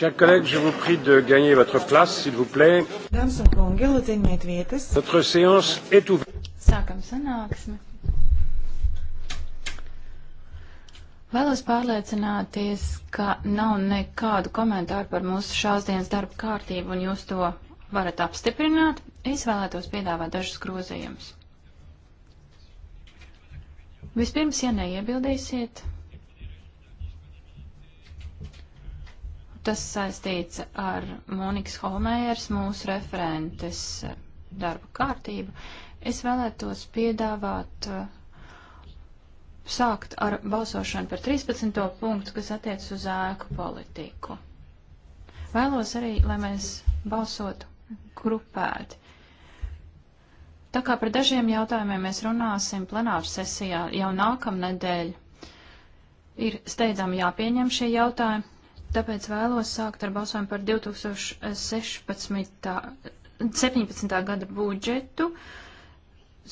Chers collègues, je vous prie de gagner votre place, s'il vous plaît. Dāmas un kungi, lūdzu, ņemiet vietas. Notre séance est ouverte. Sākam sanāksmi. Vēlos pārliecināties, ka nav nekādu komentāru par mūsu šās dienas darba kārtību, un jūs to varat apstiprināt. Es vēlētos piedāvāt dažus grozījumus. Vispirms, ja neiebildīsiet, Tas saistīts ar Monikas Holmējers, mūsu referentes eh, darba kārtību. Es vēlētos piedāvāt eh, sākt ar balsošanu par 13. punktu, kas attiec uz ēku politiku. Vēlos arī, lai mēs balsotu grupēti. Tā kā par dažiem jautājumiem mēs runāsim plenāru sesijā jau nākamnedēļ, ir steidzami jāpieņem šie jautājumi, Tāpēc vēlos sākt ar balsojumu par 2016. 17. gada budžetu.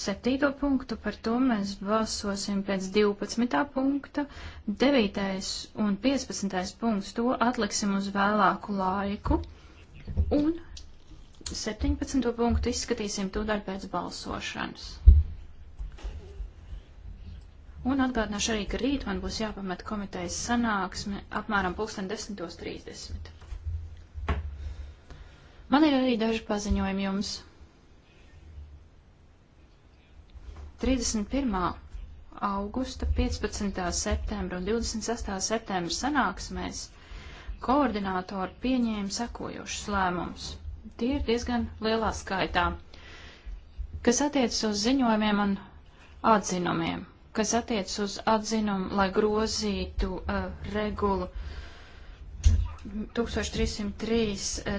Septīto punktu par to mēs balsosim pēc 12. punkta. 9. un 15. punkts to atliksim uz vēlāku laiku. Un 17. punktu izskatīsim tūdaļ pēc balsošanas. Un atgādināšu arī, ka rīt man būs jāpamet komitejas sanāksme apmēram 10.30. Man ir arī daži paziņojumi jums. 31. augusta, 15. septembra un 26. septembra sanāksmēs koordinātori pieņēma sekojošus lēmumus. Tie ir diezgan lielā skaitā, kas attiecas uz ziņojumiem un atzinumiem kas attiec uz atzinumu, lai grozītu uh, regulu 1303.13,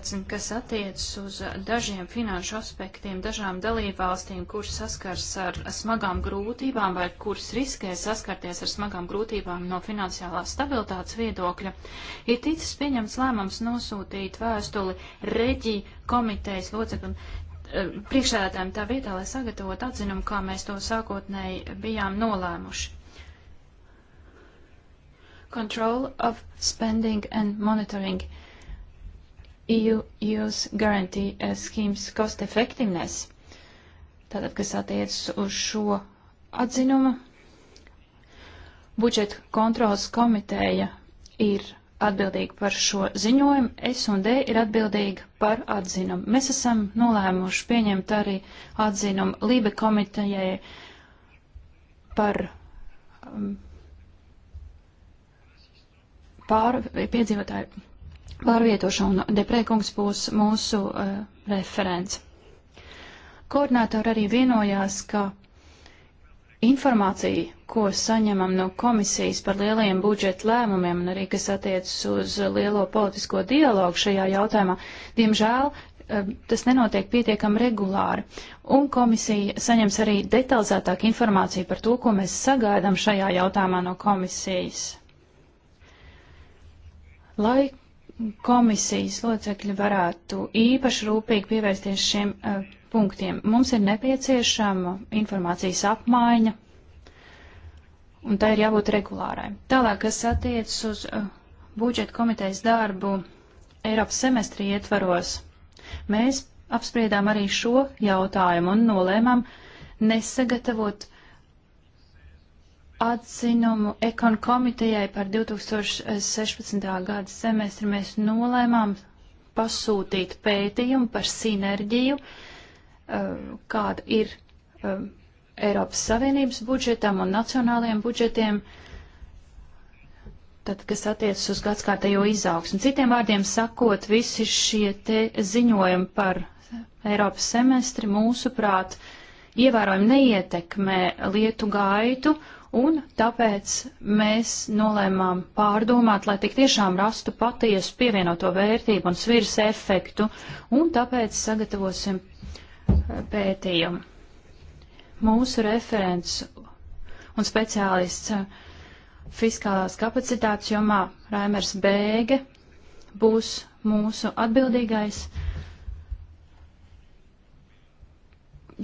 uh, kas attiec uz uh, dažiem finanšu aspektiem, dažām dalībvalstīm, kuras saskars ar smagām grūtībām vai kuras riskē saskarties ar smagām grūtībām no finansiālās stabilitātes viedokļa, ir ticis pieņemts lēmums nosūtīt vēstuli reģi komitejas loceklim priekšsēdētājiem tā vietā, lai sagatavot atzinumu, kā mēs to sākotnēji bijām nolēmuši. Control of spending and monitoring EU e use guarantee uh, schemes cost effectiveness. Tātad, kas attiecas uz šo atzinumu, budžeta kontrolas komiteja ir atbildīga par šo ziņojumu, S un D ir atbildīga par atzinumu. Mēs esam nolēmuši pieņemt arī atzinumu Lībe komitejai par um, pār, piedzīvotāju pārvietošanu, un deprēkungs būs mūsu uh, referents. Koordinātori arī vienojās, ka informācija, ko saņemam no komisijas par lielajiem budžeta lēmumiem un arī kas attiecas uz lielo politisko dialogu šajā jautājumā, diemžēl eh, tas nenotiek pietiekam regulāri. Un komisija saņems arī detalizētāku informāciju par to, ko mēs sagaidām šajā jautājumā no komisijas. Lai komisijas locekļi varētu īpaši rūpīgi pievērsties šiem uh, punktiem. Mums ir nepieciešama informācijas apmaiņa, un tā ir jābūt regulārai. Tālāk, kas attiecas uz uh, budžeta komitejas darbu Eiropas semestri ietvaros, mēs apspriedām arī šo jautājumu un nolēmām nesagatavot atzinumu ekon komitejai par 2016. gada semestri. Mēs nolēmām pasūtīt pētījumu par sinerģiju uh, Eh, kāda ir eh, Eiropas Savienības budžetam un nacionālajiem budžetiem, tad, kas attiecas uz gadskārtējo izaugsmu. Citiem vārdiem sakot, visi šie te ziņojumi par Eiropas semestri mūsuprāt ievērojami neietekmē lietu gaitu, un tāpēc mēs nolēmām pārdomāt, lai tik tiešām rastu patiesu pievienoto vērtību un svirs efektu, un tāpēc sagatavosim pētījumu. Mūsu referents un speciālists fiskālās kapacitātes jomā Raimers Bēge būs mūsu atbildīgais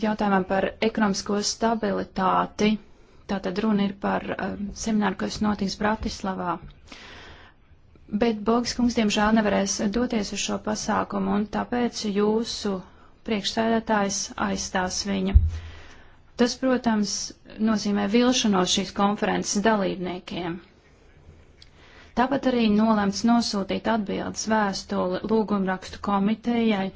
jautājumam par ekonomisko stabilitāti. Tātad runa ir par um, semināru, kas notiks Bratislavā. Bet Bogs kungs, diemžēl, nevarēs doties uz šo pasākumu, un tāpēc jūsu priekšsēdētājs aizstās viņu. Tas, protams, nozīmē vilšanos šīs konferences dalībniekiem. Tāpat arī nolēmts nosūtīt atbildes vēstuli lūgumrakstu komitejai.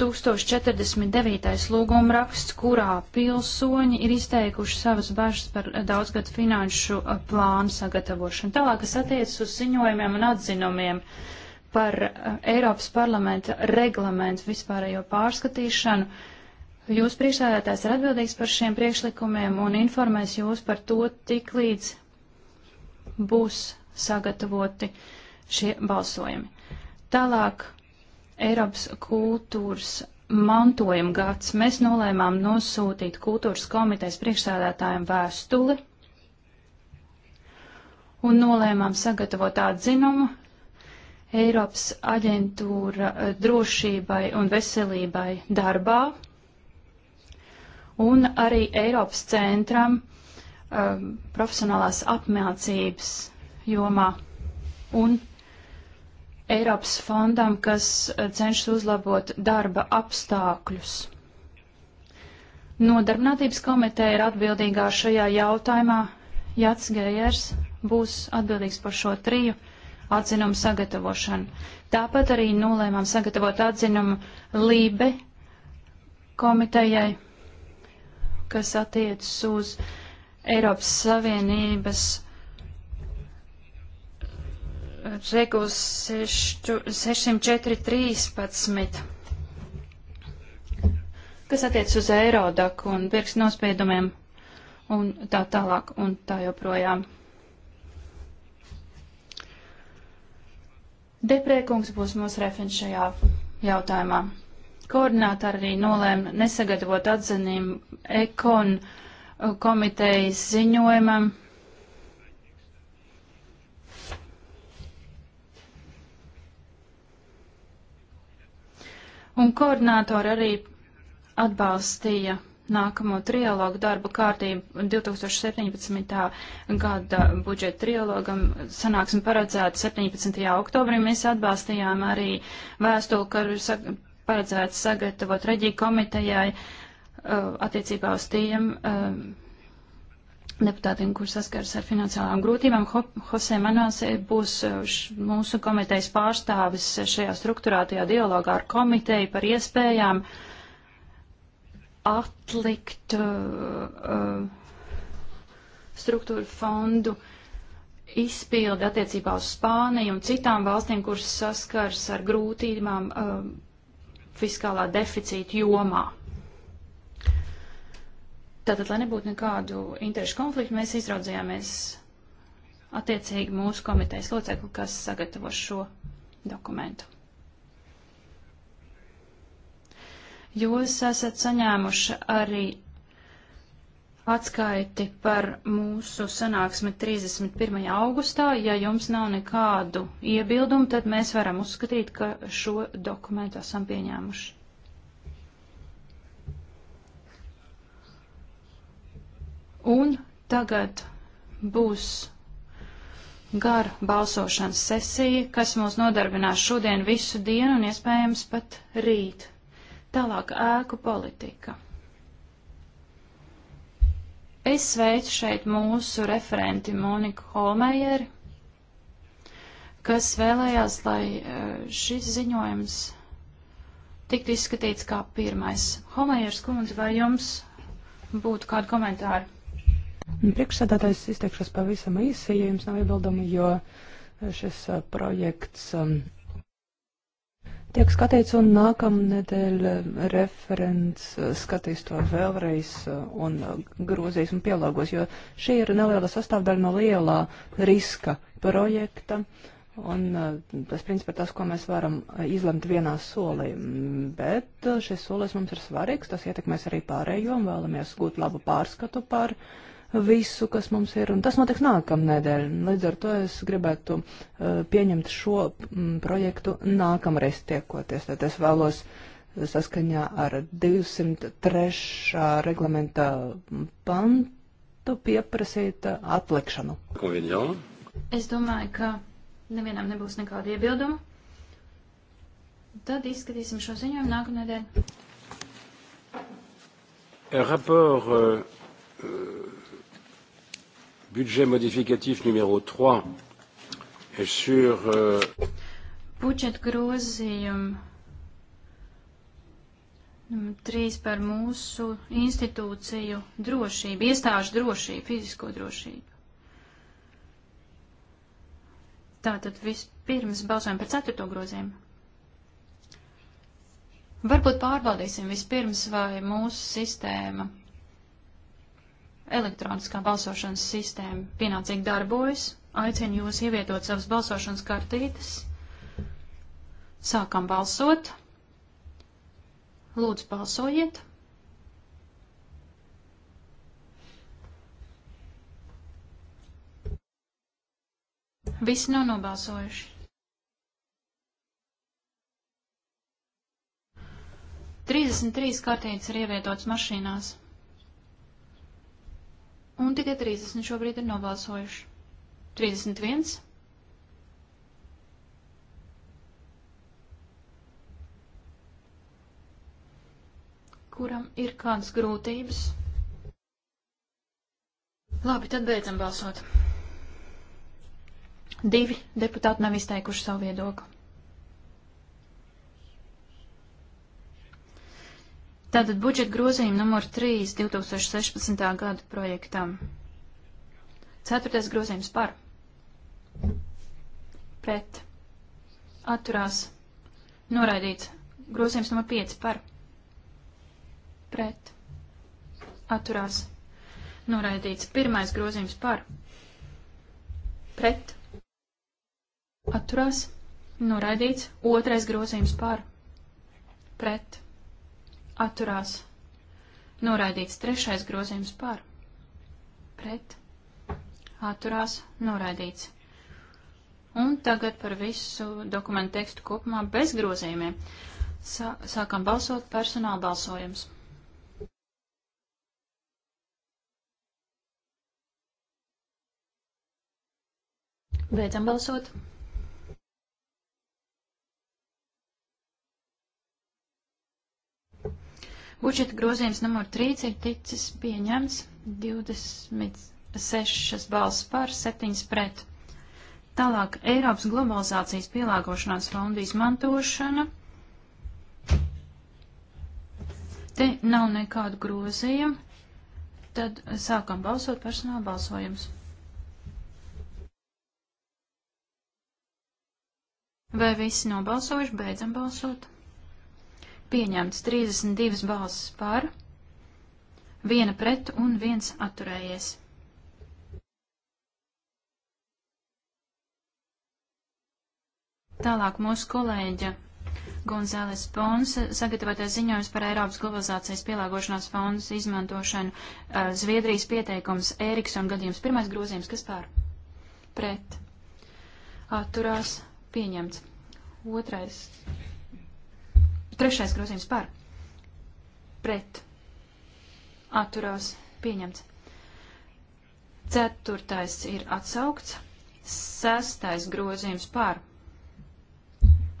1049. lūgumraksts, kurā pilsoņi ir izteikuši savas bažas par daudzgadu finanšu uh, plānu sagatavošanu. Tālāk, kas attiecas uz ziņojumiem un atzinumiem. Uh, par eh, Eiropas parlamenta reglamentu vispārējo pārskatīšanu. Jūs priekšsēdētājs ir atbildīgs par šiem priekšlikumiem un informēs jūs par to, tik līdz būs sagatavoti šie balsojumi. Tālāk Eiropas kultūras mantojuma gads mēs nolēmām nosūtīt kultūras komitejas priekšsēdētājiem vēstuli un nolēmām sagatavot atzinumu Eiropas aģentūra eh, drošībai un veselībai darbā un arī Eiropas centram um, profesionālās apmācības jomā un Eiropas fondam, kas eh, cenšas uzlabot darba apstākļus. Nodarbinātības komiteja ir atbildīgā šajā jautājumā. Jats Gējers būs atbildīgs par šo triju atzinumu sagatavošanu. Tāpat arī nolēmām sagatavot atzinumu Lībe komitejai, kas attiecas uz Eiropas Savienības eh, regulas 604.13, kas attiec uz Eirodaku un pirks nospiedumiem un tā tālāk un tā joprojām. Deprēkungs būs mūsu referents šajā jautājumā. Koordinātori arī nolēma nesagatavot atzinību ekon uh, komitejas ziņojumam. Un koordinātori arī atbalstīja nākamo trialogu darba kārtību 2017. gada budžeta trialogam sanāksim paredzētu 17. oktobrī. Mēs atbalstījām arī vēstuli, ka ir paredzēts sagatavot reģiju komitejai uh, attiecībā uz tiem um, deputātiem, kur saskars ar finansiālām grūtībām. Jose Manuels būs uh, mūsu komitejas pārstāvis šajā struktūrātajā dialogā ar komiteju par iespējām uh, atlikt uh, uh struktūra fondu izpildi attiecībā uz Spāniju un citām valstīm, kuras saskars ar grūtībām uh, fiskālā deficīta jomā. Tātad, lai nebūtu nekādu interešu konfliktu, mēs izraudzījāmies attiecīgi mūsu komitejas locekli, kas sagatavo šo dokumentu. Jūs esat saņēmuši arī atskaiti par mūsu sanāksmi 31. augustā. Ja jums nav nekādu iebildumu, tad mēs varam uzskatīt, ka šo dokumentu esam pieņēmuši. Un tagad būs gara balsošanas sesija, kas mūs nodarbinās šodien visu dienu un iespējams pat rīt. Tālāk ēku politika. Es sveicu šeit mūsu referenti Moniku Holmējeri, kas vēlējās, lai eh, šis ziņojums tiktu izskatīts kā pirmais. Holmējers kundze, vai jums būtu kādi komentāri? Priekšsēdētājs izteikšos pavisam īsi, ja jums nav iebildumi, jo šis eh, projekts um, tiek skatīts, un nākamnedēļ referents uh, skatīs to vēlreiz uh, un uh, grozīs un pielāgos, jo šī ir neliela sastāvdaļa no lielā riska projekta. Un tas, principā, tas, ko mēs varam izlemt vienā solī, mm, bet šis solis mums ir svarīgs, tas ietekmēs arī pārējo un vēlamies gūt labu pārskatu par uh, visu, kas mums ir, un tas notiks nākamnedēļ. Līdz ar to es gribētu uh, pieņemt šo mm, projektu nākamreiz tiekoties. Tad es vēlos uh, saskaņā ar 203. reglamenta pantu pieprasīt uh, atlikšanu. Es domāju, ka nevienam nebūs nekāda iebilduma. Tad izskatīsim šo ziņojumu nākamnedēļ. Rapport euh, Budget modificatif numéro 3 et sur... Euh... Budžeta grozījumu trīs par mūsu institūciju drošību, iestāžu drošību, fizisko drošību. Tātad vispirms balsojam par ceturto grozījumu. Varbūt pārbaudīsim vispirms, vai mūsu sistēma elektroniskā balsošanas sistēma pienācīgi darbojas. Aicinu jūs ievietot savas balsošanas kartītes. Sākam balsot. Lūdzu, balsojiet. Visi nav nobalsojuši. Trīsdesmit trīs kartītes ir ievietotas mašīnās. Un tikai 30 šobrīd ir nobalsojuši. 31. Kuram ir kādas grūtības? Labi, tad beidzam balsot. Divi deputāti nav izteikuši savu viedokli. Tātad budžeta grozījuma numur 3 2016. gada projektam. Ceturtais grozījums par. Pret. Atturās. Noraidīts. Grozījums numur 5 par. Pret. Atturās. Noraidīts. Pirmais grozījums par. Pret. Atturās. Noraidīts. Otrais grozījums par. Pret atturās noraidīts. Trešais grozījums par pret atturās noraidīts. Un tagad par visu dokumentu tekstu kopumā bez grozījumiem. Sā, sākam balsot personāla balsojums. Beidzam balsot. Budžeta grozījums numur 3 ir ticis pieņemts 26 balss par, 7 pret. Tālāk Eiropas globalizācijas pielāgošanās fonda izmantošana. Te nav nekādu grozījumu. Tad sākam balsot personāla balsojums. Vai visi nobalsojuši? Beidzam balsot pieņemts 32 balsis par, viena pret un viens atturējies. Tālāk mūsu kolēģa Gonzāles Pons sagatavotais ziņojums par Eiropas globalizācijas pielāgošanās fondus izmantošanu eh, Zviedrijas pieteikums Ērikson gadījums. Pirmais grozījums, kas pār? Pret. Atturās. Pieņemts. Otrais Trešais grozījums par. Pret. Atturās. Pieņemts. Ceturtais ir atsaukts. Sestais grozījums par.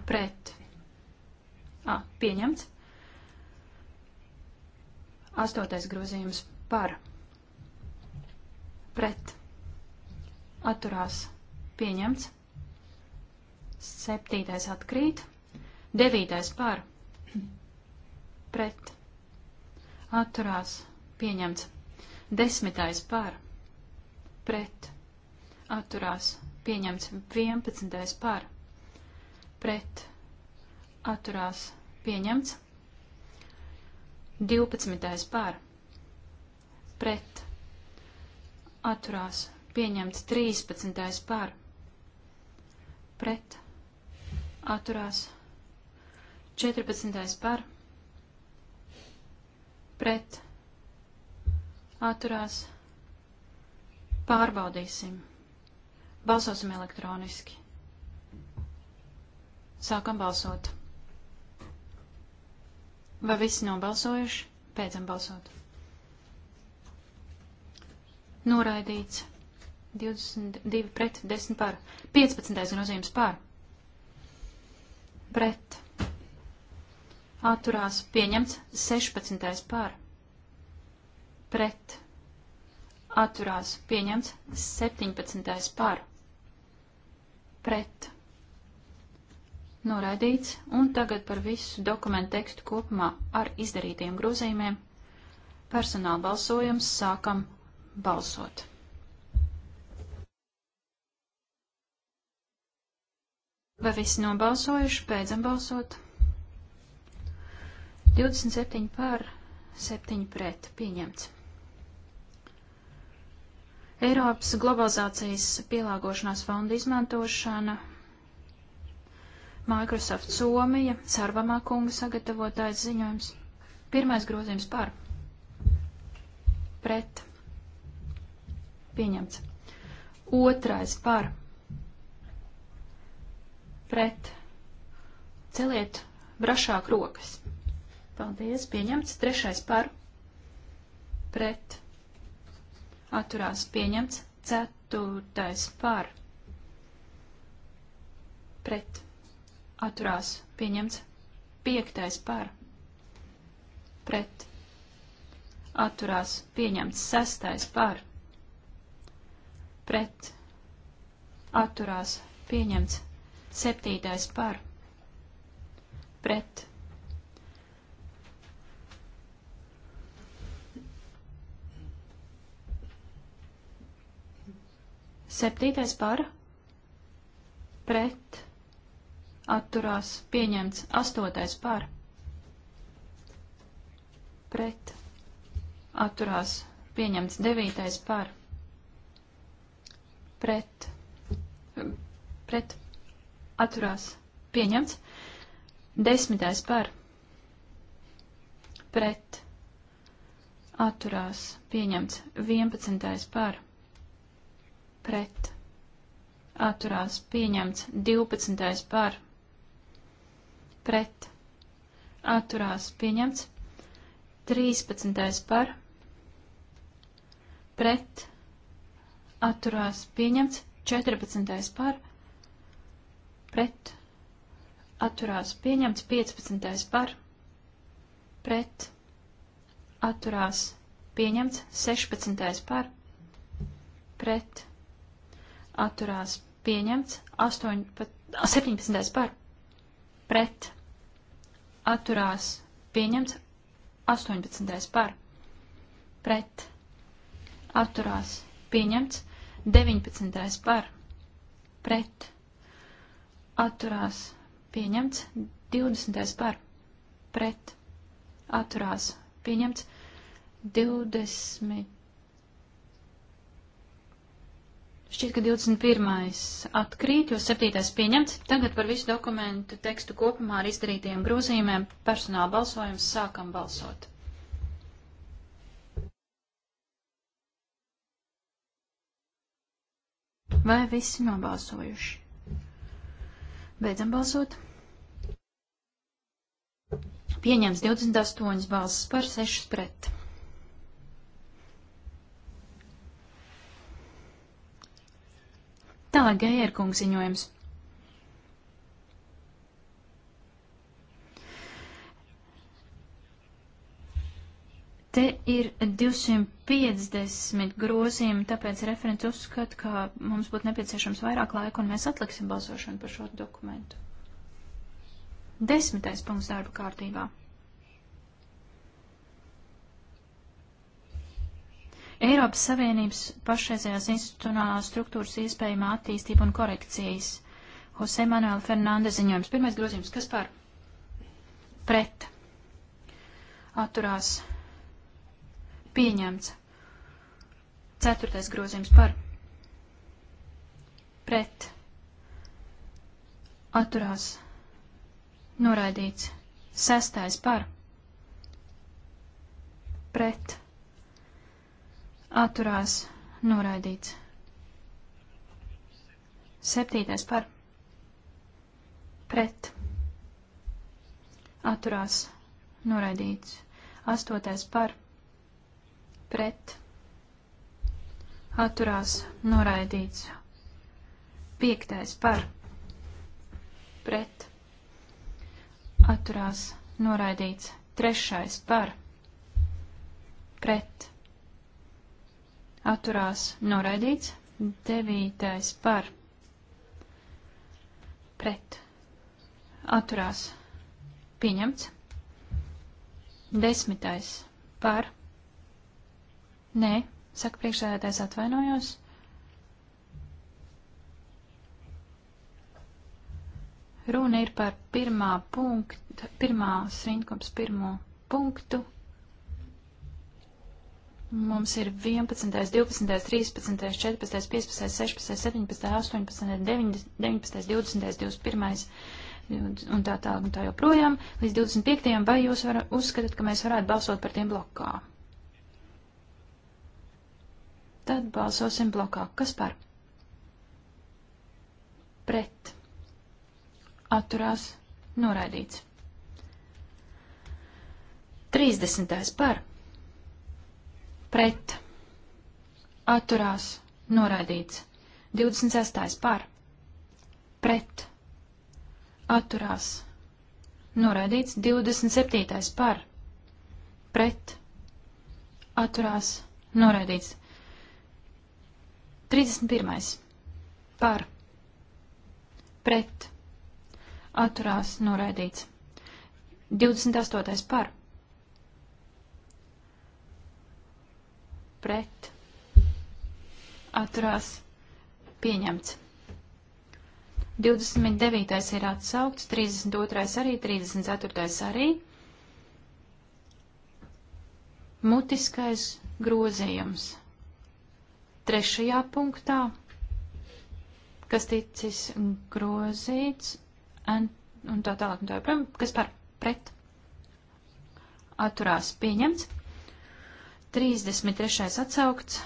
Pret. A, pieņemts. Astotais grozījums par. Pret. Atturās. Pieņemts. Septītais atkrīt. Devītais par pret, atturās, pieņemts. Desmitais par, pret, atturās, pieņemts. Vienpadsmitais par, pret, atturās, pieņemts. Divpadsmitais par, pret, atturās, pieņemts. Trīspadsmitais par, pret, atturās, pieņemts. 14. par pret atturās pārbaudīsim. Balsosim elektroniski. Sākam balsot. Vai visi nobalsojuši? Beidzam balsot. Noraidīts. 22 pret, 10 par. 15. grozījums par. Pret atturās pieņemts 16. par, pret, atturās pieņemts 17. par, pret, noraidīts, un tagad par visu dokumentu tekstu kopumā ar izdarītiem grozījumiem personāla balsojums sākam balsot. Vai visi nobalsojuši, beidzam balsot? 27 par, 7 pret pieņemts. Eiropas globalizācijas pielāgošanās fonda izmantošana. Microsoft Somija, Sarvamā kunga sagatavotājs ziņojums. Pirmais grozījums par. Pret. Pieņemts. Otrais par. Pret. Celiet brašāk rokas. Paldies, pieņemts. Trešais par, pret, atturās, pieņemts. Ceturtais par, pret, atturās, pieņemts. Piektais par, pret, atturās, pieņemts. Sestais par, pret, atturās, pieņemts. Septītais par, pret, atturās, pieņemts. Septītais par pret atturās pieņemts. Astotais par pret atturās pieņemts. Devītais par pret pret atturās pieņemts. Desmitais par pret atturās pieņemts. Vienpadsmitais par pret pret atturās pieņemts 12. par pret atturās pieņemts 13. par pret atturās pieņemts 14. par pret atturās pieņemts 15. par pret atturās pieņemts 16. par pret atturās pieņemts, 8, 17. par pret atturās pieņemts, 18. par pret atturās pieņemts, 19. par pret atturās pieņemts, 20. par pret atturās pieņemts, 20. Šķiet, ka 21. atkrīt, jo 7. pieņemts. Tagad par visu dokumentu tekstu kopumā ar izdarītajiem grozījumiem personāla balsojums sākam balsot. Vai visi nobalsojuši? Beidzam balsot. Pieņems 28 balsis par 6 pret. Tālāk Gajerkungs ziņojums. Te ir 250 grozījumi, tāpēc referents uzskata, ka mums būtu nepieciešams vairāk laika, un mēs atliksim balsošanu par šo dokumentu. Desmitais punkts darba kārtībā. Eiropas Savienības pašreizējās institucionālās struktūras iespējamā attīstība un korekcijas. Jose Manuela Fernandez ziņojums. Pirmais grozījums. Kas par? Pret. Atturās. Pieņemts. Ceturtais grozījums par. Pret. Atturās. Noraidīts. Sestais par. Pret atturās noraidīts. Septītais par pret atturās noraidīts. Astotais par pret atturās noraidīts. Piektais par pret atturās noraidīts. Trešais par pret atturās noraidīts, 9. par pret atturās pieņemts, 10. par nē, saka priekšsēdētājs atvainojos. Runa ir par pirmā punktu, pirmās rinkops pirmo punktu Mums ir 11, 12, 13, 14, 15, 16, 17, 18, 19, 20, 21 un tā tālāk un tā joprojām, līdz 25. vai jūs var, uzskatāt, ka mēs varētu balsot par tiem blokā? Tad balsosim blokā. Kas par? Pret. Atturās. Noraidīts. 30. par pret, atturās, noraidīts. 26. par, pret, atturās, noraidīts. 27. par, pret, atturās, noraidīts. 31. par, pret, atturās, noraidīts. 28. par, pret atturās pieņemts. 29. ir atsaukts, 32. arī, 34. arī. Mutiskais grozījums. Trešajā punktā, kas ticis grozīts, un, un tā tālāk, un tā joprojām, kas par pret atturās pieņemts. 33. atsaukts,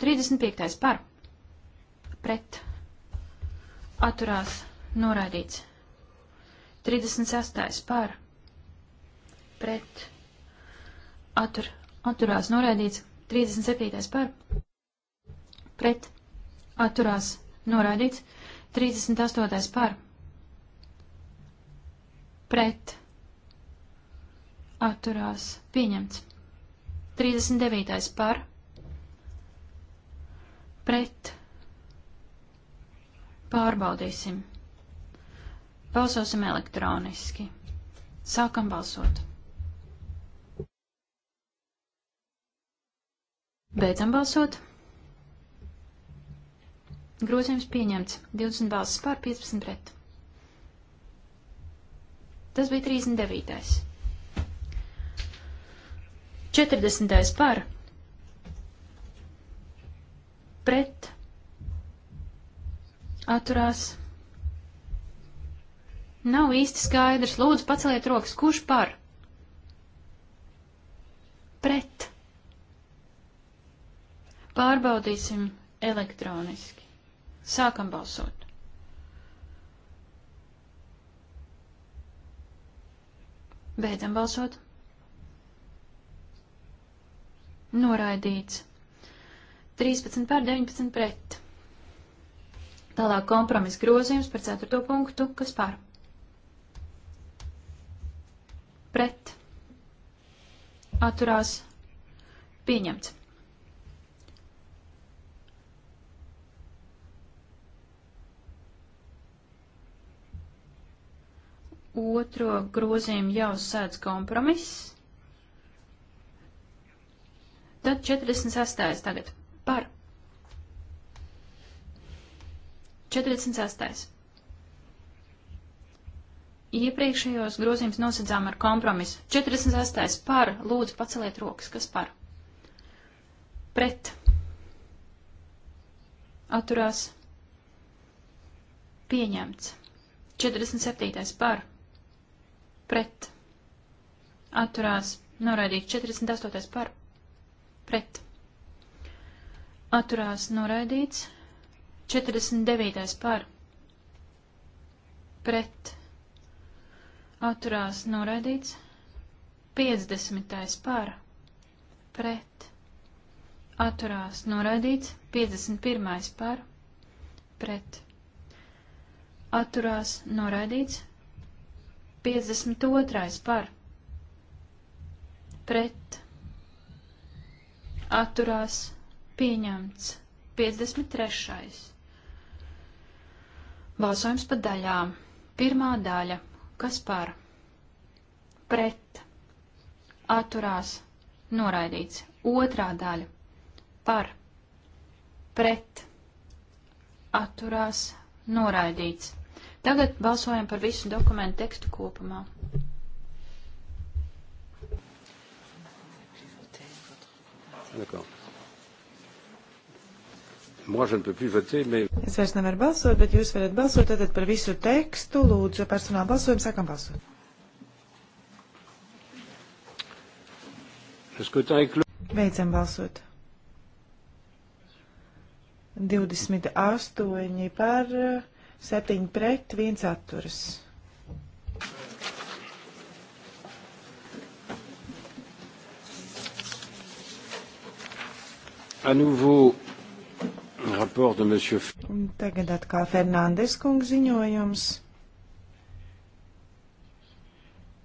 35. par, pret, atturās, noraidīts, 36. par, pret, attur, atturās, noraidīts, 37. par, pret, atturās, noraidīts, 38. par, pret, atturās, pieņemts. 39. par pret pārbaudīsim. Balsosim elektroniski. Sākam balsot. Beidzam balsot. Grozījums pieņemts. 20 balsis pār 15 pret. Tas bija 39. 40. par pret atturās. Nav īsti skaidrs. Lūdzu, paceliet rokas. Kurš par? Pret. Pārbaudīsim elektroniski. Sākam balsot. Beidzam balsot. Noraidīts. 13 pār 19 pret. Tālāk kompromiss grozījums par 4. punktu, kas par. Pret. Atturās. Pieņemts. Otro grozījumu jau sēdz kompromiss. Tad 46. tagad par. 46. Iepriekšējos grozījums nosedzām ar kompromisu. 48. par. Lūdzu, paceliet rokas. Kas par? Pret. Atturās. Pieņemts. 47. par. Pret. Atturās. Noraidīt. 48. par pret atturās noraidīts, 49. par pret atturās noraidīts, 50. par pret atturās noraidīts, 51. par pret atturās noraidīts, 52. par pret atturās pieņemts. 53. Balsojums pa daļām. Pirmā daļa. Kas par? Pret. Atturās. Noraidīts. Otrā daļa. Par. Pret. Atturās. Noraidīts. Tagad balsojam par visu dokumentu tekstu kopumā. D'accord. Moi, je ne peux plus voter, mais... Es vairs nevaru balsot, bet jūs varat balsot tātad par visu tekstu. Lūdzu, personāla balsojumu sākam balsot. Beidzam balsot. 28 pār, 7 pret, 1 atturas. à nouveau rapport de monsieur. Un tagad atkal Fernandes kungs ziņojums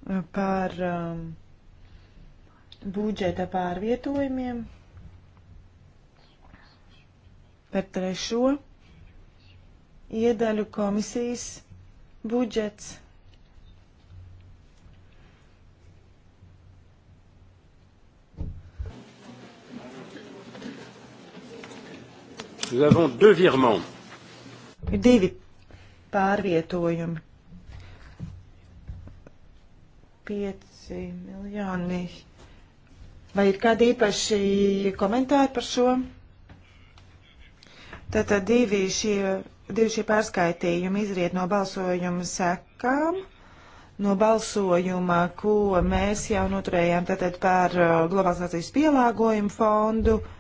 uh, par um, budžeta pārvietojumiem par trešo iedaļu komisijas budžets Nous avons deux virements. Divi pārvietojumi. 5 miljoni. Vai ir kādi īpaši komentāri par šo? Tātad divi šie, divi šie pārskaitījumi izriet no balsojuma sekām, no balsojuma, ko mēs jau noturējām tātad par uh, globalizācijas pielāgojumu fondu. Uh,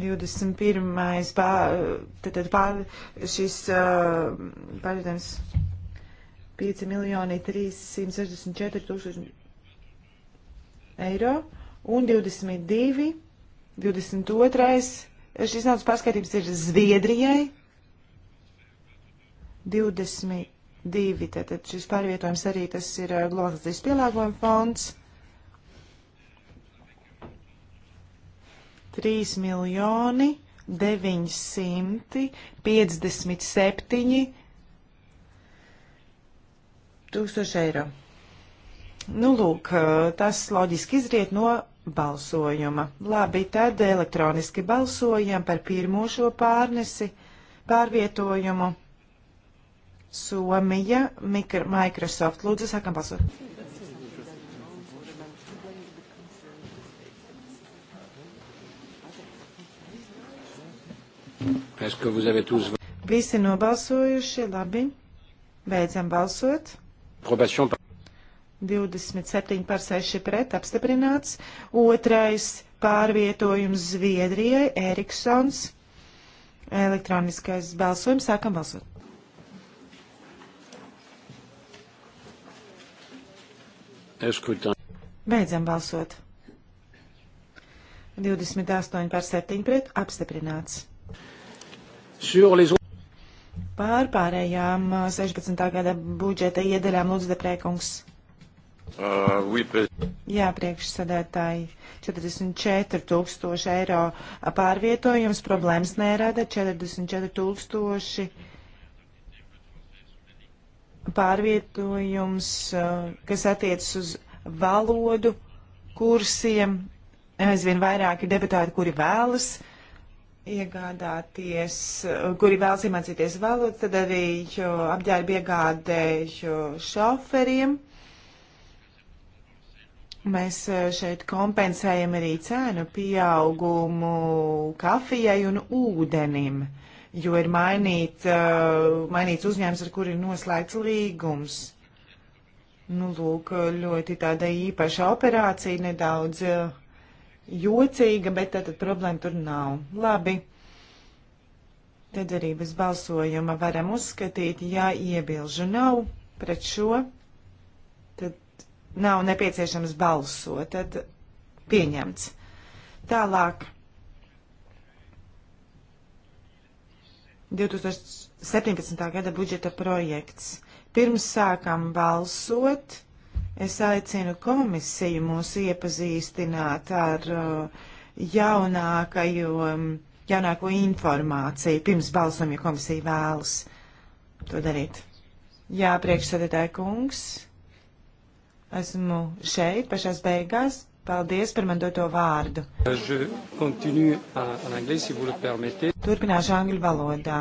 21. Pār, tad, tad pār šis pārvietams 5 miljoni 364 tūkstoši eiro un 22, 22. Šis naudas pārskaitījums ir Zviedrijai. 22. Tātad šis pārvietojums arī tas ir globalizācijas pielāgojuma fonds. 3 miljoni 957 tūkstoši eiro. Nu, lūk, tas loģiski izriet no balsojuma. Labi, tad elektroniski balsojam par pirmo šo pārnesi, pārvietojumu. Somija, Microsoft. Lūdzu, sākam balsot. Visi nobalsojuši, labi. Beidzam balsot. 27 par 6 pret apstiprināts. Otrais pārvietojums Zviedrijai - Eriksons. Elektroniskais balsojums. Sākam balsot. Beidzam balsot. 28 par 7 pret apstiprināts. Pār pārējām 16. Uh, gada budžeta iedaļām Lūdzu Deprēkungs. Uh, oui, Jā, priekšsadētāji, 44 tūkstoši eiro pārvietojums problēmas nerada, 44 tūkstoši pārvietojums, uh, kas attiecas uz valodu kursiem. Aizvien vairāk ir deputāti, kuri vēlas uh, iegādāties, kuri vēlas iemācīties valodu, tad arī apģērbu iegādēju šoferiem. Mēs e, šeit kompensējam arī cēnu pieaugumu kafijai un ūdenim, jo ir mainīt, e, mainīts uzņēmums, ar kuru ir noslēgts līgums. Nu, lūk, ļoti tāda īpaša operācija nedaudz. Uh, jocīga, bet tātad problēma tur nav. Labi. Tad arī bez balsojuma varam uzskatīt, ja iebilžu nav pret šo, tad nav nepieciešams balsot, tad pieņemts. Tālāk. 2017. gada budžeta projekts. Pirms sākam balsot, Es aicinu komisiju mūs iepazīstināt ar uh, jaunākajo, um, jaunāko informāciju pirms balsojuma, ja komisija vēlas to darīt. Jā, priekšsēdētāji kungs, esmu šeit pašās beigās. Paldies par man doto vārdu. Turpināšu angļu valodā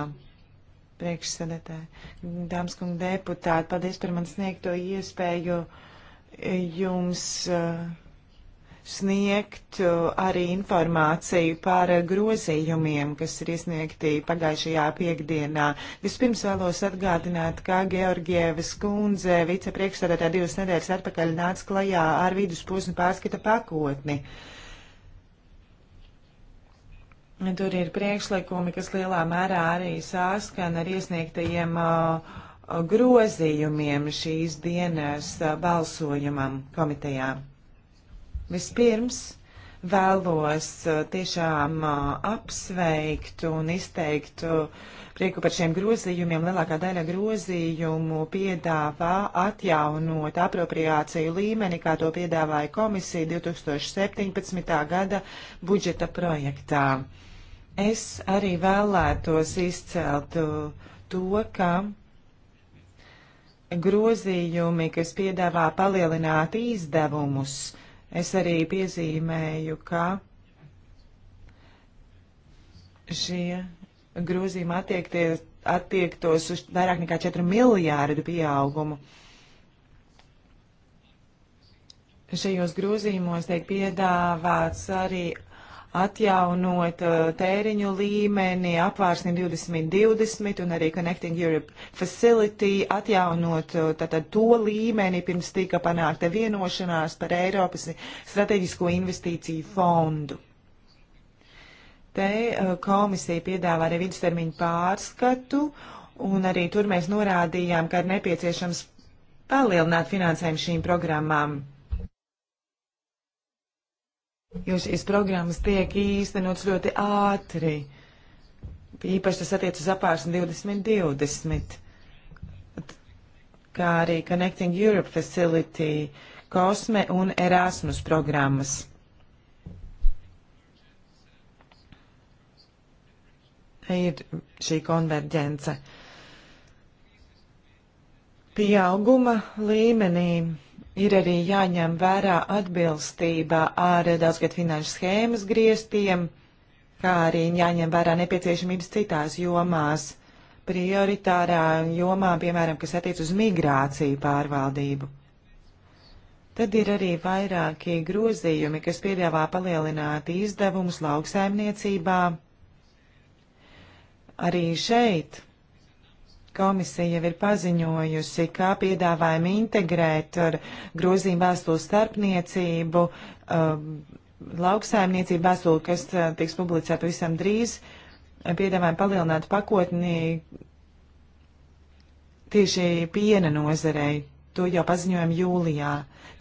priekšsēdētāji. Dāmas kungi deputāti, paldies par man sniegto iespēju jums eh, sniegt eh, arī informāciju par grozījumiem, kas ir iesniegti pagājušajā piekdienā. Vispirms vēlos atgādināt, ka Georgievas kundze vicepriekšstādātā divas nedēļas atpakaļ nāca klajā ar vidusposmu pārskata pakotni. Tur ir priekšlikumi, kas lielā mērā arī sāskan ar iesniegtajiem uh, grozījumiem šīs dienas balsojumam komitejā. Vispirms vēlos tiešām apsveikt un izteikt prieku par šiem grozījumiem. Lielākā daļa grozījumu piedāvā atjaunot apropriāciju līmeni, kā to piedāvāja komisija 2017. gada budžeta projektā. Es arī vēlētos izcelt to, ka grozījumi, kas piedāvā palielināt izdevumus. Es arī piezīmēju, ka šie grozījumi attiekties, attiektos uz vairāk nekā 4 miljārdu pieaugumu. Šajos grozījumos tiek piedāvāts arī atjaunot uh, tēriņu līmeni, apvārsni 2020 un arī Connecting Europe Facility, atjaunot uh, tātad to līmeni, pirms tika panākta vienošanās par Eiropas strateģisko investīciju fondu. Te uh, komisija piedāvā arī vidustermiņu pārskatu, un arī tur mēs norādījām, ka ir nepieciešams palielināt finansējumu šīm programmām Jo šīs programmas tiek īstenots ļoti ātri. Īpaši tas attiec uz apārsni 2020, kā arī Connecting Europe Facility, Kosme un Erasmus programmas. ir šī konverģence. Pieauguma līmenī Ir arī jāņem vērā atbilstība ar daudzgad finanšu schēmas griestiem, kā arī jāņem vērā nepieciešamības citās jomās, prioritārā jomā, piemēram, kas attiec uz migrāciju pārvaldību. Tad ir arī vairāki grozījumi, kas piedāvā palielināt izdevumus lauksaimniecībā. Arī šeit Komisija jau ir paziņojusi, kā piedāvājumi integrēt ar grozīm vēstules starpniecību, um, lauksaimniecību vēstuli, kas uh, tiks publicēta visam drīz, uh, piedāvājumi palielināt pakotni tieši piena nozarei. To jau paziņojam jūlijā.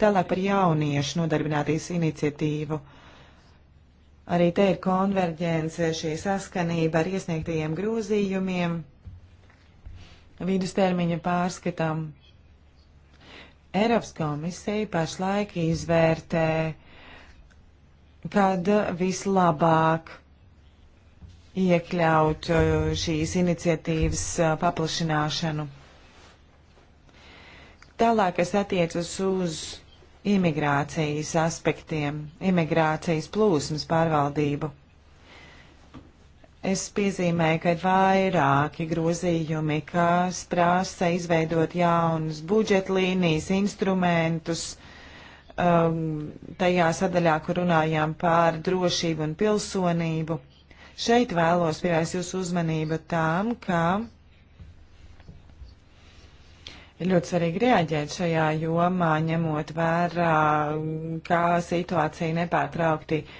Tālāk par jauniešu nodarbinātīs iniciatīvu. Arī te ir konverģence, šī saskanība ar iesniegtajiem grozījumiem vidustermiņa pārskatām. Eiropas komisija pašlaik izvērtē, kad vislabāk iekļaut uh, šīs iniciatīvas uh, paplašināšanu. Tālāk, kas attiecas uz imigrācijas aspektiem, imigrācijas plūsmas pārvaldību. Es piezīmēju, ka ir vairāki grozījumi, kas prasa izveidot jaunus budžetlīnijas, instrumentus. Um, tajā sadaļā, kur runājām par drošību un pilsonību, šeit vēlos pievērst jūsu uzmanību tām, ka ir ļoti svarīgi reaģēt šajā jomā, ņemot vērā, kā situācija nepārtraukti uh,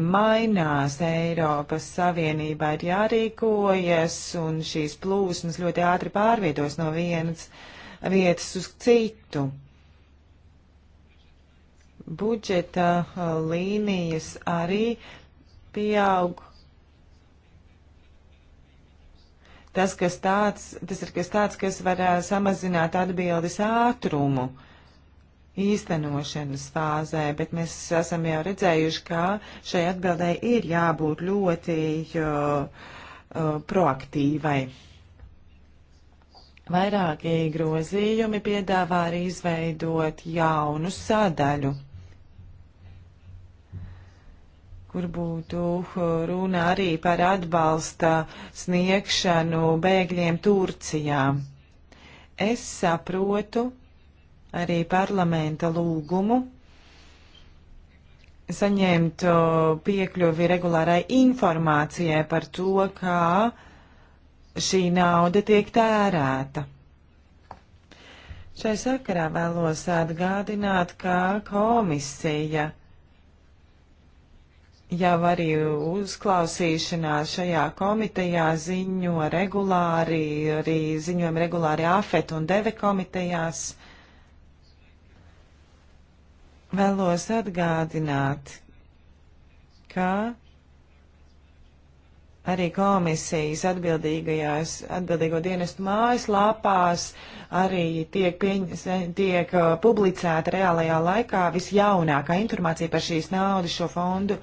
mainās Eiropas Savienībā, ir jārīkojas, un šīs plūsmas ļoti ātri pārvietos no vienas vietas uz citu. Budžeta uh, līnijas arī pieaug. Tas, kas tāds, tas ir kas tāds, kas var uh, samazināt atbildes ātrumu. Uh, īstenošanas fāzē, bet mēs esam jau redzējuši, ka šai atbildēji ir jābūt ļoti uh, uh, proaktīvai. Vairākie grozījumi piedāvā arī izveidot jaunu sadaļu, kur būtu runa arī par atbalsta sniegšanu bēgļiem Turcijā. Es saprotu, arī parlamenta lūgumu saņemt piekļuvi regulārai informācijai par to, kā šī nauda tiek tērēta. Šai sakarā vēlos atgādināt, ka komisija jau arī uzklausīšanās šajā komitejā ziņo regulāri, arī ziņojam regulāri AFET un DEVE komitejās Vēlos atgādināt, ka arī komisijas atbildīgajās, atbildīgo dienestu mājaslapās arī tiek, pieņ, tiek uh, publicēta reālajā laikā visjaunākā informācija par šīs naudas, šo fondu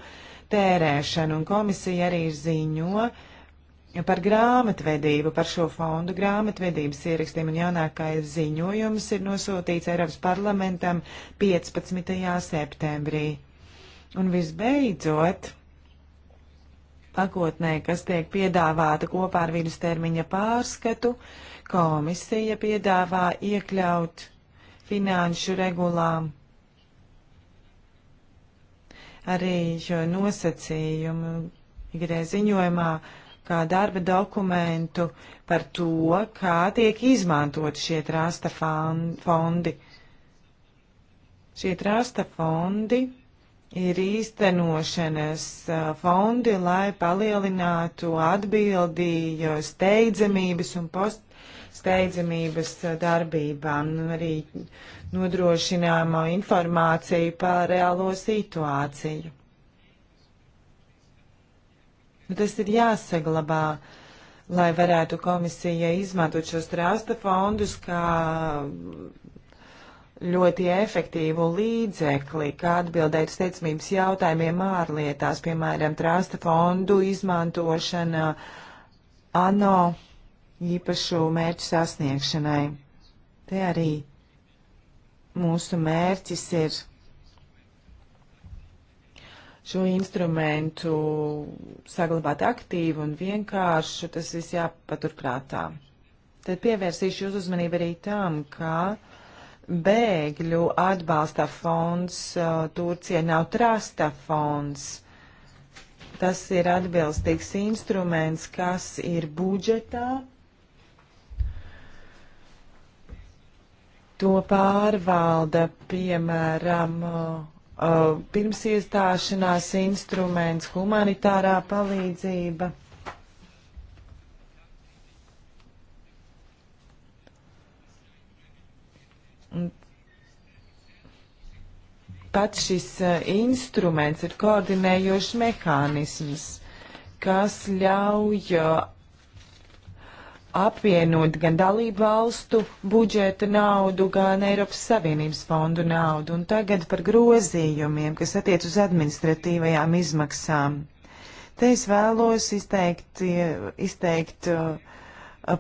tērēšanu, un komisija arī ziņo, uh, par grāmatvedību, par šo fondu grāmatvedības ierakstiem un jaunākais ziņojums ir nosūtīts Eiropas parlamentam 15. septembrī. Un visbeidzot, pakotnē, kas tiek piedāvāta kopā ar vidustermiņa pārskatu, komisija piedāvā iekļaut finanšu regulām arī nosacījumu, ikdē ziņojumā, uh, kā darba dokumentu par to, kā tiek izmantot šie trāsta fondi. Šie trāsta fondi ir īstenošanas fondi, lai palielinātu atbildīju steidzamības un post steidzamības darbībām, un arī nodrošināmo informāciju par reālo situāciju. Nu, tas ir jāsaglabā, lai varētu komisija izmantot šos trāsta fondus kā ļoti efektīvu līdzekli, kā atbildēt uz teicamības jautājumiem ārlietās, piemēram, trāsta fondu izmantošana ANO īpašu mērķu sasniegšanai. Te arī mūsu mērķis ir šo instrumentu saglabāt aktīvu un vienkāršu, tas viss jāpaturprātā. Tad pievērsīšu jūs uzmanību arī tam, ka bēgļu atbalsta fonds Turcija nav trasta fonds. Tas ir atbilstīgs instruments, kas ir budžetā. To pārvalda, piemēram, uh, pirms iestāšanās instruments, humanitārā palīdzība. Un pats šis uh, instruments ir koordinējošs mehānisms, kas ļauj uh, apvienot gan dalību valstu budžeta naudu, gan Eiropas Savienības fondu naudu. Un tagad par grozījumiem, kas attiec uz administratīvajām izmaksām. Te es vēlos izteikt, izteikt uh,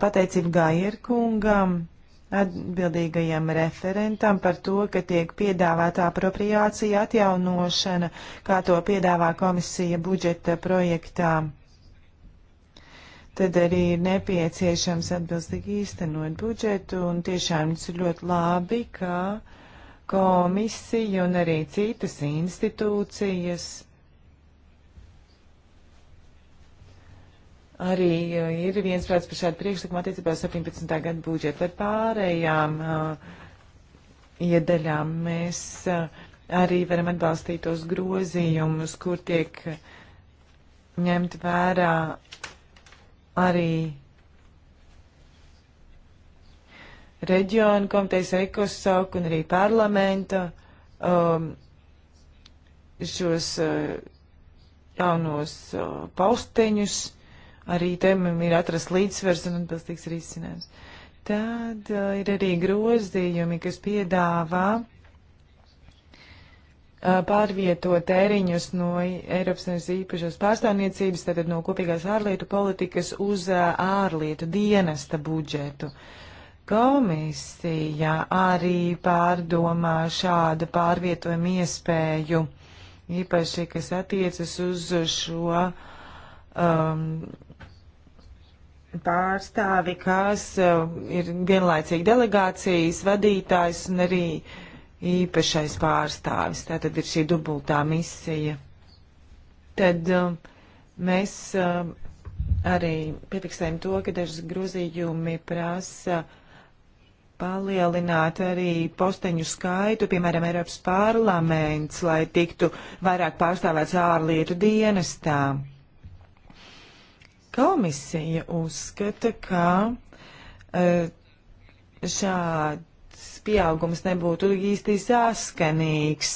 pateicību Gairkungam, atbildīgajam referentam par to, ka tiek piedāvāta apropriācija atjaunošana, kā to piedāvā komisija budžeta projektām tad arī ir nepieciešams atbilstīgi īstenot budžetu, un tiešām tas ir ļoti labi, ka komisija un arī citas institūcijas arī uh, ir viensprāts par šādu priekšlikumu attiecībā 17. gadu budžetu. Par pārējām uh, iedaļām mēs uh, arī varam atbalstīt tos grozījumus, kur tiek ņemt vērā arī reģionu komitejas ekosoku un arī parlamenta um, šos uh, jaunos uh, pausteņus. Arī temam ir atrast līdzsvers un atbilstīgs risinājums. Tad uh, ir arī grozījumi, kas piedāvā uh, pārvieto tēriņus no Eiropas Savienības īpašās pārstāvniecības, tātad no kopīgās ārlietu politikas uz ārlietu dienesta budžetu. Komisija arī pārdomā šādu pārvietojumu iespēju, īpaši, kas attiecas uz šo um, pārstāvi, kas uh, ir vienlaicīgi delegācijas vadītājs un arī uh, īpašais pārstāvis. Tā tad ir šī dubultā misija. Tad um, mēs um, arī piefiksējam to, ka dažas grozījumi prasa palielināt arī posteņu skaitu, piemēram, Eiropas parlaments, lai tiktu vairāk pārstāvēts ārlietu dienestā. Komisija uzskata, ka uh, šādi pieaugums nebūtu īsti saskanīgs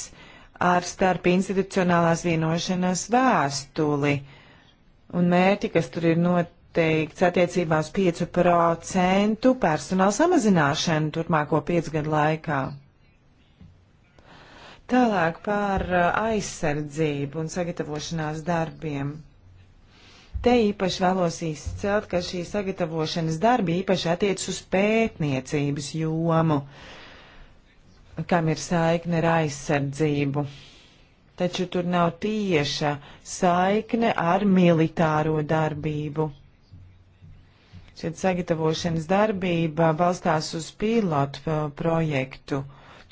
ar starp institucionālās vienošanās vēstuli un mērķi, kas tur ir noteikts attiecībā uz 5% personāla samazināšanu turpmāko 5 gadu laikā. Tālāk par uh, aizsardzību un sagatavošanās darbiem. Te īpaši vēlos izcelt, ka šī sagatavošanas darbi īpaši attiec uz pētniecības jomu. Uh, kam ir saikne ar aizsardzību. Taču tur nav tieša saikne ar militāro darbību. Šeit sagatavošanas darbība balstās uz pilotu eh, projektu.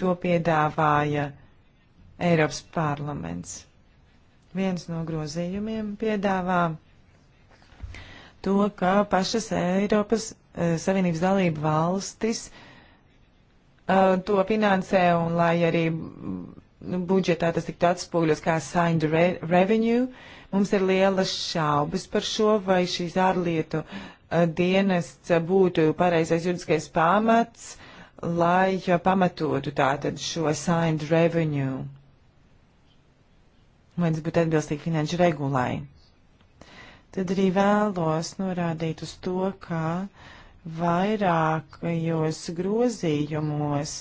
To piedāvāja Eiropas parlaments. Viens no grozījumiem piedāvā to, ka pašas Eiropas e, Savienības dalība valstis uh, Uh, to finansē un lai arī budžetā tas tiktu atspūļos kā signed re revenue. Mums ir lielas šaubas par šo, vai šīs ārlietu uh, dienests būtu pareizais juridiskais pamats, lai pamatotu tātad šo signed revenue. Vai tas būtu atbilstīgi finanšu regulai? Tad arī vēlos norādīt uz to, ka uh, vairākajos grozījumos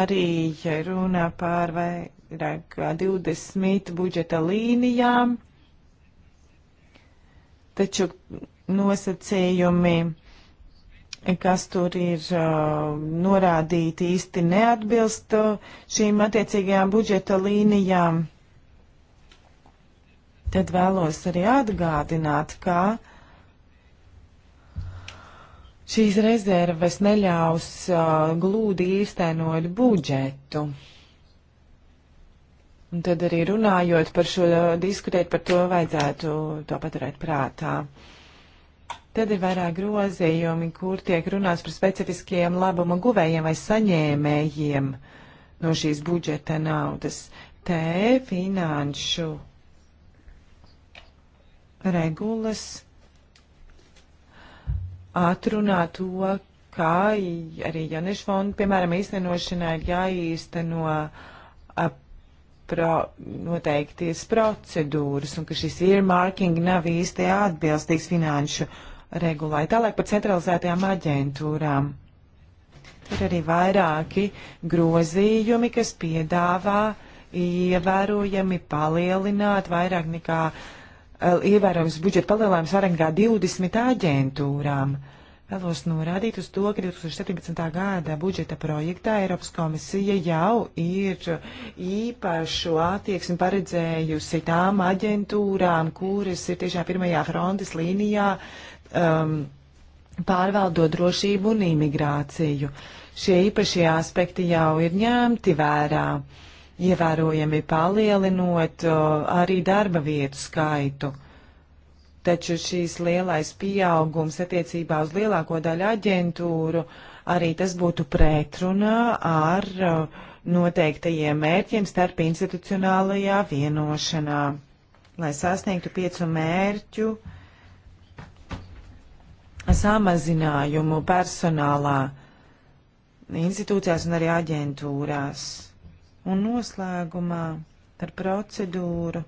arī runa par vairāk kā 20 budžeta līnijām, taču nosacījumi, kas tur ir uh, norādīti, īsti neatbilst šīm attiecīgajām budžeta līnijām. Tad vēlos arī atgādināt, ka uh, šīs rezerves neļaus uh, glūdi īstenot budžetu. Un tad arī runājot par šo, diskutēt par to, vajadzētu to paturēt prātā. Tad ir vairāk grozījumi, kur tiek runāts par specifiskiem labuma guvējiem vai saņēmējiem no šīs budžeta naudas. Te finanšu regulas atrunā to, kā arī jauniešu fondu, piemēram, īstenošanai ir jāīsteno pro, noteikties procedūras un ka šis earmarking nav īsti atbilstīgs finanšu regulai. Tālāk par centralizētajām aģentūrām. Ir arī vairāki grozījumi, kas piedāvā ievērojami palielināt vairāk nekā uh, ievērojams budžeta palielinājums vairāk nekā 20 aģentūrām. Vēlos norādīt uz to, ka 2017. gada budžeta projektā Eiropas komisija jau ir īpašu attieksmi paredzējusi tām aģentūrām, kuras ir tiešām pirmajā frontes līnijā um, pārvaldot drošību un imigrāciju. Šie īpašie aspekti jau ir ņemti vērā. Uh, ievērojami palielinot arī darba vietu skaitu. Taču šīs lielais pieaugums attiecībā uz lielāko daļu aģentūru arī tas būtu pretrunā ar noteiktajiem mērķiem starp institucionālajā vienošanā, lai sasniegtu piecu mērķu samazinājumu personālā institūcijās un arī aģentūrās. Un noslēgumā ar procedūru.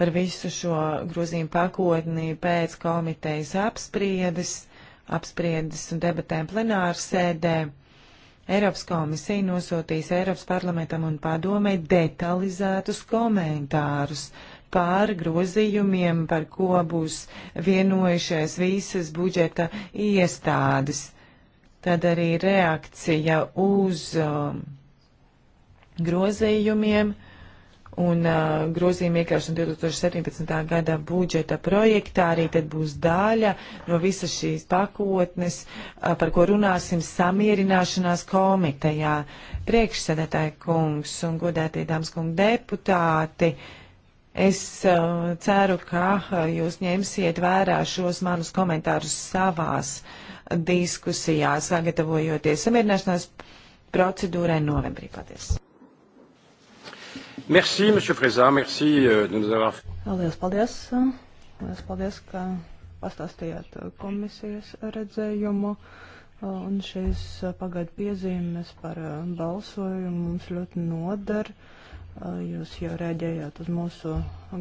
Par visu šo grozījumu pakotni pēc komitejas apspriedes, apspriedes un debatēm plenāru sēdē. Eiropas komisija nosūtīs Eiropas parlamentam un padomē detalizētus komentārus pār grozījumiem, par ko būs vienojušies visas budžeta iestādes tad arī reakcija uz um, grozījumiem un uh, grozījuma iekļaušana 2017. gada budžeta projektā arī tad būs daļa no visas šīs pakotnes, uh, par ko runāsim samierināšanās komitejā. Priekšsēdētāji kungs un godētie dāmas kungi deputāti, es uh, ceru, ka uh, jūs ņemsiet vērā šos manus komentārus savās uh, diskusijās, sagatavojoties samierināšanās procedūrai novembrī. Paldies! Merci, monsieur Frezā, merci euh, de nous avoir. Lielas paldies! Lielas paldies, ka pastāstījāt komisijas redzējumu. Un šīs pagaidu piezīmes par balsojumu mums ļoti nodara. Jūs jau rēģējāt uz mūsu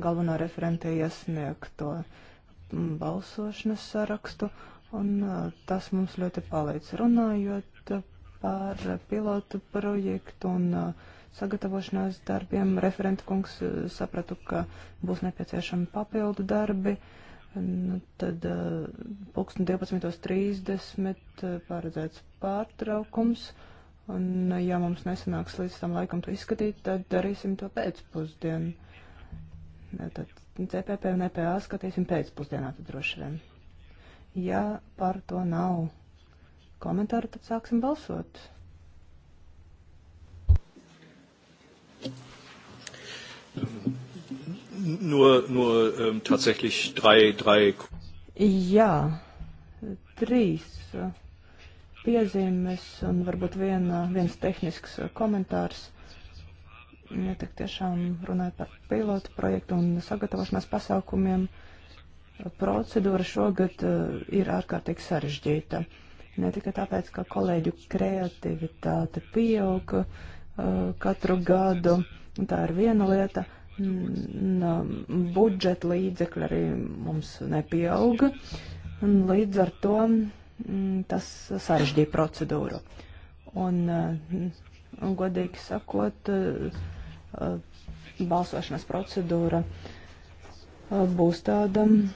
galveno referentu iesniegto balsošanas sarakstu un tas mums ļoti palīdz runājot par pilotu projektu un sagatavošanās darbiem. Referenta kungs sapratu, ka būs nepieciešami papildu darbi. Nu, tad pulksten 12.30 paredzēts pārtraukums. Un, ja mums nesanāks līdz tam laikam to izskatīt, tad darīsim to pēcpusdienu. Tad CPP un EPA skatīsim pēcpusdienā, tad droši vien. Ja par to nav komentāru, tad sāksim balsot. Nur, nur ähm, tatsächlich drei, drei. Jā, trīs piezīmes un varbūt viena, viens tehnisks komentārs. Ja tik tiešām runājot par pilotu projektu un sagatavošanās pasākumiem. Uh, procedūra šogad eh, ir ārkārtīgi sarežģīta. Ne tikai tāpēc, ka kolēģu kreativitāte pieauga eh, katru gadu, tā ir viena lieta, budžeta līdzekļi arī mums nepieauga, un līdz ar to mm, tas sarežģīja procedūru. Un, eh, godīgi sakot, balsošanas procedūra būs tāda. Mm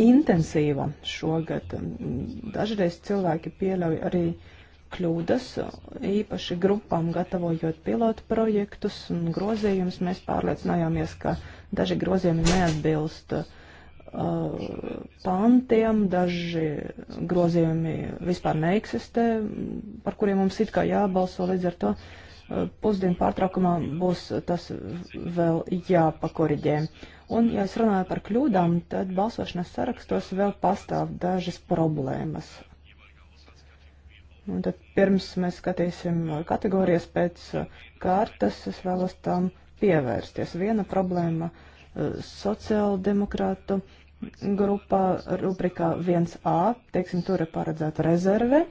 intensīva šogad. Mm, dažreiz cilvēki pieļauj arī kļūdas, īpaši grupām gatavojot pilotu projektus un grozījumus. Mēs pārliecinājāmies, ka daži grozījumi neatbilst uh, pantiem, daži grozījumi vispār neeksistē, par kuriem mums it kā jābalso līdz ar to. Uh, pusdienu pārtraukumā būs tas vēl jāpakoriģē. Uh, Un, ja es runāju par kļūdām, tad balsošanas sarakstos vēl pastāv dažas problēmas. Un tad pirms mēs skatīsim kategorijas pēc kārtas, es vēlos tam pievērsties. Viena problēma eh, sociāldemokrātu grupā rubrikā 1A, teiksim, tur ir paredzēta rezerve,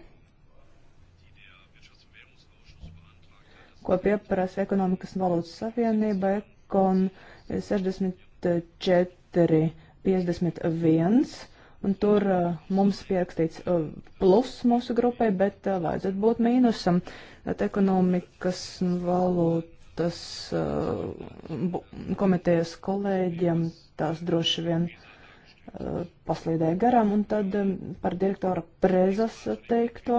ko pieprasa ekonomikas valūtas savienība, kon 60 eh, 5451, un tur uh, mums pierakstīts uh, plus mūsu grupai, bet uh, vajadzētu būt mīnusam. Ekonomikas valūtas komitejas kolēģiem tās droši vien paslīdēja garām, un tad um, par direktora prezas teikto,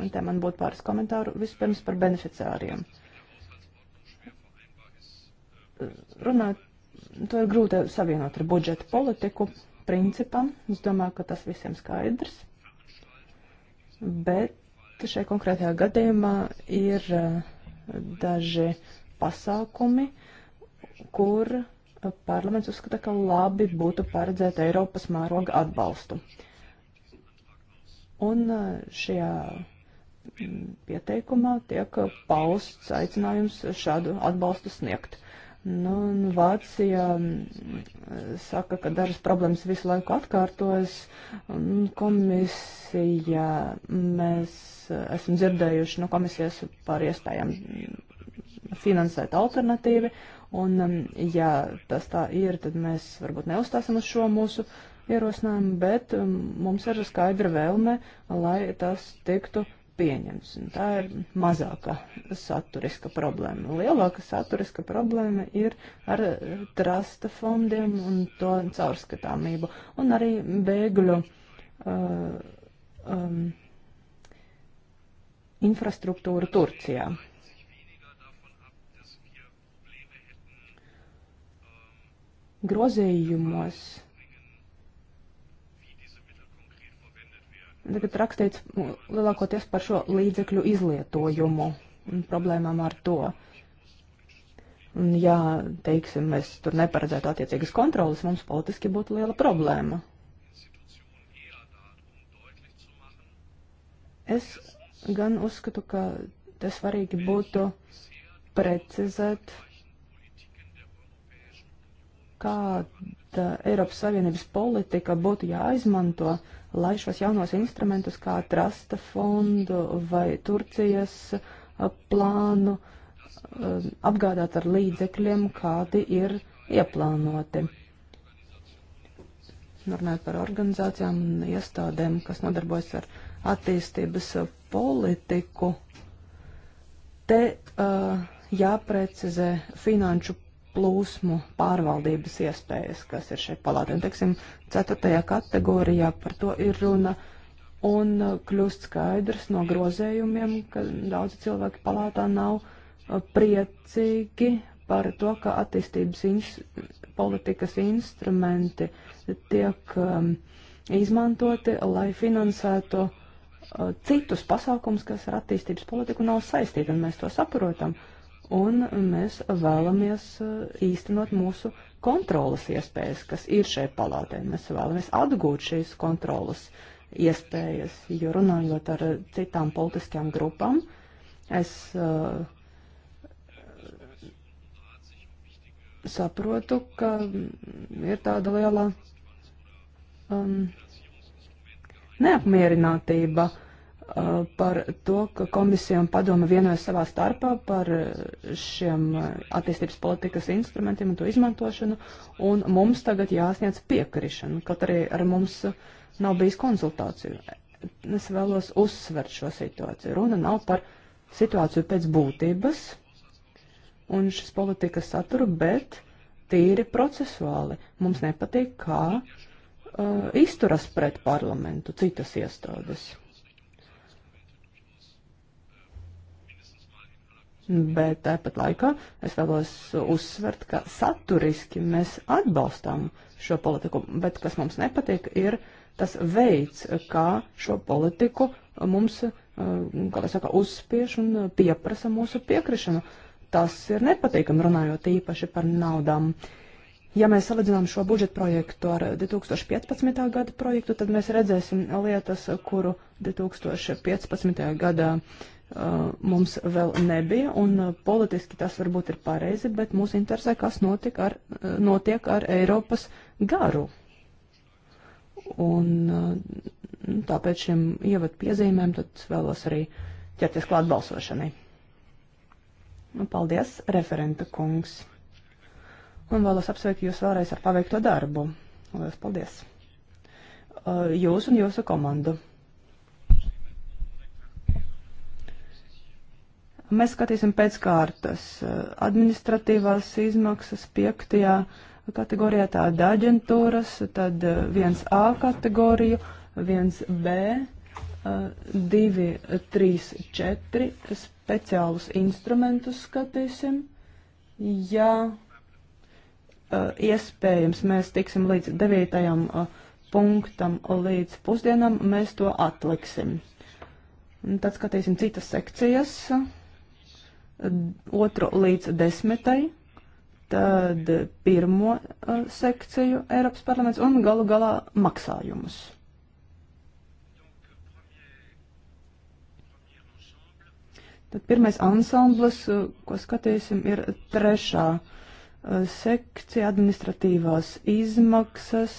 un te man būtu pāris komentāru, vispirms par beneficāriem. Runāt to ir grūti savienot ar budžeta politiku principam. Es domāju, ka tas visiem skaidrs. Bet šajā konkrētajā gadījumā ir eh, daži pasākumi, kur parlaments uzskata, ka labi būtu paredzēt Eiropas mēroga atbalstu. Un eh, šajā pieteikumā tiek pausts aicinājums šādu atbalstu sniegt. Nu, un nu, Vācija mm, saka, ka dažas problēmas visu laiku atkārtojas. Komisija, mēs esam dzirdējuši no komisijas par iespējām finansēt alternatīvi, un mm, ja tas tā ir, tad mēs varbūt neuzstāsim uz šo mūsu ierosinājumu, bet mm, mums ir skaidra vēlme, lai tas tiktu pieņems. Un tā ir mazāka saturiska problēma. Lielāka saturiska problēma ir ar trasta fondiem un to caurskatāmību. Un arī bēgļu uh, um, infrastruktūru Turcijā. Grozījumos. Uh, Tagad rakstīts lielākoties par šo līdzekļu izlietojumu un problēmām ar to. Un, ja, teiksim, mēs tur neparedzētu attiecīgas kontrolas, mums politiski būtu liela problēma. Es gan uzskatu, ka te svarīgi būtu precizēt, kāda Eiropas Savienības politika būtu jāizmanto, uh, lai šos jaunos instrumentus kā trasta fondu vai Turcijas plānu apgādāt ar līdzekļiem, kādi ir ieplānoti. Runājot par organizācijām un iestādēm, kas nodarbojas ar attīstības politiku, te uh, jāprecizē finanšu plūsmu pārvaldības iespējas, kas ir šeit palātē. Teiksim, ceturtajā kategorijā par to ir runa un uh, kļūst skaidrs no grozējumiem, ka daudzi cilvēki palātā nav uh, priecīgi par to, ka attīstības ins politikas instrumenti tiek um, izmantoti, lai finansētu uh, citus pasākums, kas ar attīstības politiku nav saistīti, un mēs to saprotam. Uh, un mēs vēlamies eh, īstenot mūsu kontrolas iespējas, kas ir šai palātē. Mēs vēlamies atgūt šīs kontrolas iespējas, jo runājot ar citām politiskajām grupām, es uh, saprotu, ka ir tāda liela um, neapmierinātība uh, Uh, par to, ka komisija un padoma vienojas savā starpā par uh, šiem uh, attīstības politikas instrumentiem un to izmantošanu, un mums tagad jāsniedz piekrišana, kaut arī ar mums nav bijis konsultāciju. Es vēlos uzsvert šo situāciju. Runa nav par situāciju pēc būtības un šis politikas saturu, bet tīri procesuāli. Mums nepatīk, kā uh, izturas pret parlamentu citas iestādes bet tāpat laikā es vēlos uzsvert, ka saturiski mēs atbalstām šo politiku, bet kas mums nepatīk, ir tas veids, kā šo politiku mums, eh, kā lai saka, uzspiež un pieprasa mūsu piekrišanu. Tas ir nepatīkami runājot īpaši par naudām. Ja mēs salīdzinām šo budžeta projektu ar 2015. gada projektu, tad mēs redzēsim lietas, kuru 2015. gadā uh, Eh, mums vēl nebija, un eh, politiski tas varbūt ir pareizi, bet mūs interesē, kas notiek ar, eh, notiek ar Eiropas garu. Un tāpēc šiem ievadu piezīmēm tad vēlos arī ķerties klāt balsošanai. Nu, paldies, referenta kungs. Un vēlos apsveikt jūs vēlreiz ar paveikto darbu. Lielas paldies. Jūs un jūsu komandu. Mēs skatīsim pēc kārtas eh, administratīvās izmaksas piektajā kategorijā, tāda aģentūras, tad 1A eh, kategoriju, 1B, 2, 3, 4 speciālus instrumentus skatīsim. Ja eh, iespējams mēs tiksim līdz 9. punktam līdz pusdienam, mēs to atliksim. Tad skatīsim citas sekcijas otro līdz desmitai, tad pirmo uh, sekciju Eiropas parlaments un galu galā maksājumus. Tad pirmais ansamblis, uh, ko skatīsim, ir trešā uh, sekcija administratīvās izmaksas.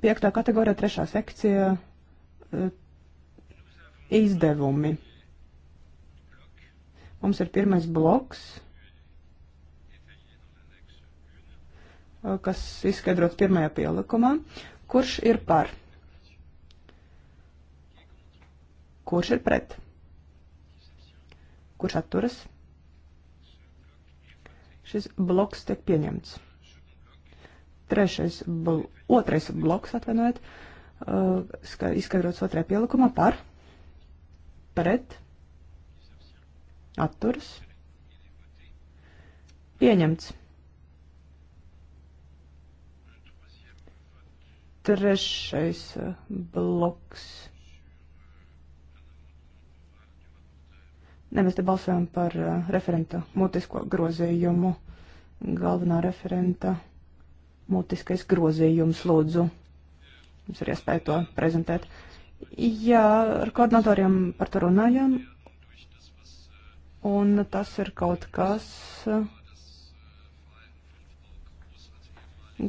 Piektā kategorija, trešā sekcija izdevumi. Mums ir pirmais bloks, kas izskaidrots pirmajā pielikumā. Kurš ir par? Kurš ir pret? Kurš atturas? Šis bloks tiek pieņemts. Trešais, bl otrais bloks, atvainojiet, uh, izskaidrots otrajā pielikumā par. Par pret, atturas, pieņemts. Trešais uh, bloks. Ne, mēs te balsojam par uh, referenta mutisko grozījumu. Galvenā referenta mutiskais grozījums, lūdzu. Jums ir iespēja to prezentēt. Uh, Jā, ar koordinatoriem par to runājam. Un tas ir kaut kas,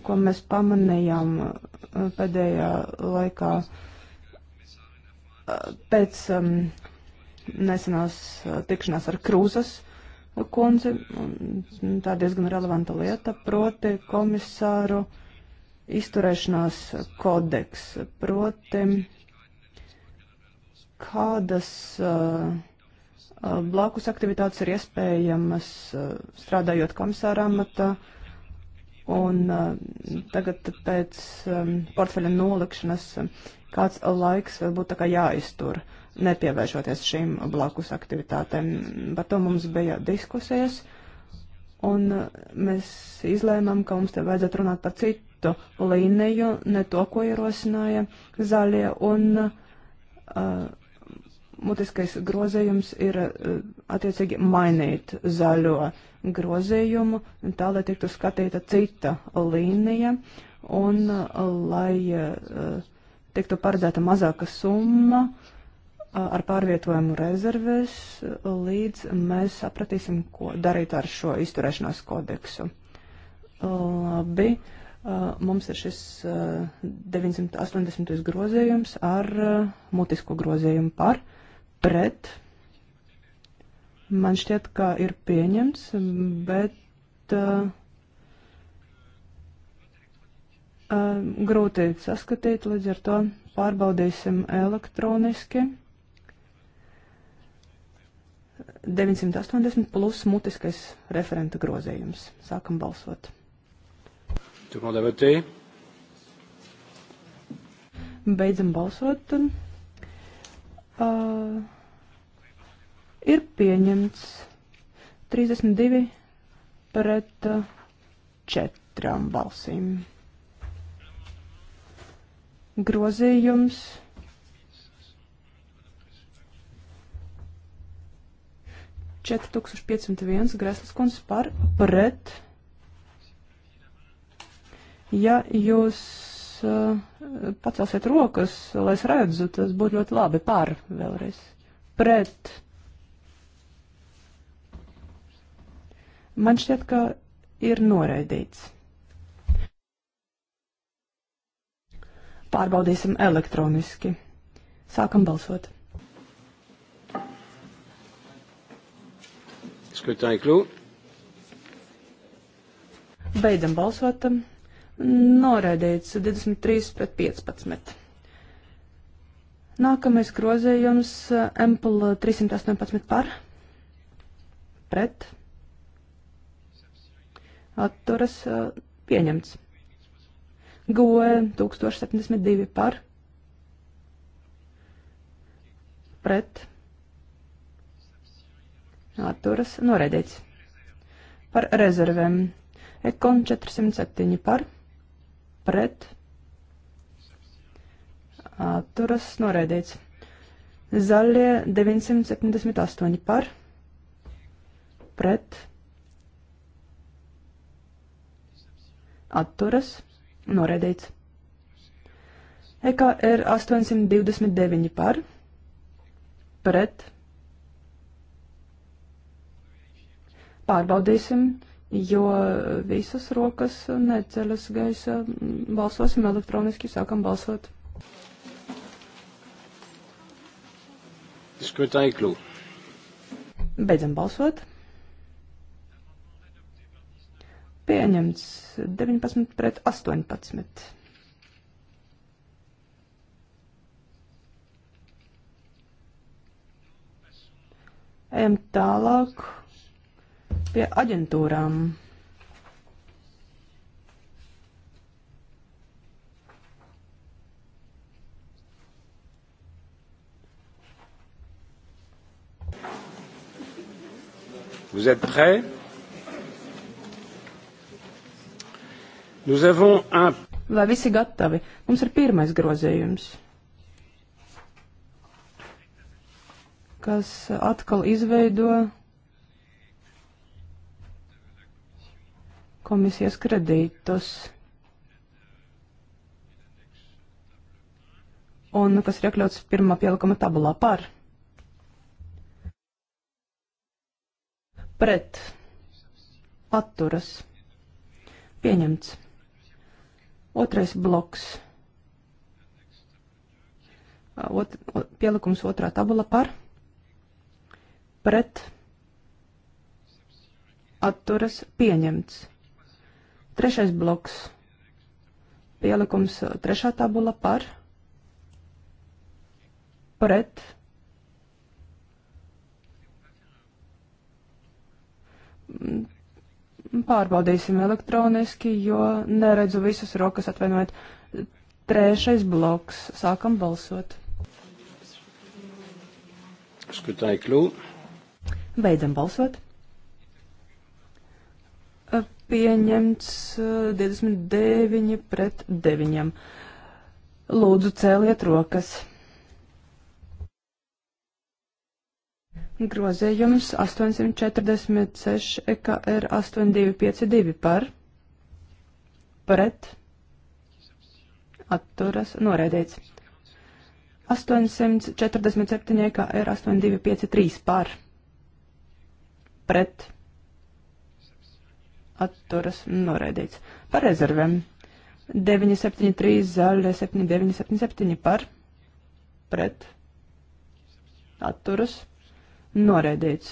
ko mēs pamanījām uh, pēdējā laikā uh, pēc um, nesenās uh, tikšanās ar Krūzas kundzi. Tā diezgan relevanta lieta, proti komisāru izturēšanās kodeks, proti kādas uh, uh, blakus aktivitātes ir iespējamas uh, strādājot komisāra amatā. Un uh, tagad pēc um, portfeļa nolikšanas uh, kāds laiks varbūt tā kā jāiztur, nepievēršoties šīm blakus aktivitātēm. Par to mums bija diskusijas, un uh, mēs izlēmām, ka mums te vajadzētu runāt par citu līniju, ne to, ko ierosināja zaļie, un uh, mutiskais grozējums ir eh, attiecīgi mainīt zaļo grozējumu, tā lai tiktu skatīta cita līnija un eh, lai eh, tiktu paredzēta mazāka summa ar pārvietojumu rezervēs, līdz mēs sapratīsim, ko darīt ar šo izturēšanās kodeksu. Labi, mums ir šis 980. grozējums ar mutisko grozējumu par pret. Man šķiet, ka ir pieņems, bet uh, uh, grūti saskatīt, līdz ar to pārbaudīsim elektroniski. 980 plus mutiskais referenta grozījums. Sākam balsot. Beidzam balsot. Un uh, ir pieņemts 32 pret uh, 4 balsīm. Grozījums. Četri tūkstoši piecsimt viens Greslis kundze par pret. Ja jūs Uh, pacelsiet rokas, lai es redzu, tas būtu ļoti labi par vēlreiz. Pret. Man šķiet, ka ir noraidīts. Pārbaudīsim elektroniski. Sākam balsot. Skatāju klū. Beidzam balsot noraidīts 23 pret 15. Nākamais grozījums eh, MPL 318 par, pret, atturas eh, pieņemts. GOE 1072 par, pret, atturas noraidīts. Par rezervēm. Ekon 407 par, pret pret atturas noraidīts. Zaļie 978 par pret atturas noraidīts. EKR 829 par pret pārbaudīsim 928 jo visas rokas neceļas gaisa. Balsosim elektroniski, sākam balsot. Beidzam balsot. Pieņemts 19 pret 18. Ejam tālāk pie aģentūrām. Vous êtes prêts Nous avons un... Vai visi gatavi? Mums ir pirmais grozējums, kas atkal izveido komisijas kredītus. Un kas ir iekļauts pirmā pielikuma tabulā par? Pret. Atturas. Pieņemts. Otrais bloks. Ot, ot, pielikums otrā tabula par. Pret. Atturas. Pieņemts. Trešais bloks. Pielikums uh, trešā tabula par, pret. Mm, pārbaudīsim elektroniski, jo neredzu visas rokas atvainojiet. Trešais bloks. Sākam balsot. Skatāj klū. Beidzam balsot pieņemts 29 eh, pret 9. Lūdzu, cēliet rokas. Grozējums 846 EKR 8252 par pret atturas noraidīts. 847 EKR 8253 par pret atturas atturas noraidīts. Par rezervēm 973 zaļa 7977 par pret atturas noraidīts.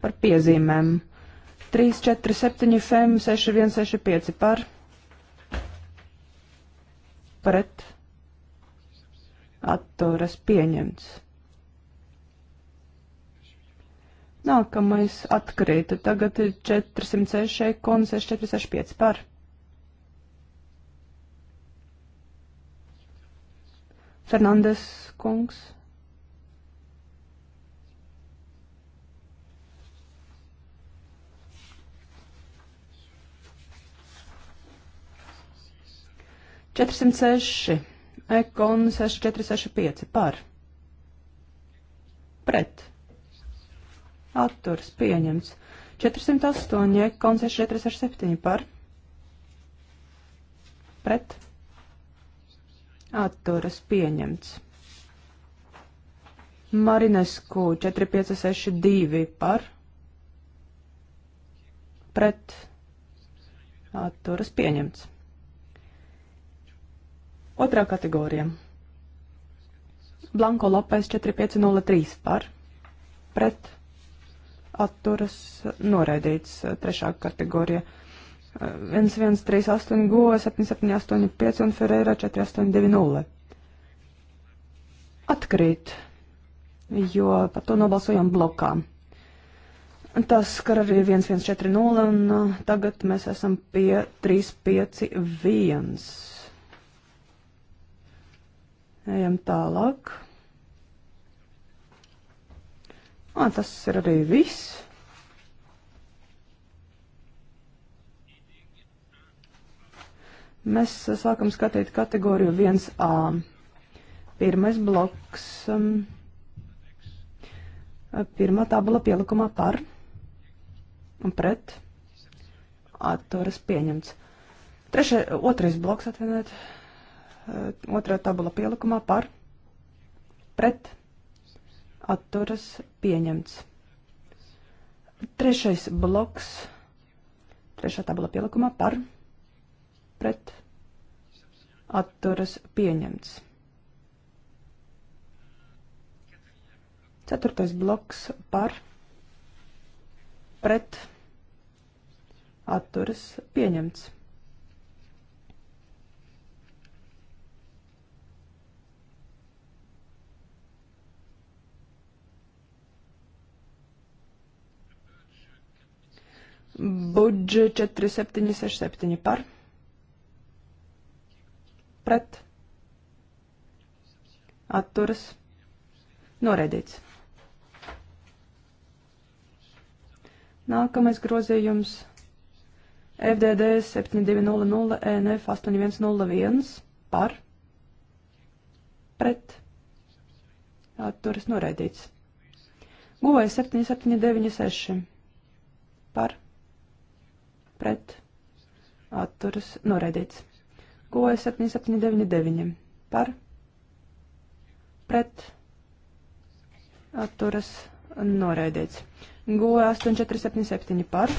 Par piezīmēm 347 FM 6165 par pret atturas pieņemts. Nākamais atkrīt. Tagad ir 406, kon 6465 par. Fernandes kungs. Četrsimt seši, ekon seši četri seši pieci par, pret atturs pieņemts. 408, ekon 6467 par, pret, atturas pieņemts. Marinesku 4562 par, pret, atturas pieņemts. Otrā kategorija. Blanko Lopes 4503 par, pret, atturas noraidīts eh, trešā kategorija. 1138 GO, 7785 un Ferreira 4890. Atkrīt, jo par to nobalsojam blokā. Tas skar arī 1140 un eh, tagad mēs esam pie 351. Ejam tālāk. Ā, tas ir arī viss. Mēs uh, sākam skatīt kategoriju 1A. Pirmais bloks, um, pirmā tabula pielikumā par un pret atturas pieņemts. Trešai, otrais bloks atvienot, uh, otrā tabula pielikumā par, pret, atturas pieņemts. Trešais bloks, trešā tabula pielikumā par, pret, atturas pieņemts. Ceturtais bloks par, pret, atturas pieņemts. Budži 4767 par. Pret. Atturas. Noraidīts. Nākamais grozījums FDD 7200 ENF 8101 par. Pret. Atturas noraidīts. Guvēja 7796 par pret atturas noraidīts. Ko 7799 par pret atturas noraidīts. Go 8477 par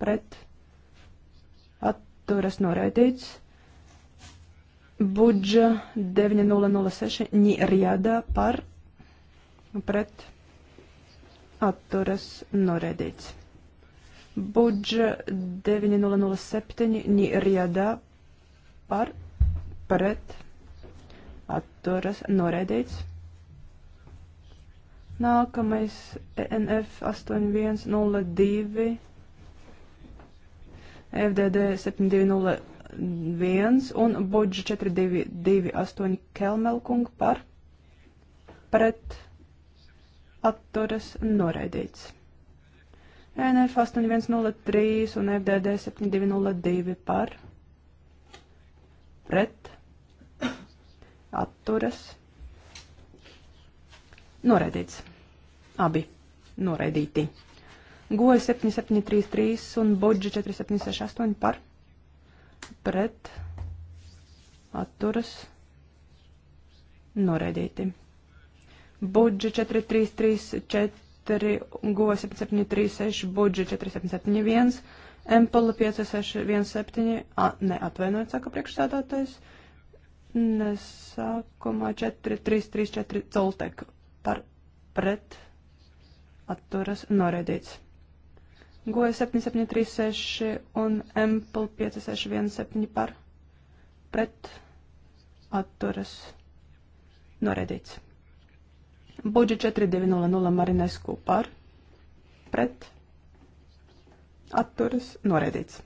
pret atturas noraidīts. Budža 9006 Nirjada par pret atturas noraidīts. Budž 9007 Nirjadā par pret atturas noraidīts. Nākamais ENF 8102 FDD 7201 un Budž 4228 Kelmelkung par pret atturas noraidīts. NF 8103 un FDD 7202 par pret atturas noraidīts. Abi noraidīti. Goja 7733 e un Bodži 4768 par pret atturas noraidīti. Budži 4334 4, GO 7736, Budži 4771, Empola 5617, a, ne, atvainojiet, saka priekšsēdātais, nesākumā 4334, Coltek par pret atturas noraidīts. GO 7736 un Empola 5617 par pret atturas noraidīts. Bugi 4900 Marinesku par, pret, atturas, noraidīts.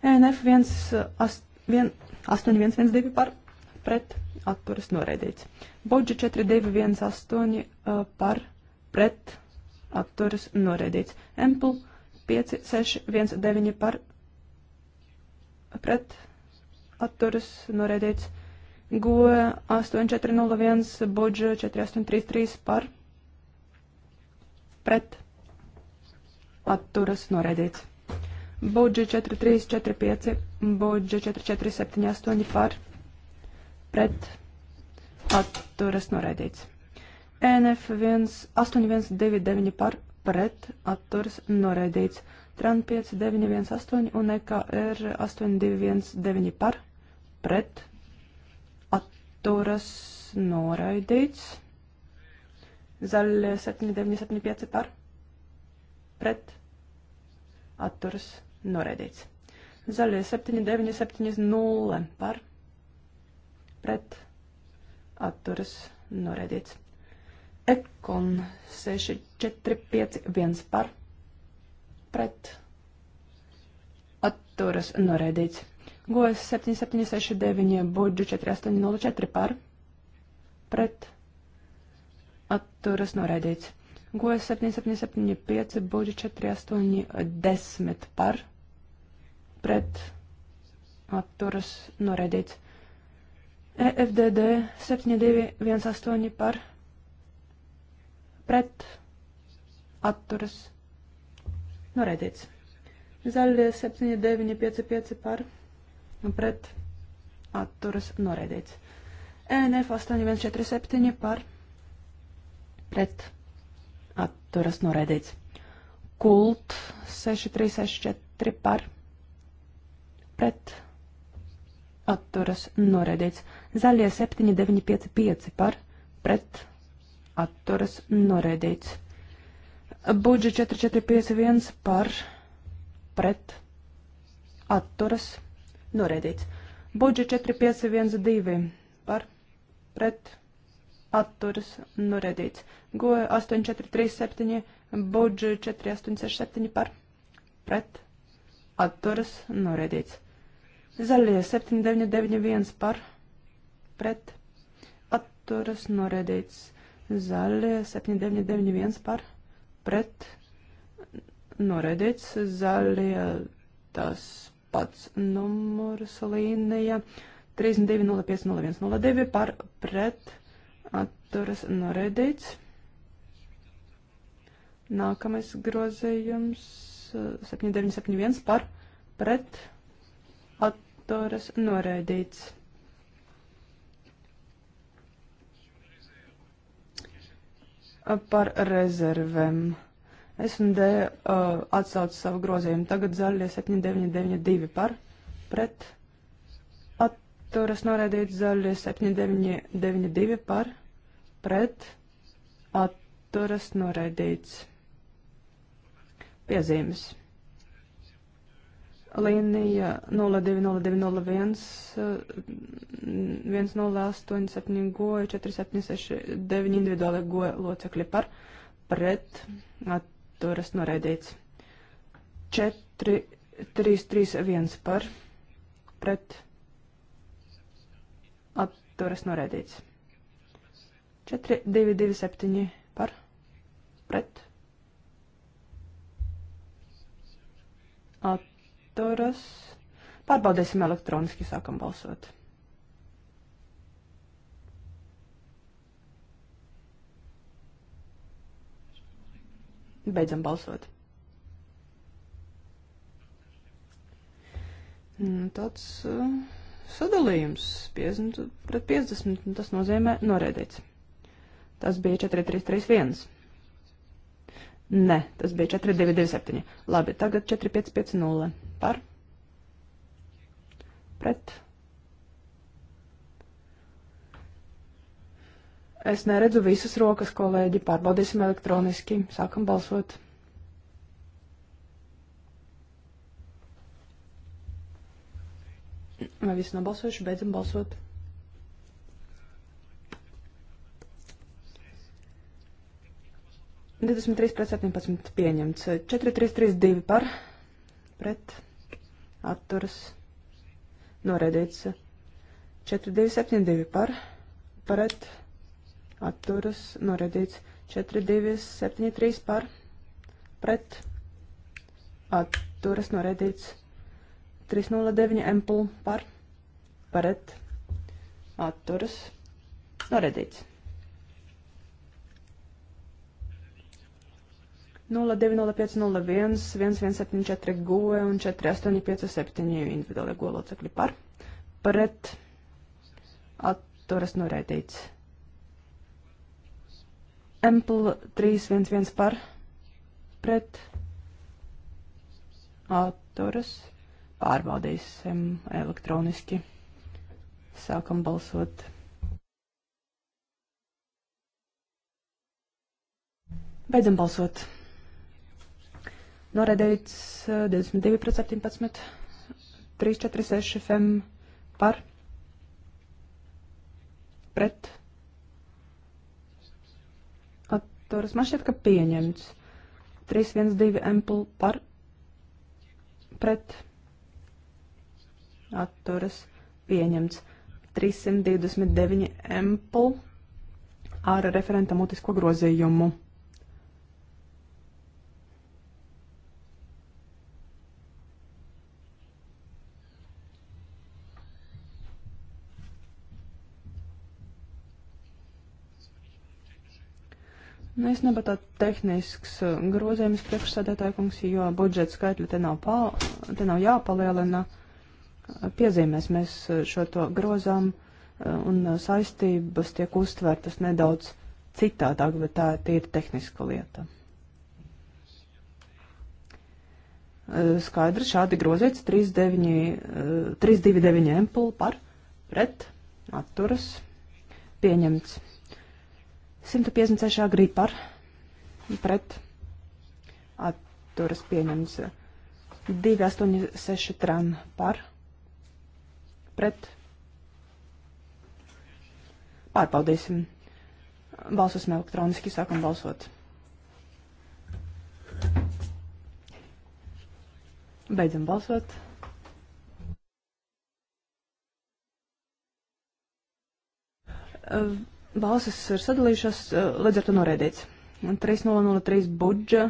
E ENF 1812 par, pret, atturas, noraidīts. Bugi 4218 uh, par, pret, atturas, noraidīts. Empl 5619 par, pret, atturas, noraidīts. GO 8401, Budža 4833 par pret atturas noraidīts. Budža 4345, Budža 4478 par pret atturas noraidīts. NF 8199 par pret atturas noraidīts. TRAN 5918 un EKR 8219 par pret atturas noraidīts. Zaļie 7,975 par pret atturas noraidīts. Zaļie 7,970 par pret atturas noraidīts. Ekon 6,451 par pret atturas noraidīts. Gojas 7769, budžu 4804 par, pret, atturas noraidīts. Gojas 7775, budžu 4810 par, pret, atturas noraidīts. EFDD 7218 par, pret, atturas noraidīts. Zaļie 7955 par, pret pret atturas noraidīts. E ENF 8147 par pret atturas noraidīts. Kult 6364 par pret atturas noraidīts. Zaļie 7955 par pret atturas noraidīts. Budži 4451 par pret atturas noraidīts noraidīts. Budži 4512 par pret atturas noraidīts. Go 8437, budži 4867 par pret atturas noraidīts. Zaļie 7991 par pret atturas noraidīts. Zaļie 7991 par pret noraidīts. Zaļie tas pats numurs līnija 32050102 par pret atturas noredīts. Nākamais grozījums 7971 par pret atturas noraidīts. Par rezervēm. SMD uh, atsauc savu grozījumu. Tagad zaļie 7992 par pret. Atturas norēdīt zaļie 7992 par pret. Atturas norēdīts. Piezīmes. Līnija 020201 1087 goja 4769 individuāli goja locekļi par pret. At, atturas noraidīts. 4, 3, 3, 1 par, pret, atturas noraidīts. 4, 2, 2, 7 par, pret, atturas. Pārbaudēsim elektroniski, sākam balsot. Beidzam balsot. Nu, tāds uh, sadalījums 50 pret 50, tas nozīmē noraidīts. Tas bija 4331. Nē, tas bija 4227. Labi, tagad 4550 par pret Es neredzu visas rokas, kolēģi. Pārbaudīsim elektroniski. Sākam balsot. Vai visi nobalsojuši? Beidzam balsot. Divdesmit trīs pret septiņpadsmit pieņemts. Četri, trīs, trīs, divi par. Pret. Atturas. Noraidīts. Četri, divi, septiņi, divi par. Pret atturas noraidīts 4273 par pret atturas noraidīts 309 empul par pret atturas noraidīts. 090501, 1174 GOE un 4857 individuālie GOE locekļi par pret atturas noraidīts. Empl 311 par pret atturas pārbaudīsim elektroniski. Sākam balsot. Beidzam balsot. Noraidīts 22 eh, pret 17, 346 FM par pret atturas. Man šķiet, ka pieņemts. 312 ampul par pret atturas pieņemts. 329 ampul ar referenta mutisko grozījumu. Nu, es nebūtu tāds tehnisks uh, grozījums priekšsēdētāja kungs, jo budžeta skaitļi te nav, pal, te nav jāpalielina. Uh, piezīmēs mēs uh, šo to grozām un saistības tiek uztvērtas nedaudz citādāk, bet tā ir tīri tehniska lieta. Skaidri šādi grozīts 329 ampulu par pret atturas pieņemts. 156. grib par pret atturas pieņems 286 tran par pret. Pārbaudīsim. Balsosim elektroniski, sākam balsot. Beidzam balsot. Uh, Balsis ir sadalījušās, eh, līdz ar to noraidīts. 3003 budža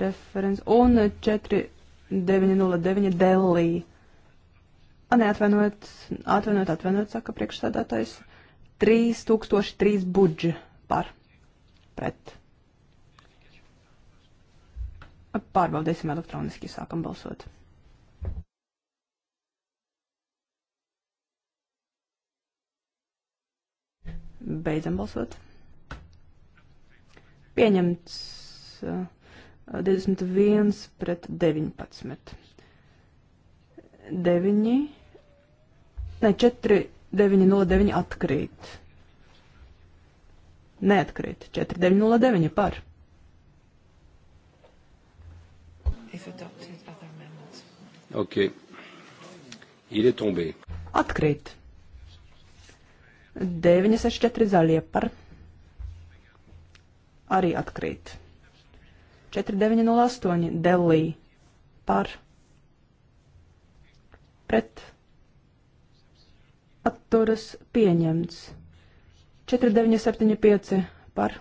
referents un 4909 delī. A, ne, atvainojiet, atvainojiet, atvainojiet, saka priekšsēdētājs. 3003 budža par pret. Pārbaudīsim elektroniski, sākam balsot. Beidzam balsot. Pieņemts 21 uh, pret 19. 9, ne 4, 9, 0, 9 atkrīt. Neatkrīt. 4, 9, 0, 9 par. Ok. Il est tombé. Atkrīt. 964 zaļie par arī atkrīt. 4908 Delī par pret atturas pieņemts. 4975 par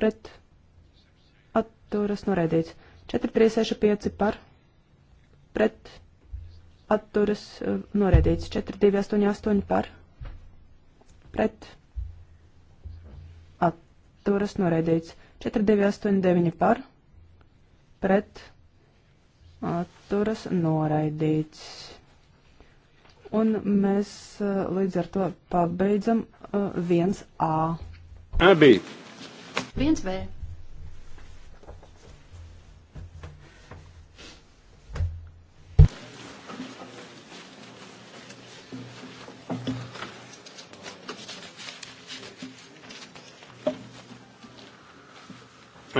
pret atturas noraidīts. 4365 par pret atturas eh, noraidīts. 4288 par pret pret atturas noraidīts. 4289 par pret atturas noraidīts. Un mēs eh, līdz ar to pabeidzam 1A. Abi. 1B.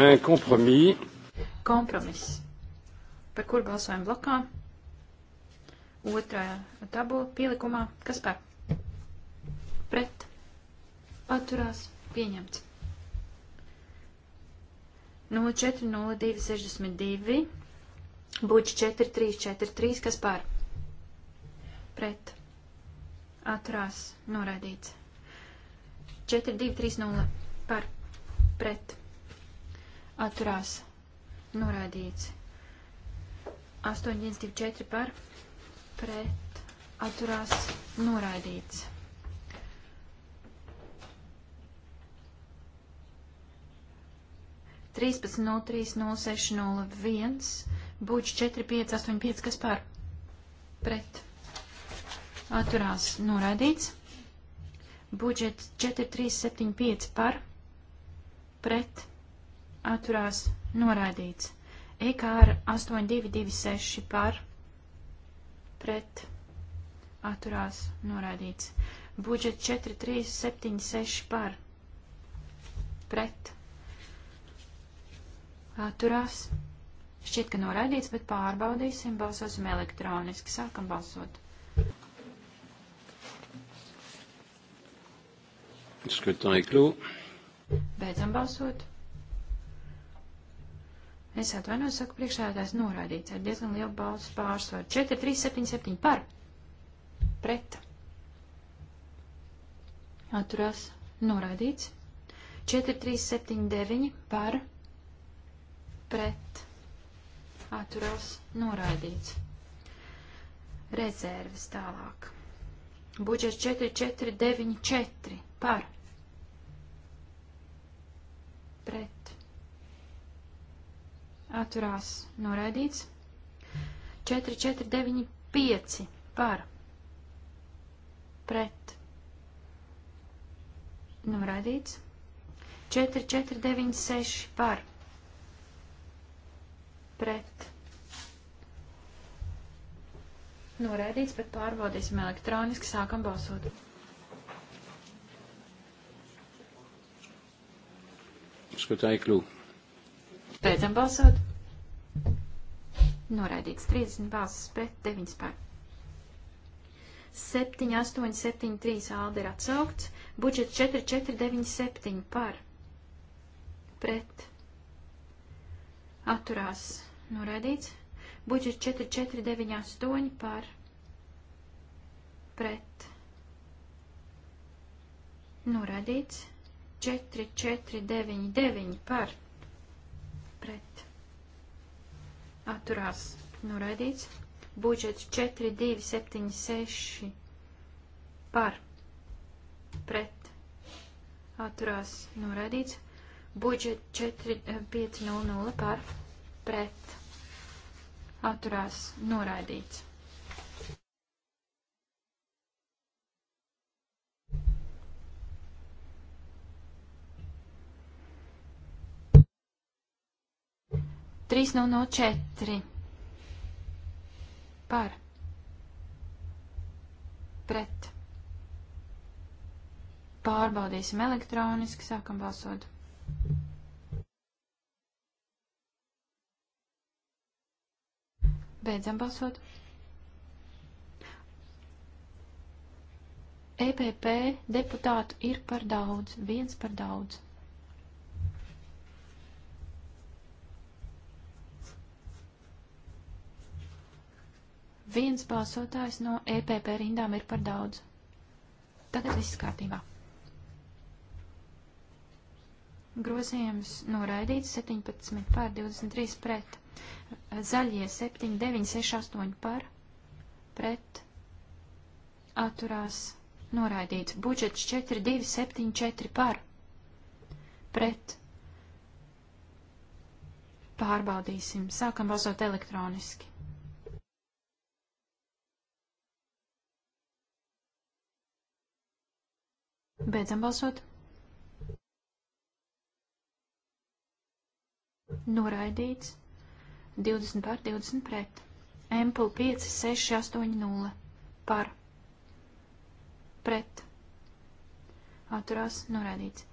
Un kompromis. Kompromiss. Par kur balsojam blokā? Otrā tabula pielikumā. Kas par? Pret. Atturās. Pieņemts. No 4.02.62. Būtu 4.3.4.3. Kas par? Pret. Atturās. Norādīts. 4.2.3.0. Par. Pret atturās norādīts. 824 par pret atturās norādīts. Trīspadsmit nulle trīs nulle seši nulle viens, būs četri pieci astoņi pieci, kas par pret atturās norādīts. Budžets 4375 par pret atturās noraidīts. EKR 8226 par pret atturās noraidīts. Budžet 4376 par pret atturās. Šķiet, ka noraidīts, bet pārbaudīsim, balsosim elektroniski. Sākam balsot. Skatāju klū. Beidzam balsot. Es atvainojos, saku, priekšsēdētājs norādīts ar diezgan lielu balsu pārsvaru. 4, 3, 7, 7 par. Pret. Atturās. Norādīts. 4, 3, 7, 9 par. Pret. Atturās. Norādīts. Rezerves tālāk. Budžets 4, 4, 9, 4 par. Pret atturās noraidīts. 4, 4, 9, 5 par pret noraidīts. 4, 4, 9, 6 par pret noraidīts, bet pārbaudīsim elektroniski, sākam balsot. Skatāju kļūdu. Beidzam balsot. Noraidīts 30 balsis pret 9 pār. 7, 8, 7, 3 aldi ir atsaukts. Budžets 4, 4, 9, 7 par. Pret. Atturās. Noraidīts. Budžets 4, 4, 9, 8 par. Pret. Noraidīts. 4, 4, 9, 9 par pret atturās noraidīts. Budžets 4276 par pret atturās noraidīts. Budžets 4500 eh, par pret atturās noraidīts. 3004 par pret. Pārbaudīsim elektroniski, sākam balsot. Beidzam balsot. EPP deputātu ir par daudz, viens par daudz. Viens balsotājs no EPP rindām ir par daudz. Tagad viss kārtībā. Grozījums noraidīts 17 pār 23 pret. Zaļie 7, 9, 6, 8 par pret. Atturās noraidīts. Budžets 4, 2, 7, 4 par pret. Pārbaudīsim. Sākam balsot elektroniski. Beidzam balsot. Noraidīts. 20 par 20 pret. Empul 5, 6, 8, 0. Par. Pret. Atturās. Noraidīts.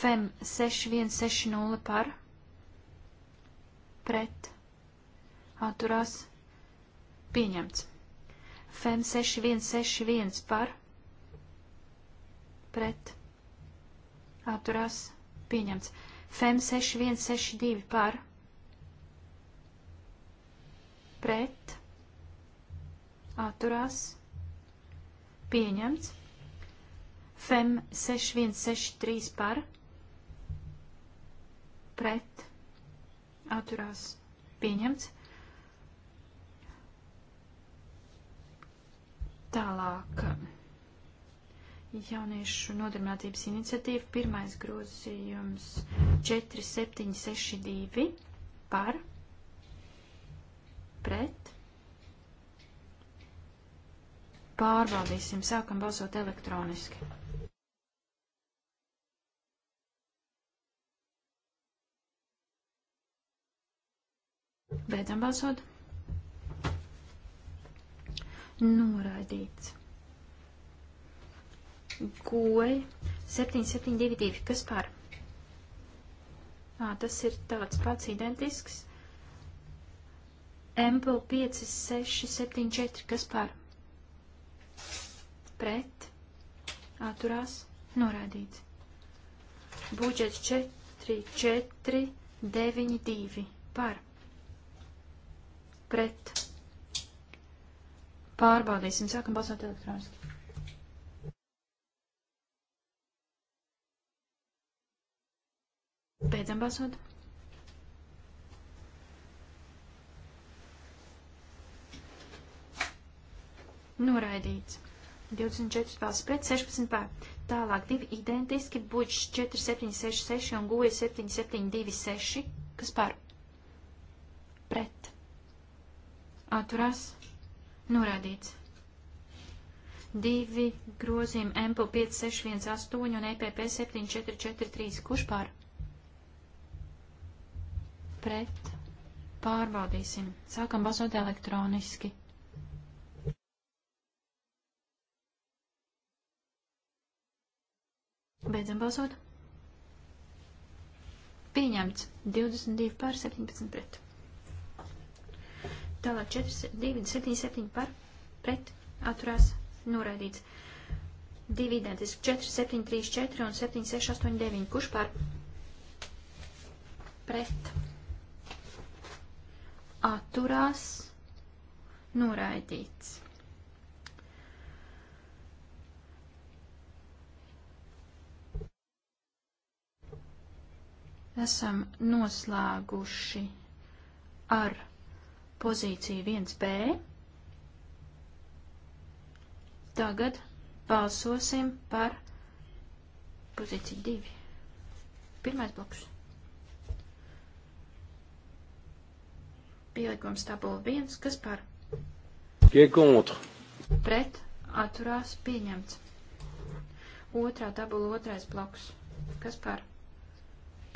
Fem 6, 1, 6, 0 par. Pret. Atturās. Pieņemts. Fem 6, 1, 6, 1 par. Pret pret atturās pieņemts. FEM 6162 par pret atturās pieņemts. FEM 6163 par pret atturās pieņemts. Tālāk. Jauniešu nodarbinātības iniciatīva, pirmais grozījums 4762 par, pret. Pārbaudīsim, sākam balsot elektroniski. Beidzam balsot. Noraidīts goļ 7722, kas par? Ā, tas ir tāds pats identisks. Empel 5674, kas par? Pret, atturās, norādīts. Budžets 4492, par? Pret. Pārbaudīsim, sākam balsot elektroniski. Beidzam balsot. Noraidīts. 24 balsts pret, 16 pār. Tālāk divi identiski, buģis 4766 un guja 7726. Kas pār? Pret. Atturās. Norādīts. Divi grozījumi MPL 5618 un e EPP 7443. Kurš pār? pret, pārbaudīsim. Sākam basot elektroniski. Beidzam balsot. Pieņemts 22 pār 17 pret. Tālāk 4, 2, 7, 7 pār pret atturās noraidīts. 2 identiski 4, 7, 3, 4 un 7, 6, 8, 9. Kurš pār? Pret atturās, noraidīts. Esam noslēguši ar pozīciju 1b. Tagad balsosim par pozīciju 2. Pirmais bloks. pielikums tabula 1, kas par? Piekontra. Pret atturās pieņemts. Otrā tabula otrais bloks, kas par?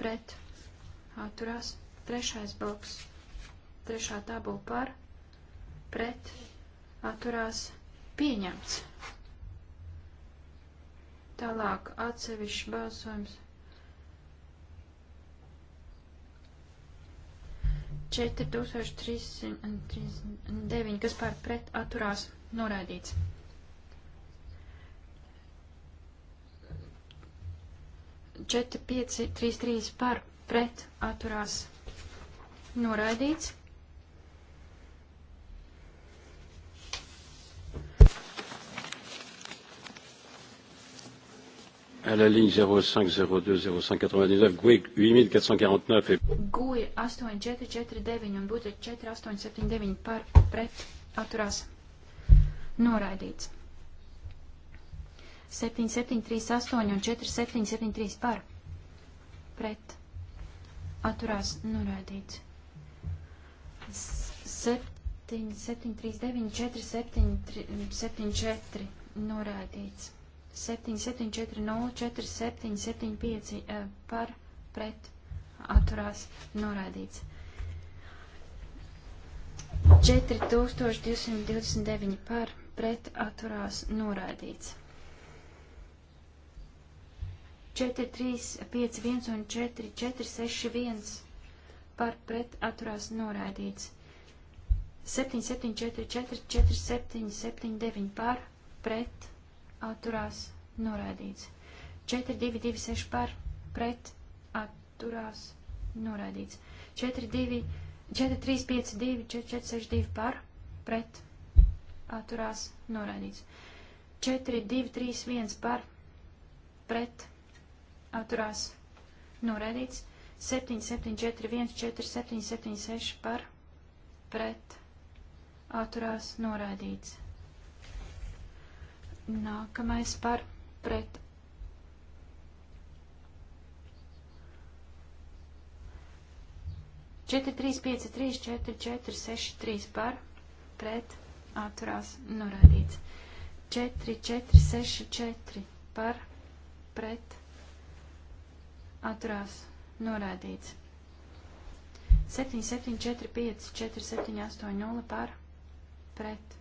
Pret atturās trešais bloks. Trešā tabula par? Pret atturās pieņemts. Tālāk atsevišķi balsojums 4339, kas pār pret atturās noraidīts. Četri, pieci, trīs, trīs par pret atturās noraidīts. à la ligne 0502-0599, GUI 8449 et... GUI 8449 un budžet 4879 par pret atturās noraidīts. 7738 un 4773 par pret atturās noraidīts. 7739 4774 noraidīts. 77404775 eh, par pret atturās norādīts. 4229 par pret atturās norādīts. 4, 3, 5, 1 un 4, 4, 6, 1 par pret atturās norādīts. 7, 7, 4, 4, 4, 7, 7, 9 par pret atturās norādīts. 4, 2, 2, 6 par pret atturās norādīts. 4, 2, 4, 3, 5, 2, 4, 4, 6, 2 par pret atturās norādīts. 4, 2, 3, 1 par pret atturās norādīts. 7, 7, 4, 1, 4, 7, 7, 6 par pret atturās norādīts. Nākamais par pret. Četri, trīs, pieci, trīs, četri, četri, seši, trīs par, pret, atturās, norādīts. Četri, četri, seši, četri par, pret, atturās, norādīts. Septiņi, septiņi, četri, pieci, četri, septiņi, astoņi, nula par, pret,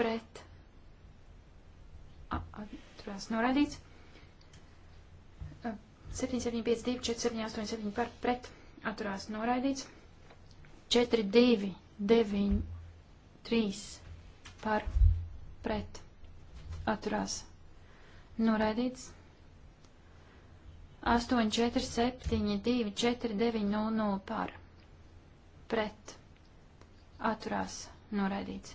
pret atturās noraidīts. 775, 2, 4, 7, 8, 7 par pret atturās noraidīts. 4, 2, 9, 3 par pret atturās noraidīts. 8, 4, 7, 2, 4, 9, 0, 0 par pret atturās noraidīts.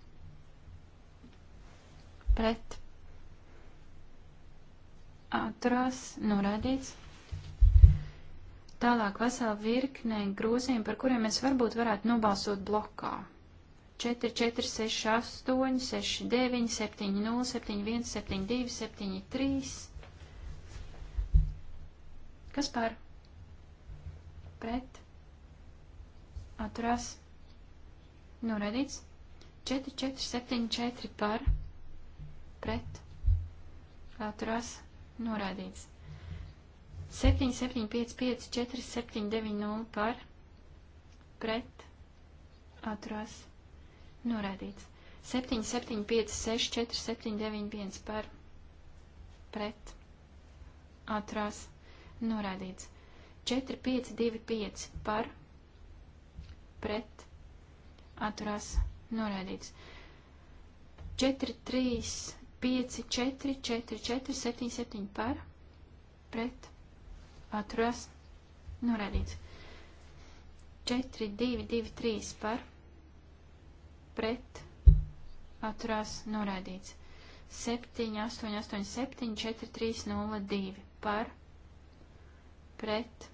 pret atturās norādīts. Tālāk vesela virkne grozījumi, par kuriem mēs varbūt varētu nobalsot blokā. 4, 4, 6, 8, 6, 9, 7, 0, 7, 1, 7, 2, 7, 3. Kas par? Pret. Atturās. Noraidīts. 4, 4, 7, 4 par pret, atturās, norādīts. 7, 7, 5, 5, 4, 7, 9, 0 par, pret, atturās, norādīts. 7, 7, 5, 6, 4, 7, 9, 1 par, pret, atturās, norādīts. 4, 5, 2, 5 par, pret, atturās, norādīts. 4, 3, 5, 4, 4, 4, 7, 7 par, pret, atturās, norādīts. 4, 2, 2, 3 par, pret, atturās, norādīts. 7, 8, 8, 7, 4, 3, 0, 2 par, pret.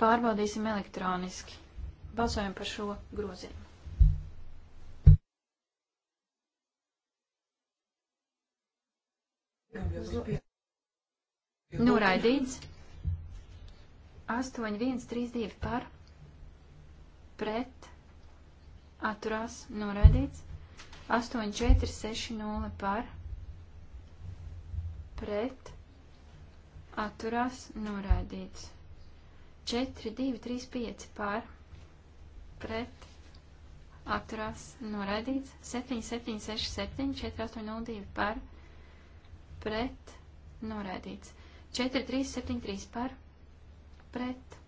Pārbaudīsim elektroniski. Balsojam par šo grozījumu. Noraidīts. 8, 1, 3, 2 par. Pret. Atturās. Noraidīts. 8, 4, 6, 0 par. Pret. Atturās. Noraidīts. 4, 2, 3, 5 par. Pret. Atturās. Noraidīts. 7, 7, 6, 7, 4, 8, 0, 2 par. Pret pret, noraidīts. 4, 3, 7, 3 par, pret,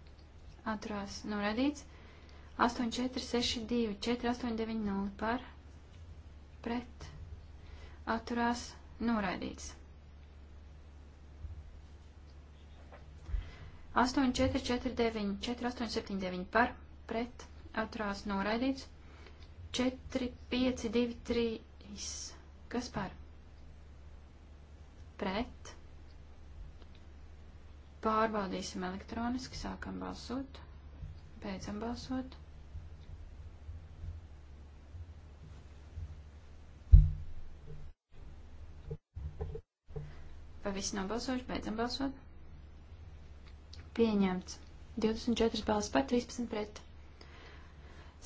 atturās, noraidīts. 8, 4, 6, 2, 4, 8, 9, 0 par, pret, atturās, noraidīts. 8, 4, 4, 9, 4, 8, 7, 9 par, pret, atturās, noraidīts. 4, 5, 2, 3, kas par? pret. Pārbaudīsim elektroniski, sākam balsot, beidzam balsot. Vai visi nobalsojuši, beidzam balsot? Pieņemts. 24 balss par, 13 pret.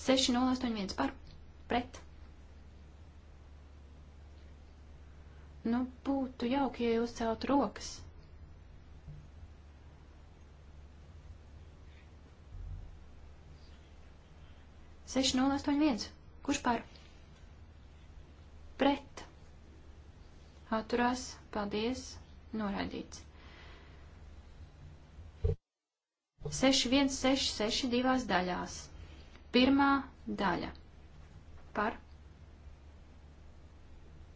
6081 par, pret Nu, būtu jauki, ja jūs celt rokas. Seši nulle astoņi viens. Kurš par? Pret. Atturās. Paldies. Noraidīts. Seši viens seši seši divās daļās. Pirmā daļa. Par.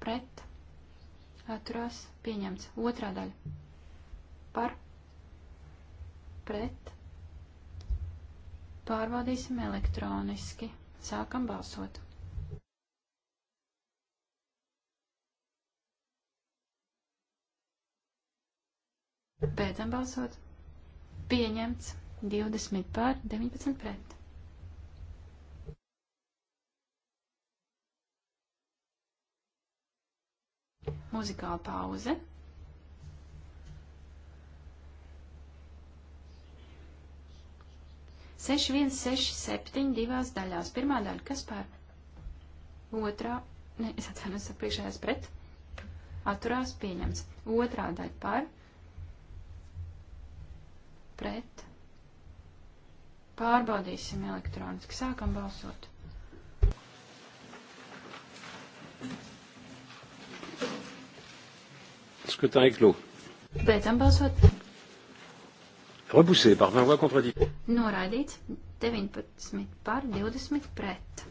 Pret atturās pieņemts. Otrā daļa par pret pārbaudīsim elektroniski. Sākam balsot. Beidzam balsot. Pieņemts 20 pār 19 pret. muzikāla pauze. Seši, viens, seši, septiņi, divās daļās. Pirmā daļa, kas pār? Otrā, ne, es atvainojos, priekšējās pret. Atturās pieņemts. Otrā daļa pār. Pret. Pārbaudīsim elektroniski. Sākam balsot. Scrutin est clos. Beidzam balsot. Repoussé par 20 voix contradictoires. Noraidīts 19 par 20 pret.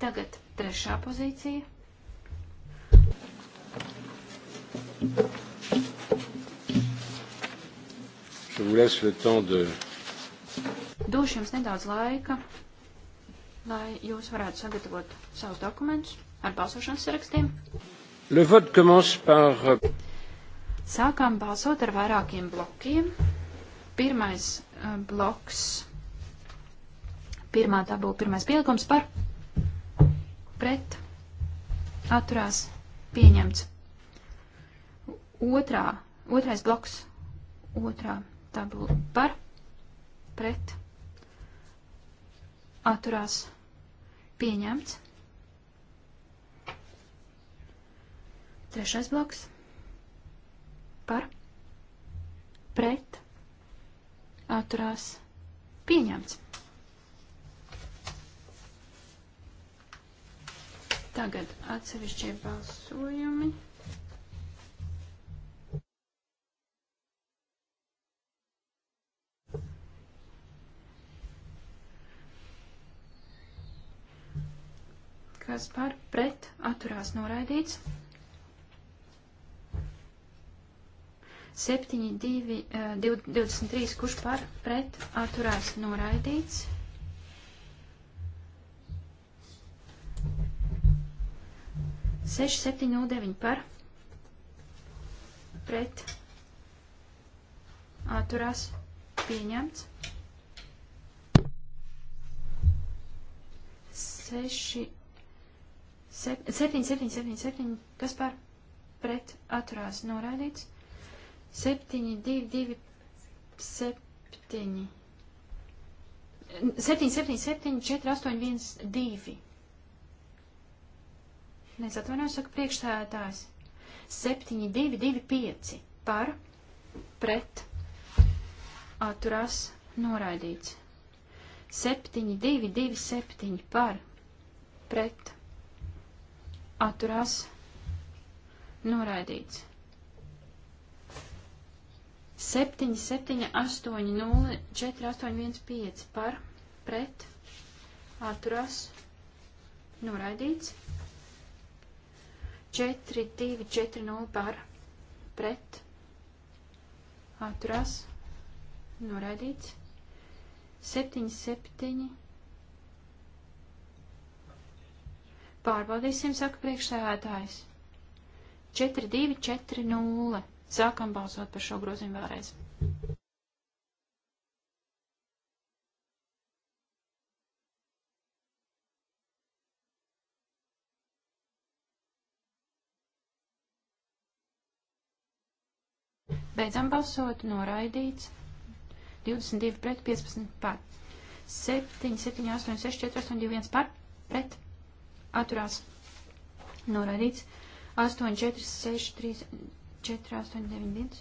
Tagad trešā pozīcija. Je vous laisse le temps de. Došu jums nedaudz laika lai jūs varētu sagatavot savus dokumentus ar balsošanas sarakstiem. Le vote commence par... Euh, Sākām balsot ar vairākiem blokiem. Pirmais uh, bloks, pirmā tabula, pirmais pielikums par pret atturās pieņemts. Otrā, otrais bloks, otrā tabula par pret atturās pieņemts. Trešais bloks par pret atturās pieņemts. Tagad atsevišķie balsojumi. kas par pret atturās noraidīts. 7, 2, 23, kurš par pret atturās noraidīts. Seši, septiņi, nulle, deviņi par, pret, atturās, pieņemts. 6, 7777, kas par pret atturās noraidīts. 7227. 777, 481, 2. Mēs atvainojam, saka priekšsēdētājs. 7225 par pret atturās noraidīts. 7227 par pret atturās noraidīts atturās noraidīts. 7, 7, 8, 0, 4, 8, 1, 5 par, pret, atturās, noraidīts. 4, 2, 4, 0 par, pret, atturās, noraidīts. 7, 7, 0. Pārbaudīsim, saka priekšsēdētājs. 4240. Sākam balsot par šo grozījumu vēlreiz. Beidzam balsot, noraidīts. 22 pret, 15 par. 7, 7, 8, 6, 4, 8, 2, 1 par, pret, atturās norādīts 8, 4, 6, 3, 4, 8, 9, 1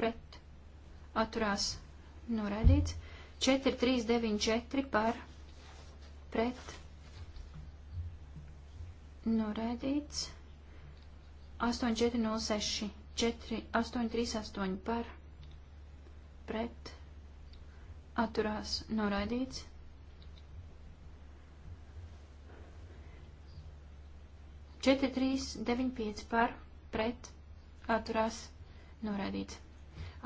pret atturās norādīts 4, 3, 9, 4 par pret norādīts 8, 4, 0, 6 4, 8, 3, 8 par pret atturās norādīts 4, 4395 par pret atturās norādīts.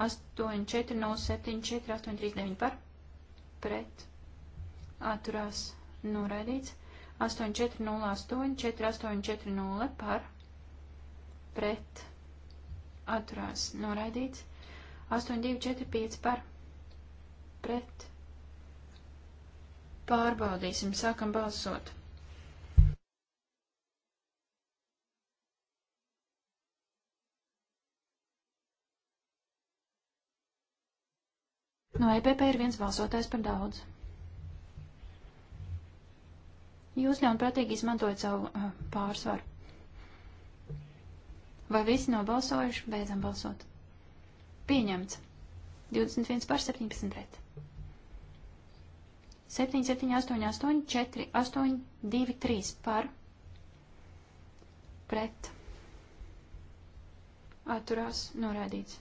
8407 4839 par pret atturās norādīts. 8408 4840 par pret atturās norādīts. 8245 par pret. Pārbaudīsim, sākam balsot. No EPP ir viens balsotājs par daudz. Jūs ļaunprātīgi izmantojat savu uh, pārsvaru. Vai visi nobalsojuši? Beidzam balsot. Pieņemts. 21 par 17 pret. 7, 7, 8, 8, 4, 8, 2, 3 par pret. Atturās norādīts.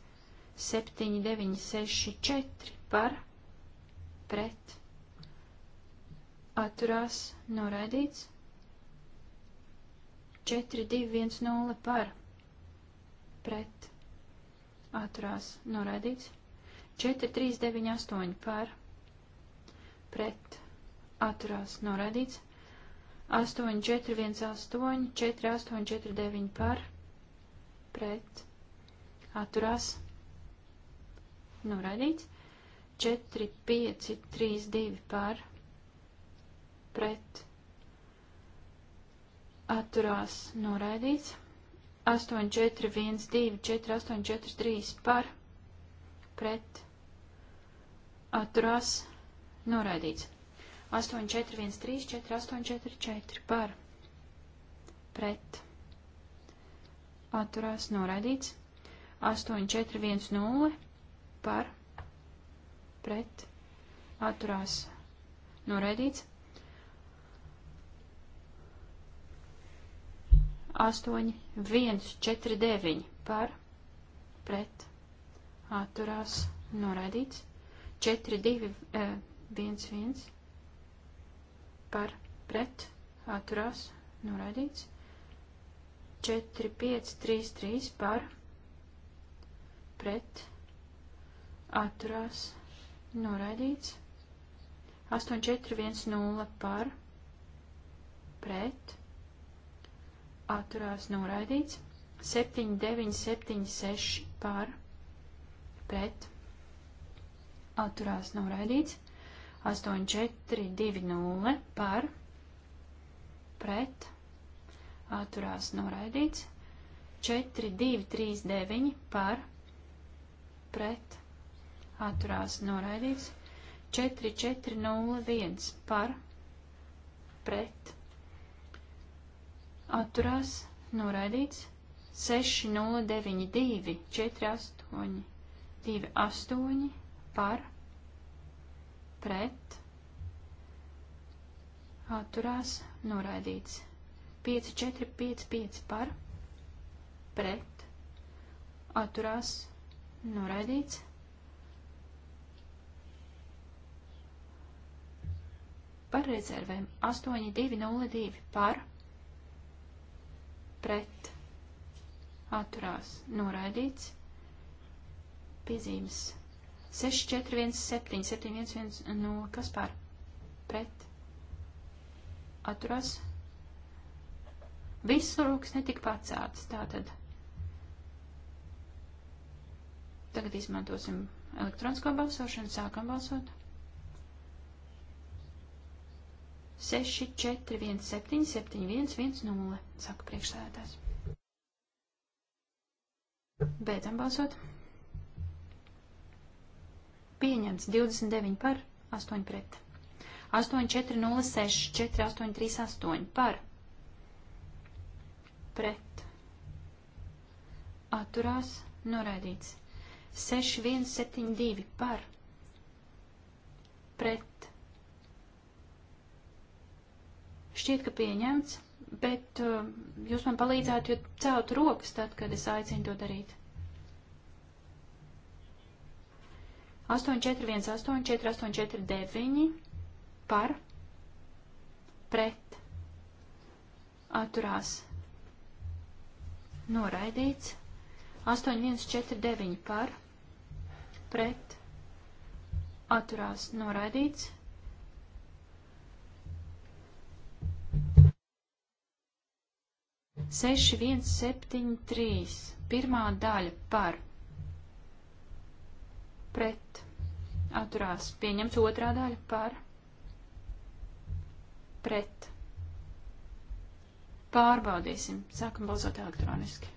7964 par pret atturās noraidīts 4210 par pret atturās noraidīts 4398 par pret atturās noraidīts 8418 4849 par pret atturās noraidīts noraidīts. 4, 5, 3, 2 par, pret, atturās, noraidīts. 8, 4, 1, 2, 4, 8, 4, 3 par, pret, atturās, noraidīts. 8, 4, 1, 3, 4, 8, 4, 4 par, pret, atturās, noraidīts. 8, 4, 1, 0 par, pret, atturās, noraidīts. Astoņi, viens, četri, deviņi par, pret, atturās, noraidīts. Četri, divi, eh, viens, viens par, pret, atturās, noraidīts. 4, 5, 3, 3 par pret atturās, noraidīts. 8410 par, pret, atturās, noraidīts. 7976 par, pret, atturās, noraidīts. 8420 par, pret, atturās, noraidīts. 4239 par, pret, atturās noraidīts. 4401 par pret atturās noraidīts. 6092 48 28 par pret atturās noraidīts. 5455 par pret atturās noraidīts. par rezervēm 8202 par pret atturās noraidīts piezīmes 6417 711 no kas par pret atturās visu rūks netika pacēts tātad tagad izmantosim elektronisko balsošanu sākam balsot 6, 4, 1, 7, 7, 1, 1, 0, saka priekšsēdētājs. Beidzam balsot. Pieņemts 29 par, 8 pret. 8, 4, 0, 6, 4, 8, 3, 8 par. Pret. Atturās, noraidīts. 6, 1, 7, 2 par. Pret Šķiet, ka pieņemts, bet uh, jūs man palīdzētu, jo celtu rokas tad, kad es aicinu to darīt. 841, 84, 849 par, pret, atturās, noraidīts, 8149 par, pret, atturās, noraidīts, 8149. 6173. Pirmā daļa par. Pret. Atturās. Pieņemts otrā daļa par. Pret. Pārbaudīsim. Sākam balsot elektroniski.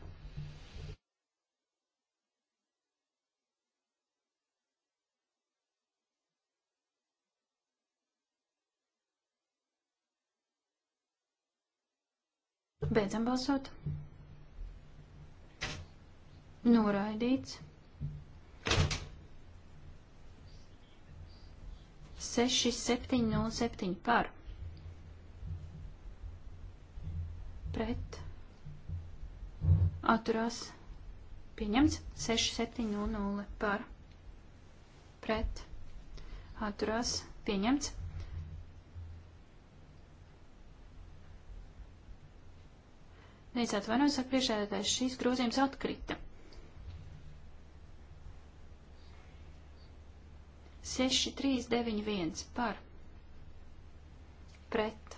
Beidzam balsot. Noraidīts. 6707 par. Pret. Atturās. Pieņemts. 6700 par. Pret. Atturās. Pieņemts. Es atvainojos, nu, saka priekšsēdētājs, šīs grozījums atkrita. 6391 par pret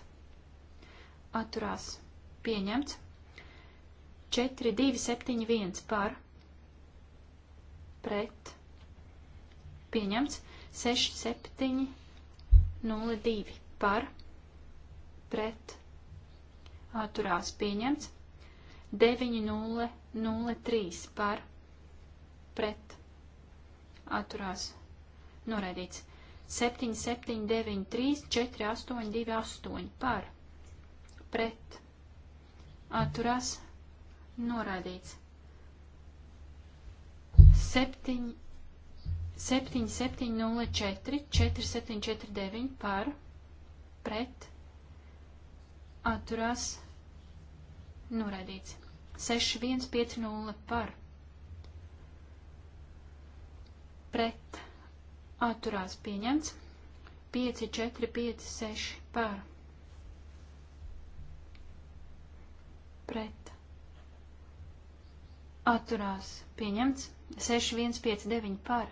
atturās pieņemts 4271 par pret pieņemts 6702 par pret atturās pieņemts 9003 par pret atturās noraidīts 7793 4828 par pret atturās noraidīts 7 7704 4749 par pret atturās noraidīts 6150 par pret atturās pieņemts 5456 par pret atturās pieņemts 6159 par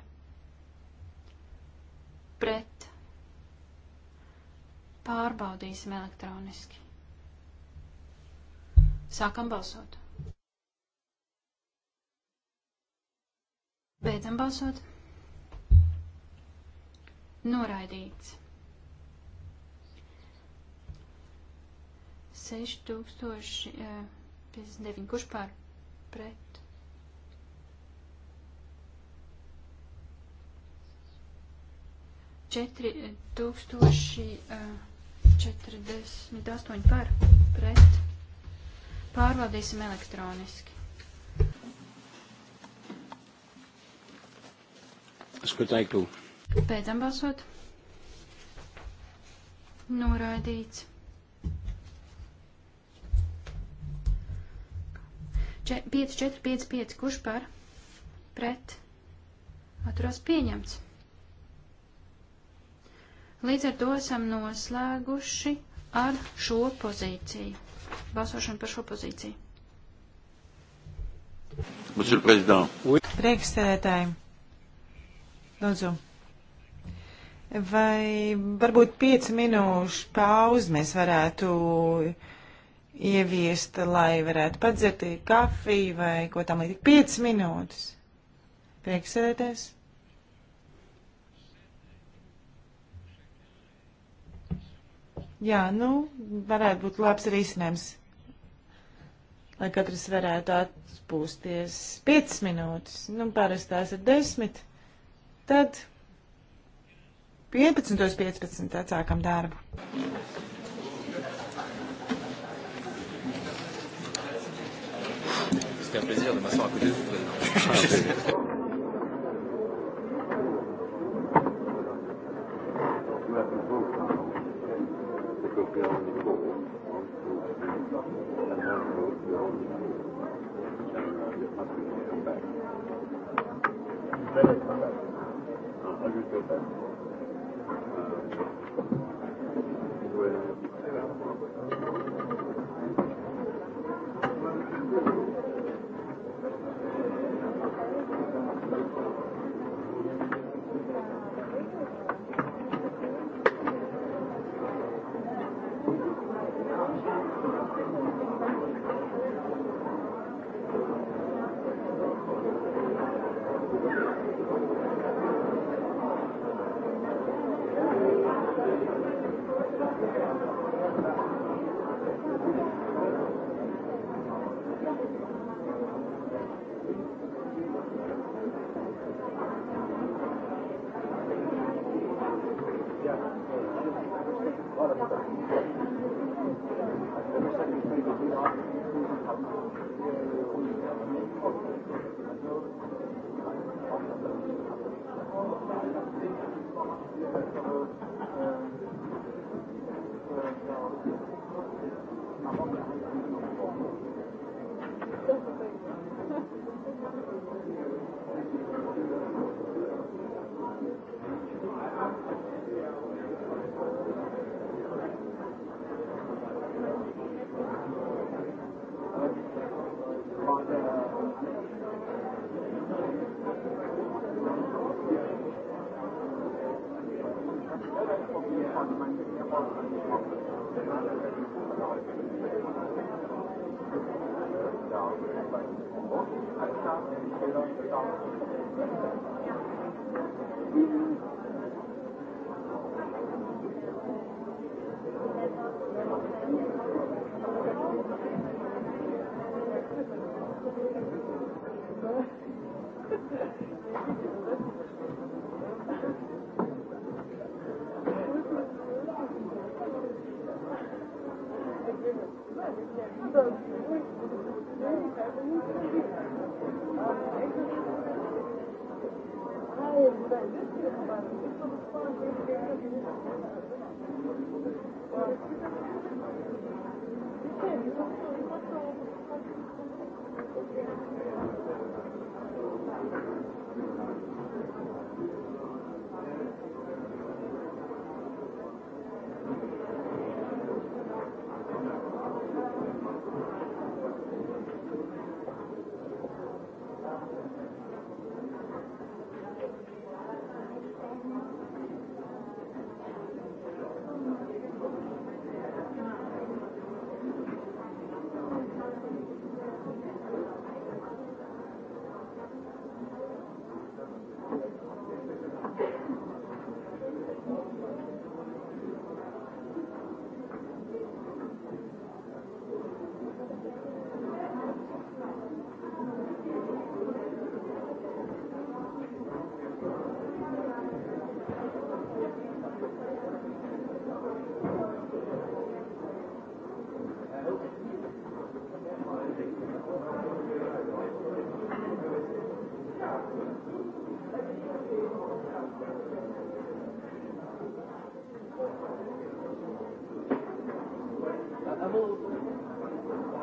pret pārbaudīsim elektroniski. Sākam balsot. Beidzam balsot. Noraidīts. 6059. Eh, Kurš pār pret? Četri eh, tūkstoši eh, četrdesmit astoņi par pret. Pārvaldīsim elektroniski. Scrutin est clos. Beidzam balsot. Noraidīts. Če, 5, 4, 5, 5. Kurš par? Pret. Atturās pieņemts. Līdz ar to esam noslēguši ar šo pozīciju. Balsošanu par šo pozīciju. Monsieur le Président. Priekšsēdētāji. Lūdzu. Vai varbūt piecu minūšu pauzi mēs varētu ieviest, lai varētu padzert kafiju vai ko tam līdzīgi? Piecas minūtes. Prieksēdēties. Jā, nu, varētu būt labs risinājums, lai katrs varētu atpūsties 5 minūtes. Nu, parasti tās ir 10. Tad 15.15. 15. atsākam darbu. C'était un plaisir de m'asseoir à côté de vous.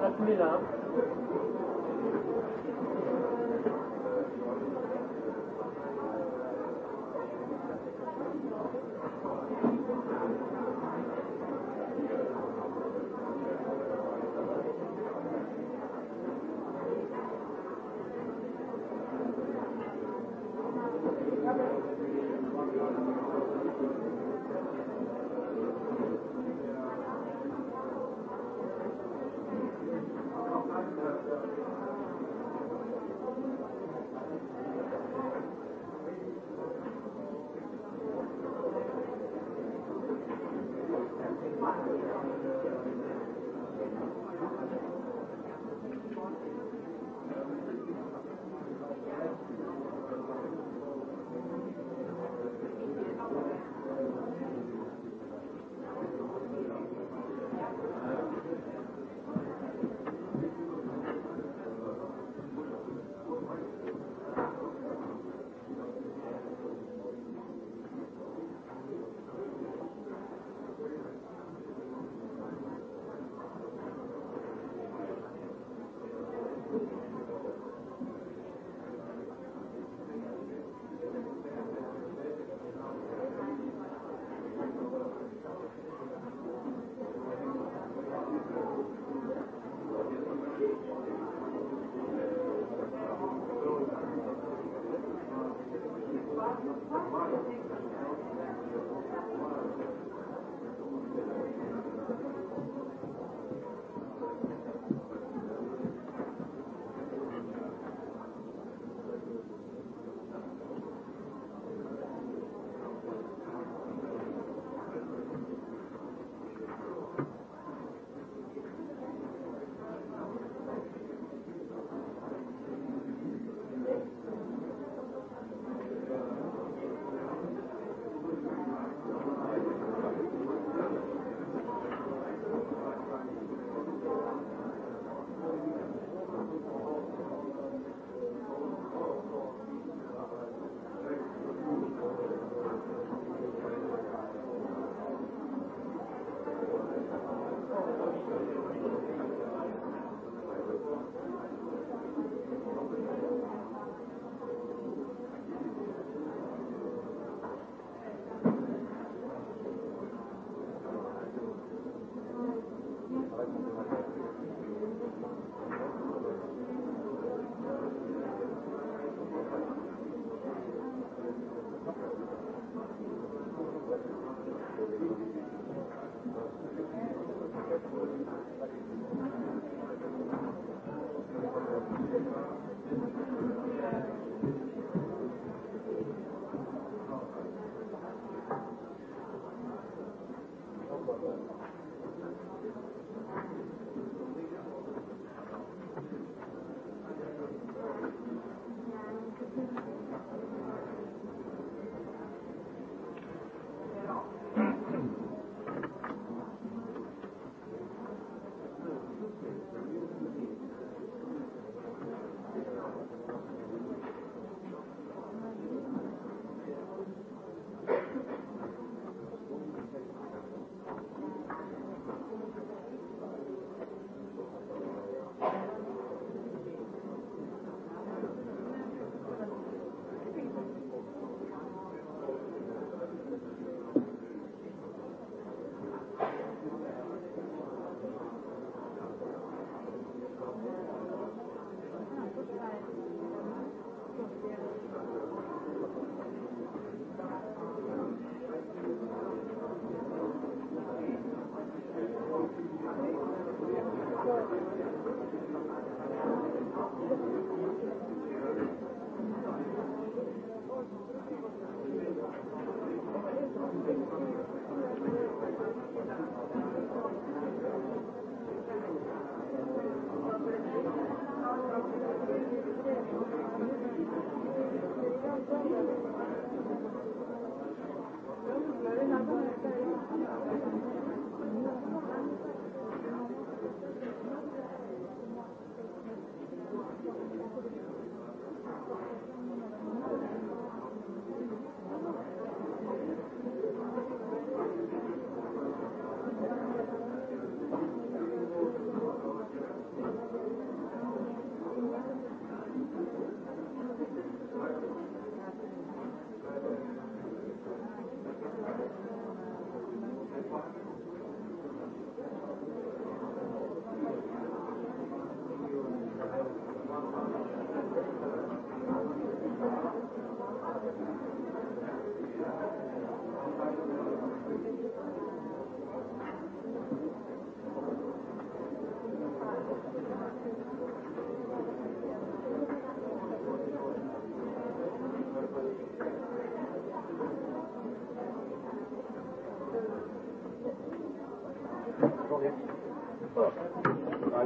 Atmila.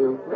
you.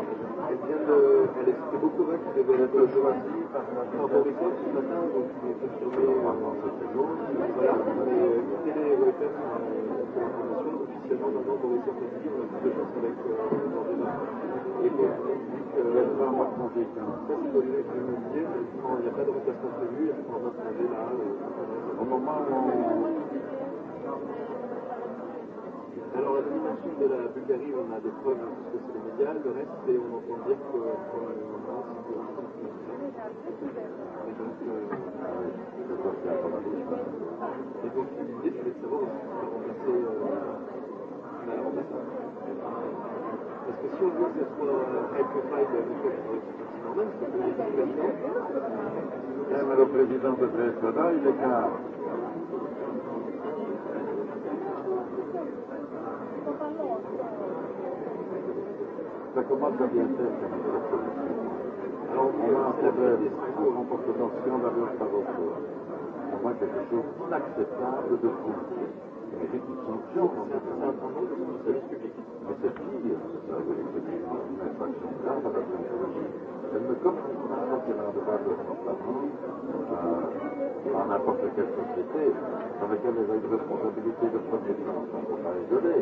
vient de. Elle est beaucoup vague, qui devait être le jour assis, par rapport à l'école ce matin, donc il est confirmé Voilà, mais quitter les OFM pour l'information, officiellement maintenant pour les sorties, on a plus de chance avec euh, l'ordinateur. Et pour elle euh, va avoir congé. Ça, c'est le fait que je me disais, il n'y a pas de remplacement prévu, elle prendra congé là. Au moment où on. Alors, la dimension de la Bulgarie, on a des preuves mondiale, le reste, c'est, on entend dire que pour le moment, c'est que Et donc, euh, et donc l'idée, c'est de savoir aussi qui va remplacer, euh, qui va la remplacer. Parce que si on veut que ce soit amplified avec euh, l'expertise normale, c'est que les personnes... Même le président de Dresde, il est car... ça commence à bien faire. Alors, on a un problème en comportement scandaleux par rapport. On a quelque chose d'acceptable de fou. Il mérite une sanction en fait. Mais c'est pire, ça veut dire que c'est une infraction grave à la déontologie. Elle ne commence pas quand elle a un droit de remplacement euh, dans n'importe quelle société dans laquelle elle a une responsabilité de premier plan. On ne peut pas isoler.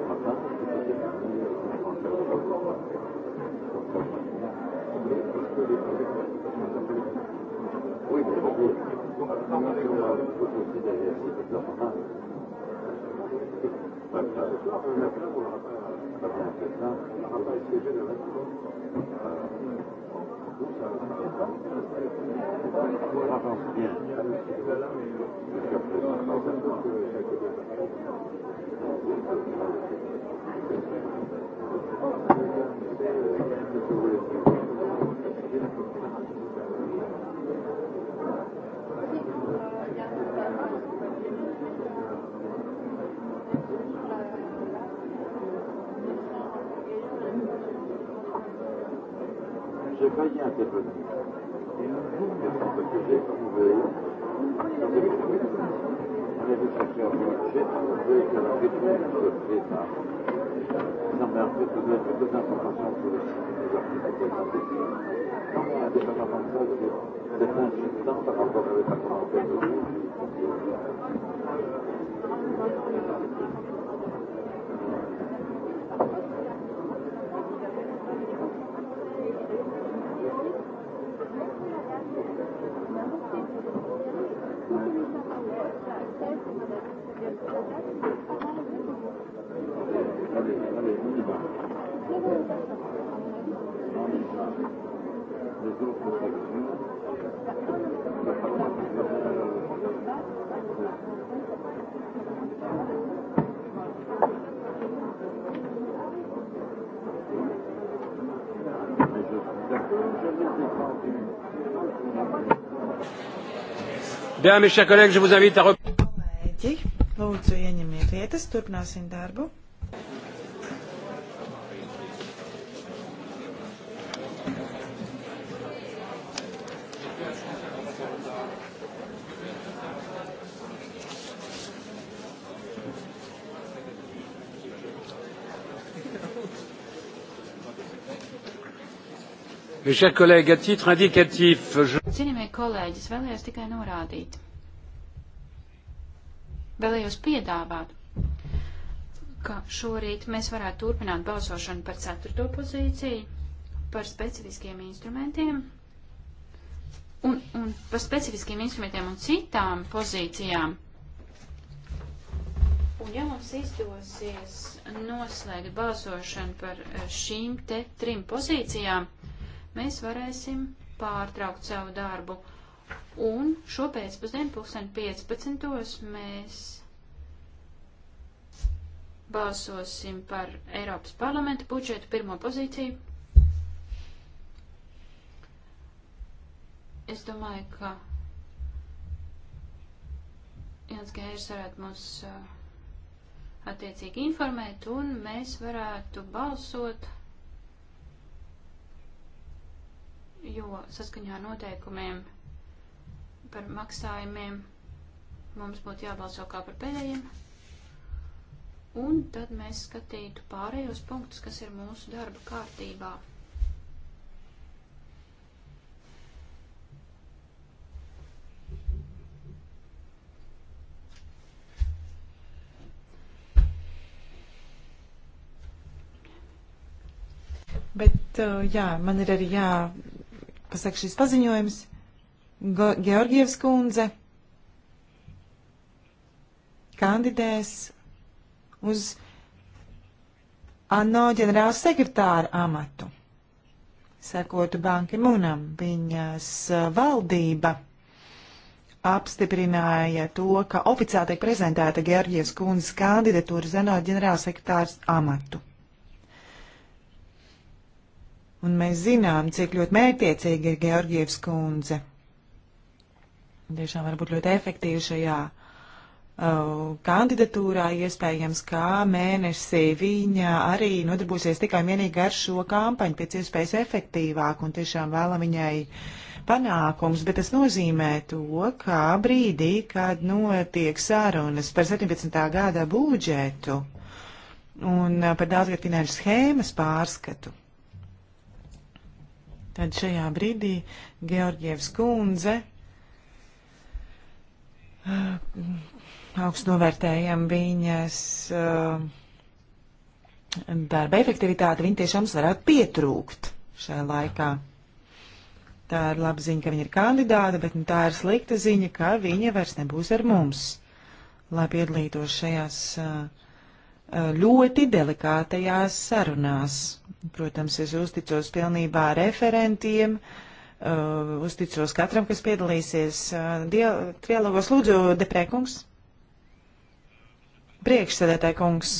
Oui, mais bon, Bien. tant qu'il n'était pas comme ça, c'est insultant par rapport à l'état commentaire. Thank you. Bien, mes chers collègues, je vous invite à reprendre. Cienījamie kolēģi, es vēlējos tikai norādīt. Vēlējos piedāvāt, ka šorīt mēs varētu turpināt balsošanu par ceturto pozīciju, par specifiskiem instrumentiem un, un par specifiskiem instrumentiem un citām pozīcijām. Un ja mums izdosies noslēgt balsošanu par šīm te trim pozīcijām, mēs varēsim pārtraukt savu darbu. Un šo pēcpusdienu, 2015. mēs balsosim par Eiropas parlamenta budžetu pirmo pozīciju. Es domāju, ka Jans Gērs varētu mums uh, attiecīgi informēt, un mēs varētu balsot jo saskaņā ar noteikumiem par maksājumiem mums būtu jābalso kā par pēdējiem. Un tad mēs skatītu pārējos punktus, kas ir mūsu darba kārtībā. Bet, uh, jā, man ir arī jā, kas saka šis paziņojums. Georgievs kundze kandidēs uz ANO ģenerāla sekretāra amatu. Sekotu Banki Munam, viņas valdība apstiprināja to, ka oficiāli tiek prezentēta Georgievs kundzes kandidatūra uz ANO ģenerāla sekretārs amatu. Un mēs zinām, cik ļoti mērķiecīga ir Georgievs kundze. Tiešām varbūt ļoti efektīvi šajā uh, kandidatūrā iespējams, kā mēnesī viņa arī nodarbosies tikai vienīgi ar šo kampaņu pēc iespējas efektīvāk un tiešām vēlam viņai panākums, bet tas nozīmē to, ka brīdī, kad notiek sarunas par 17. gada budžetu un uh, par daudzgad finanšu schēmas pārskatu, Tad šajā brīdī Georgievs kundze augstu novērtējam viņas darba efektivitāti, viņa tiešām varētu pietrūkt šajā laikā. Tā ir laba ziņa, ka viņa ir kandidāta, bet nu, tā ir slikta ziņa, ka viņa vairs nebūs ar mums, lai piedalītos šajās uh, ļoti delikātajās sarunās. Protams, es uzticos pilnībā referentiem, uh, uzticos katram, kas piedalīsies uh, trialogos. Lūdzu, deprēkungs, priekšsēdētāji kungs,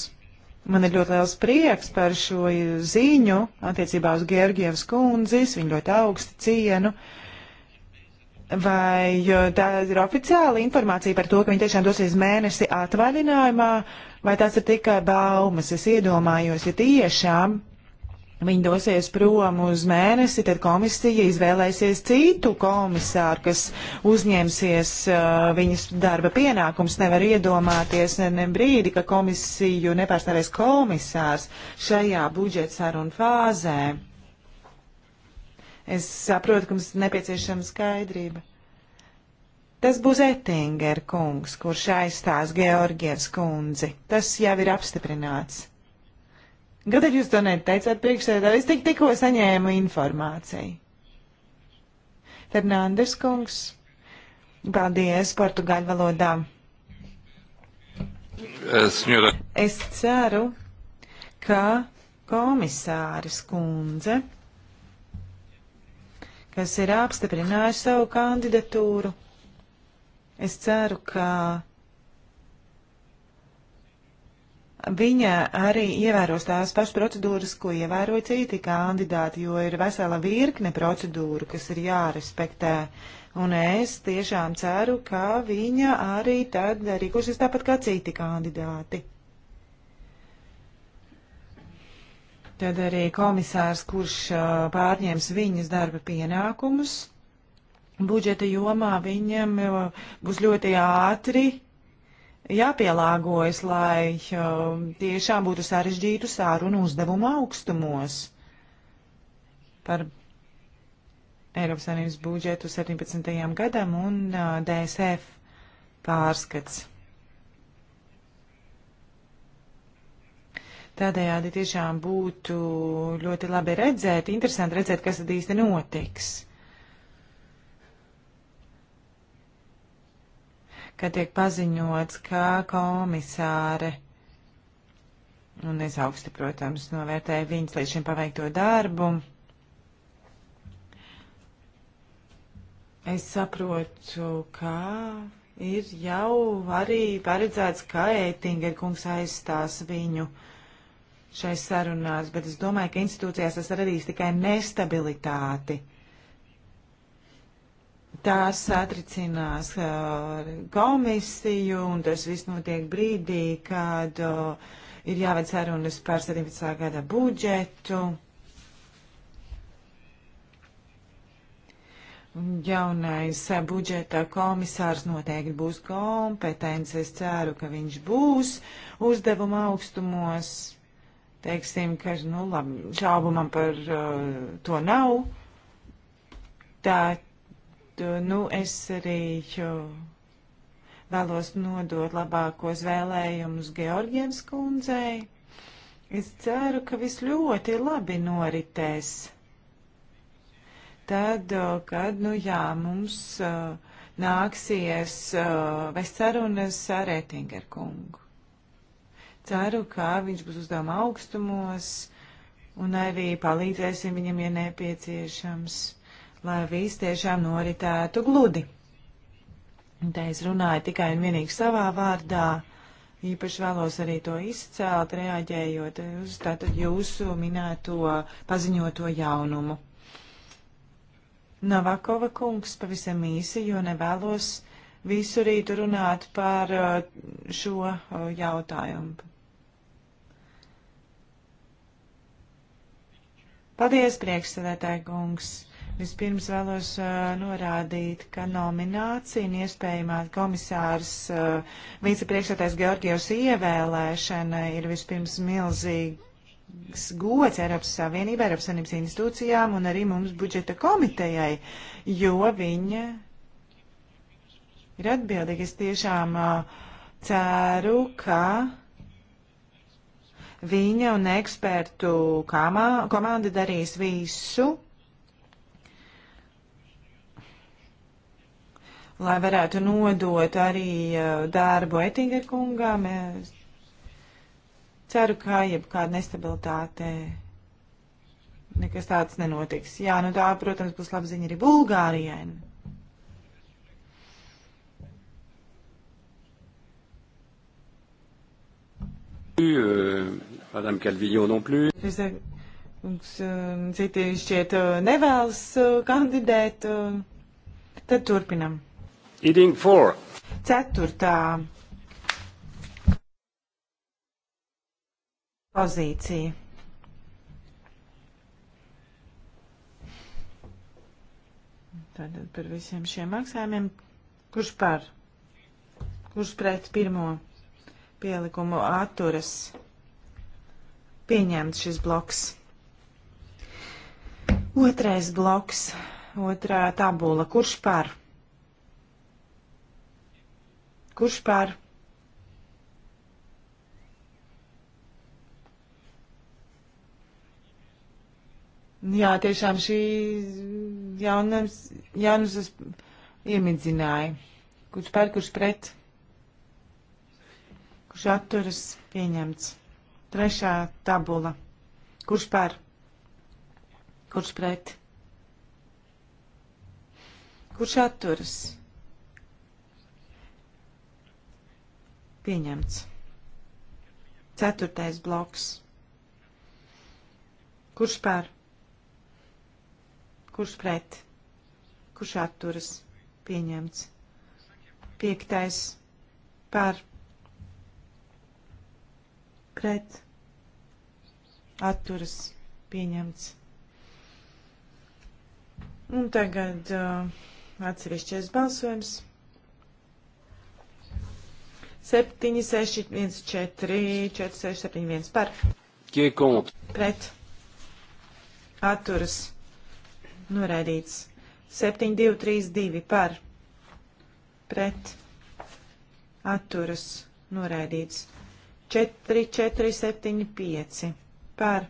man ir ļoti liels prieks par šo ziņu attiecībā uz Georgievas kundzis, viņu ļoti augsti cienu. Uh, Vai tā ir oficiāla informācija par to, ka viņi tiešām dosies mēnesi atvaļinājumā, vai tās ir tikai baumas? Es iedomājos, ja tiešām viņi dosies prom uz mēnesi, tad komisija izvēlēsies citu komisāru, kas uzņemsies uh, viņas darba pienākums. Nevar iedomāties ne, ne brīdi, ka komisiju nepārstāvēs komisārs šajā budžeta sarunu fāzē. Es saprotu, ka mums nepieciešama skaidrība. Tas būs Ettinger kungs, kurš aizstās Georgievs kundzi. Tas jau ir apstiprināts. Gadēļ jūs to neteicāt priekšsēdā, es tik, tikko saņēmu informāciju. Fernandes kungs, paldies portugāļu valodā. Es, eh, es ceru, ka komisāris kundze kas ir apstiprinājuši savu kandidatūru. Es ceru, ka viņa arī ievēros tās pašas procedūras, ko ievēroja citi kandidāti, jo ir vesela virkne procedūru, kas ir jārespektē. Un es tiešām ceru, ka viņa arī tad rīkosies tāpat kā citi kandidāti. Tad arī komisārs, kurš pārņems viņas darba pienākumus budžeta jomā, viņam būs ļoti ātri jāpielāgojas, lai tiešām būtu sarežģītu sārunu uzdevumu augstumos par Eiropas Savienības budžetu 17. gadam un DSF pārskats. Tādējādi tiešām būtu ļoti labi redzēt, interesanti redzēt, kas tad īsti notiks. Kad tiek paziņots, kā komisāre, un es augsti, protams, novērtēju viņas līdz šim paveikto darbu. Es saprotu, ka ir jau arī paredzēts, ka Eitinga kungs aizstās viņu uh, šai sarunās, bet es domāju, ka institūcijās tas radīs tikai nestabilitāti. Tās atricinās uh, komisiju, un tas viss notiek brīdī, kad uh, ir jāved sarunas par 17. gada budžetu. Jaunais budžeta komisārs noteikti būs kompetents. Es ceru, ka viņš būs uzdevuma augstumos teiksim, ka nu, labi, šaubu man par uh, to nav. Tā, uh, nu, es arī uh, vēlos nodot labākos vēlējumus Georgievas kundzei. Es ceru, ka viss ļoti labi noritēs. Tad, uh, kad, nu jā, mums uh, nāksies uh, vest sarunas ar Rētingerkungu. Ceru, ka viņš būs uzdevuma augstumos un arī palīdzēsim viņam, ja nepieciešams, lai viss tiešām noritētu gludi. Un te es runāju tikai un vienīgi savā vārdā. Īpaši vēlos arī to izcelt, reaģējot uz tātad jūsu minēto paziņoto jaunumu. Navakova kungs pavisam īsi, jo nevēlos visu rītu runāt par uh, šo uh, jautājumu. Paldies, priekšsēdētāji kungs! Vispirms vēlos uh, norādīt, ka nominācija un iespējamā komisārs uh, vicepriekšsētājs Georgijos ievēlēšana ir vispirms milzīgs gods Eiropas Savienībai, Eiropas Savienības institūcijām un arī mums budžeta komitejai, jo viņa ir atbildīga. Es tiešām uh, ceru, ka Viņa un ekspertu komanda darīs visu, lai varētu nodot arī darbu Ettinger kungām. Es ceru, ka jebkāda nestabilitāte nekas tāds nenotiks. Jā, nu tā, protams, būs laba ziņa arī Bulgārijai. Uh, Madame Calvillo non plus. Mums eh, citi šķiet eh, nevēlas eh, kandidēt. Tad turpinam. Eating four. Ceturtā pozīcija. Tātad par visiem šiem maksājumiem. Kurš par? Kurš pret pirmo pielikumu atturas? pieņemts šis bloks. Otrais bloks, otrā tabula. Kurš par? Kurš par? Jā, tiešām šī jaunums, jaunums uz iemidzināja. Kurš par, kurš pret? Kurš atturas pieņemts? Trešā tabula. Kurš par? Kurš pret? Kurš atturas? Pieņemts. Ceturtais bloks. Kurš par? Kurš pret? Kurš atturas? Pieņemts. Piektais par pret atturas pieņemts. Un tagad uh, atsevišķais balsojums. 7, 6, 1, 4, 4, 6, 7, 1 par. Kiekont. Pret. Atturas. Noraidīts. 7, 2, 3, 2 par. Pret. Atturas. Noraidīts. 4, 4, 7, 5 par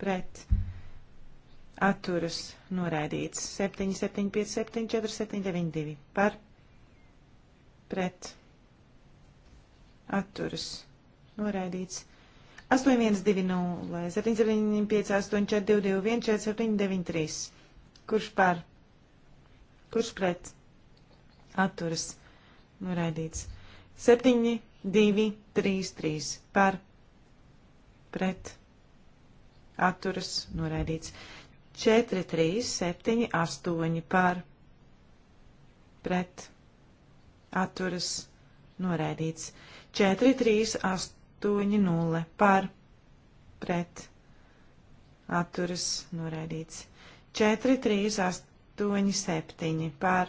pret atturas noraidīts 7, 7, 5, 7, 4, 7, 9, 2 par pret atturas noraidīts 8, 1, 2, 0, 7, 7, 5, 8, 4, 2, 2, 1, 4, 7, 9, 3 kurš par kurš pret atturas noraidīts 7, 5, 2, 3, 3 par pret atturas noraidīts. 4, 3, 7, 8 par pret atturas noraidīts. 4, 3, 8, 0 par pret atturas noraidīts. 4, 3, 8, 7 par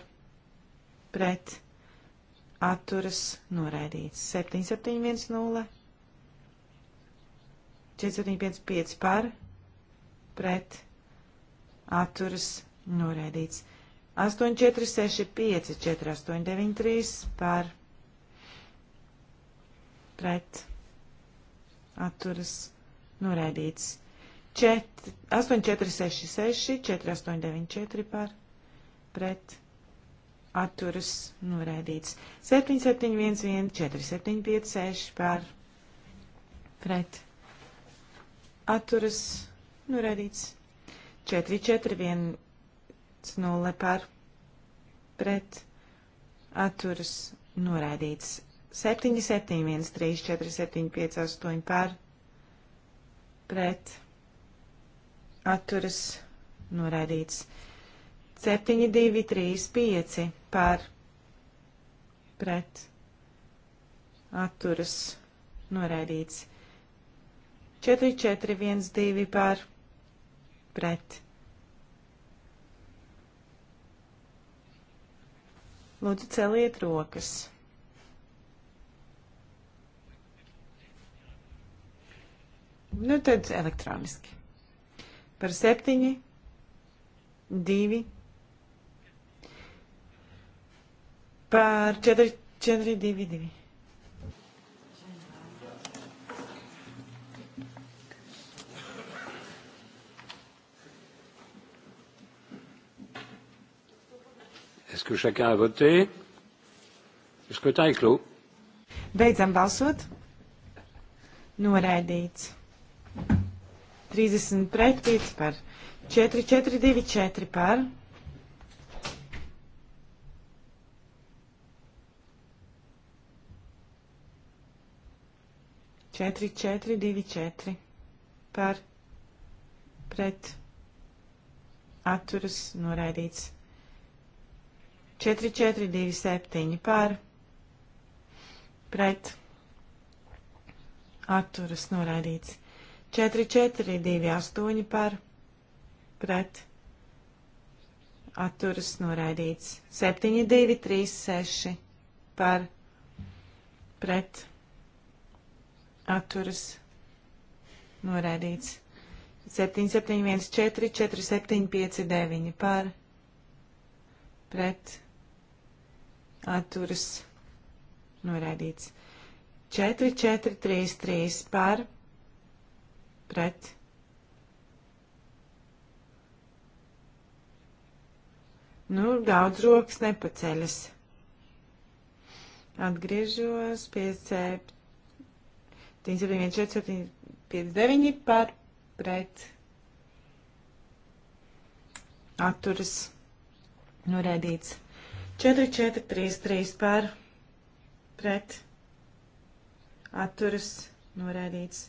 pret atturas noraidīts atturas noraidīts. 7710, 4755 par, pret, atturas noraidīts. 8465, 4893 par, pret, atturas noraidīts. 8466, 4894 par, pret, atturas noraidīts atturas noraidīts. 7711, 4756 par pret atturas noraidīts. 4410 par pret atturas noraidīts. 77134758 par pret atturas noraidīts. 7235 par pret atturas noraidīts. 4412 par pret. Lūdzu, celiet rokas. Nu, tad elektroniski. Par septiņi, divi, par 422. Est-ce que chacun a voté Le scrutin est clos. Beidzam balsot. Noraidīts. 30 pret, 5 par. 4, 4, 2, 4 par. 4424 par pret atturas noraidīts. 4427 par pret atturas noraidīts. 4428 par pret atturas noraidīts. 7236 par pret atturas noraidīts atturas noraidīts. 771, 4, 4, 7, 5, 9 par pret atturas noraidīts. 4, 4, 3, 3 par pret. Nu, daudz rokas nepaceļas. Atgriežos pie 7. 774, 759 par pret atturas norēdīts. 4433 par pret atturas norēdīts.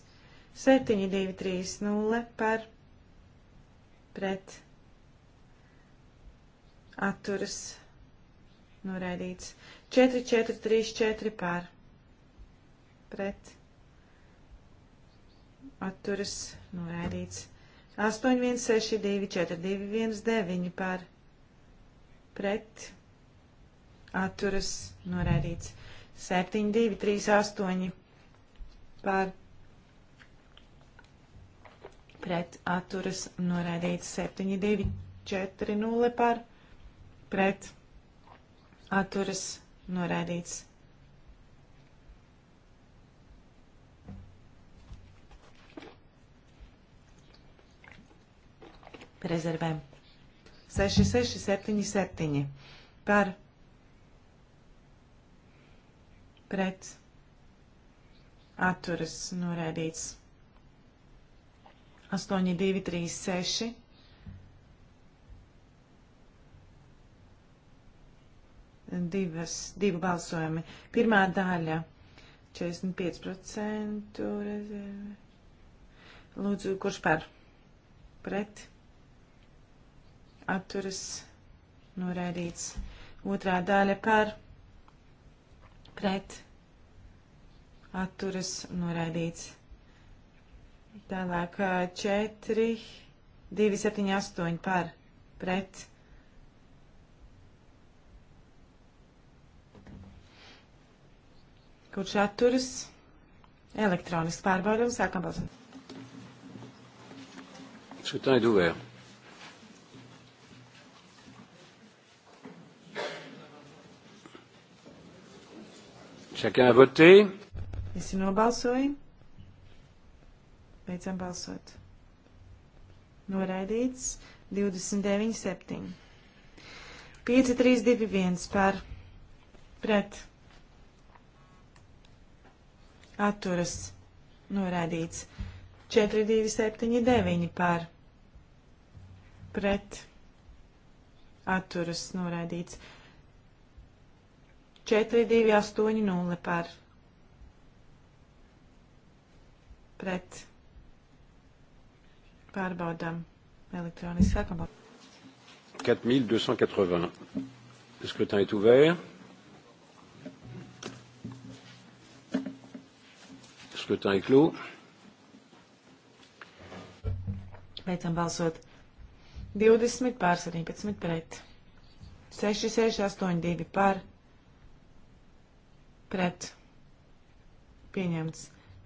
7230 par pret atturas norēdīts. 4434 par pret atturas noraidīts. 8162429 par pret atturas noraidīts. 7238 par pret atturas noraidīts. 7240 par pret atturas noraidīts. rezervēm. 6677 par pret atturas norēdīts. 8236 divas, divi balsojumi. Pirmā daļa 45% rezerve. Lūdzu, kurš par? Pret? atturas noraidīts. Otrā daļa par pret atturas noraidīts. Tālāk 4, 2, 7, 8 par pret. Kurš atturas? Elektroniski pārbaudām, sākam balsot. Skatāju duvēju. Chacun a voté. Visi nobalsoja. Beidzam balsot. Noraidīts 29, 7. 5, 3, 2, 1 par pret. Atturas. Noraidīts 4, 2, 7, 9 par pret. Atturas. Noraidīts 4 4280 par pret pārbaudām elektroniski sākam. 4280. Le scrutin est ouvert. Le scrutin est clos. Beidzam balsot. 20 pār 17 pret. 6, 6, 8, 2 pār pret pieņemts.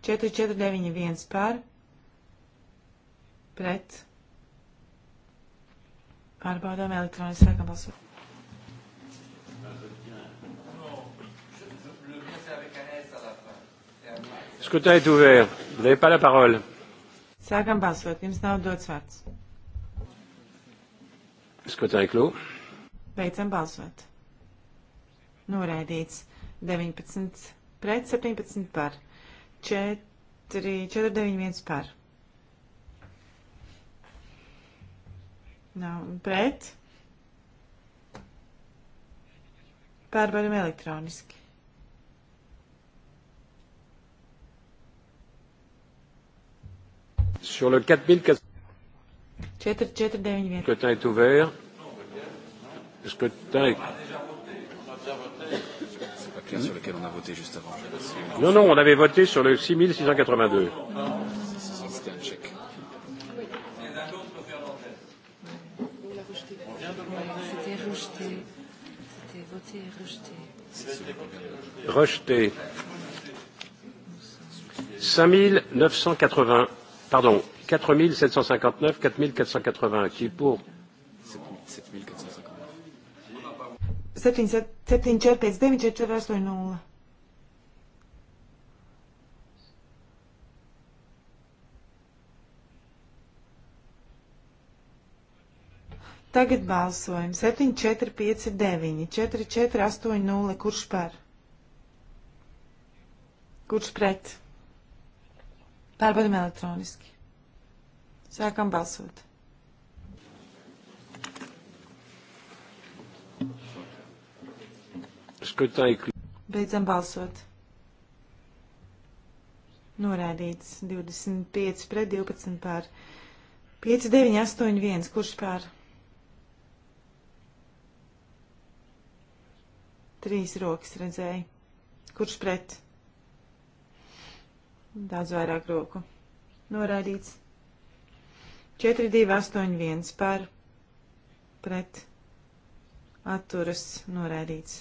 4491 par pret pārbaudām elektroniski sākam balsot. Scrutin est ouvert. Vous n'avez pas la parole. Sākam balsot. Jums nav dots vārds. Scrutin est clos. Beidzam balsot. Noraidīts. 19 pret 17 par. 4, 4, 9, 1 par. Nav pret. Pārbaudam elektroniski. Sur le 4491. 4, 4, 9, 1. Le scrutin est ouvert. Le scrutin est que, sur lequel on a voté juste avant. Non, non, on avait voté sur le 6682. C'était un chèque. C'était rejeté. C'était voté et rejeté. Rejeté. 5980, pardon, 4759, 4480, qui est pour 7480. 7,459,480. Tagad balsojam 7459, 4480, kurš par? Kurš pret? Pārbaudam elektroniski. Sākam balsot. Beidzam balsot. Norādīts 25 pret 12 pār 5, 9, 8, 1. Kurš pār? Trīs rokas redzēja. Kurš pret? Daudz vairāk roku. Norādīts 4, 2, 8, 1 pār pret atturas norādīts.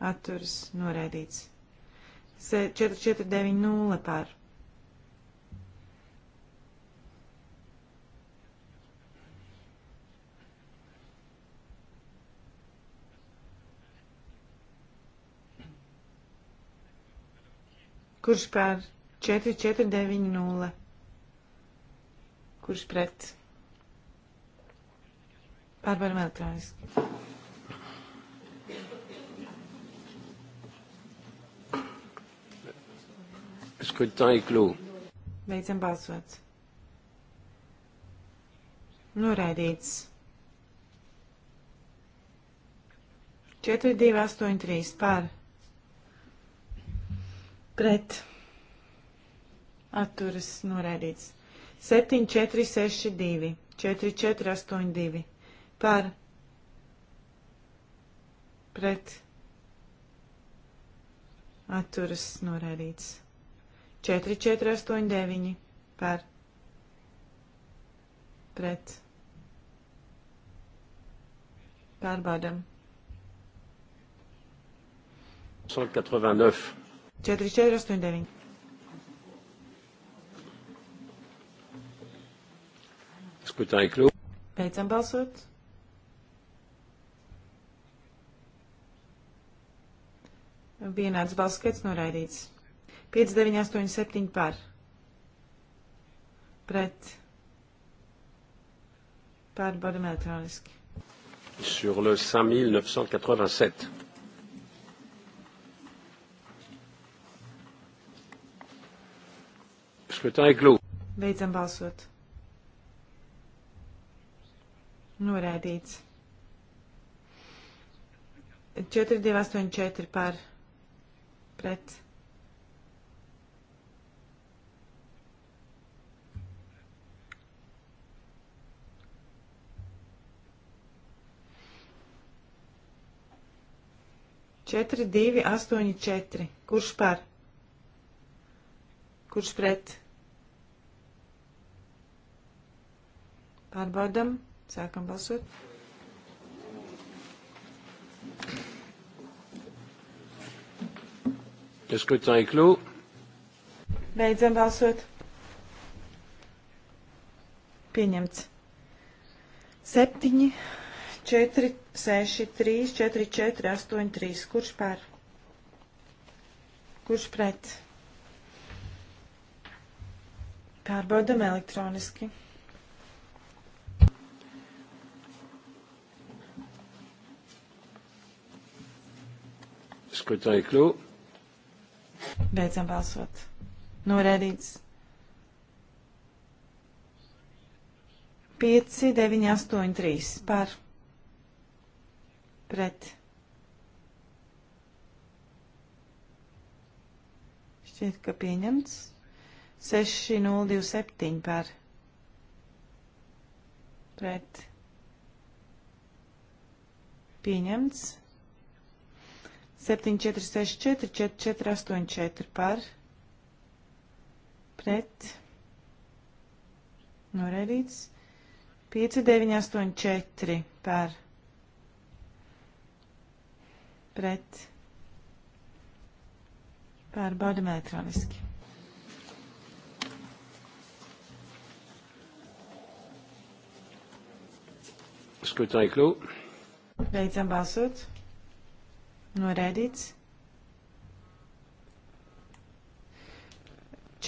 atturas noraidīts. 4490 par. Kurš pār 4490? Kurš pret? Pārbaudam elektroniski. Scrutin est clos. Beidzam balsot. Noraidīts. 4, 2, 8, 3 par. Pret. Atturas noraidīts. 7, 4, 6, 2. 4, 4, 8, 2. Par. Pret. Atturas noraidīts. 4489 par pret. Pārbaudam. 189. 4489. Scrutin est clos. Beidzam balsot. Vienāds balss skaits noraidīts. 5987 par. Pret. Pārbaudam elektroniski. Sur le 5987. Scrutin est clos. Beidzam balsot. Norādīts. 4284 par pret 4, 2, 8, 4. Kurš par? Kurš pret? Pārbaudam, sākam balsot. Le scrutin est clos. Beidzam balsot. Pieņemts. 7, 4, 6, 3, 4, 4, 8, 3. Kurš par? Kurš pret? Pārbaudam elektroniski. Skatāju kļū. Beidzam balsot. Norēdīts. 5, 9, 8, 3. Par pret. Šķiet, ka pieņemts 6027 par pret. Pieņemts 7464 4484 par pret. Noraidīts 5984 par pret pret pārbaudam elektroniski. Scrutin est clos. Beidzam balsot. Noraidīts.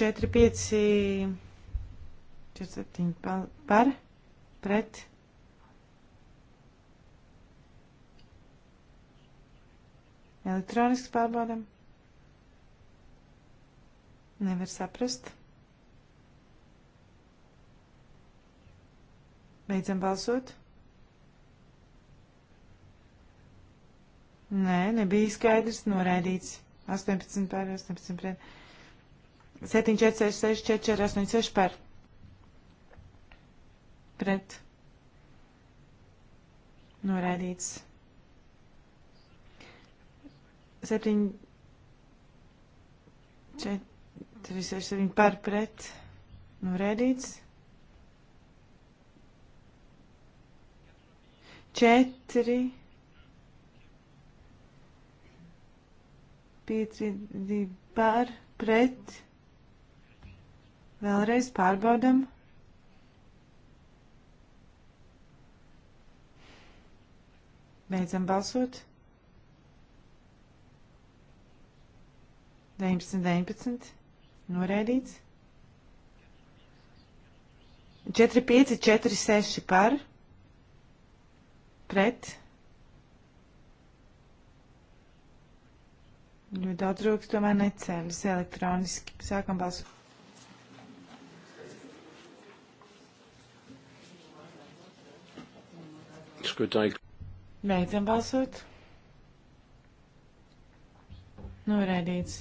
4, 5, 4, 7 par, pret, Elektroniski pārbaudam. Nevar saprast. Beidzam balsot. Nē, nebija skaidrs, noraidīts. 18 pār, 18 pret. 7, 4, 6, 6, 4, 4, 8, 6 pār. Pret. Noraidīts. 7, 4, 6, 7 par pret norēdīts. 4, 5, 2 par pret. Vēlreiz pārbaudam. Beidzam balsot. 19, 19. Noraidīts. 4, 5, 4, 6 par. Pret. Ļoti daudz rokas tomēr neceļas elektroniski. Sākam balsot. Beidzam balsot. Noraidīts.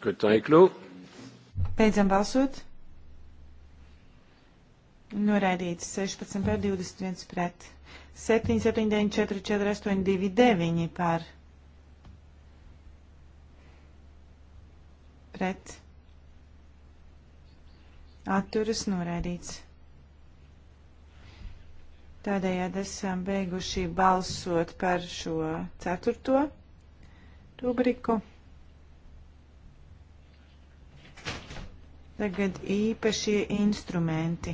Skatāj, kļūt. Beidzam balsot. Noraidīts 16 par 21 pret. 7, 7, 9, 4, 4, 8, 2, 9 par. Pret. Atturas noraidīts. Tādējādi esam beiguši balsot par šo ceturto rubriku. Tagad īpašie instrumenti.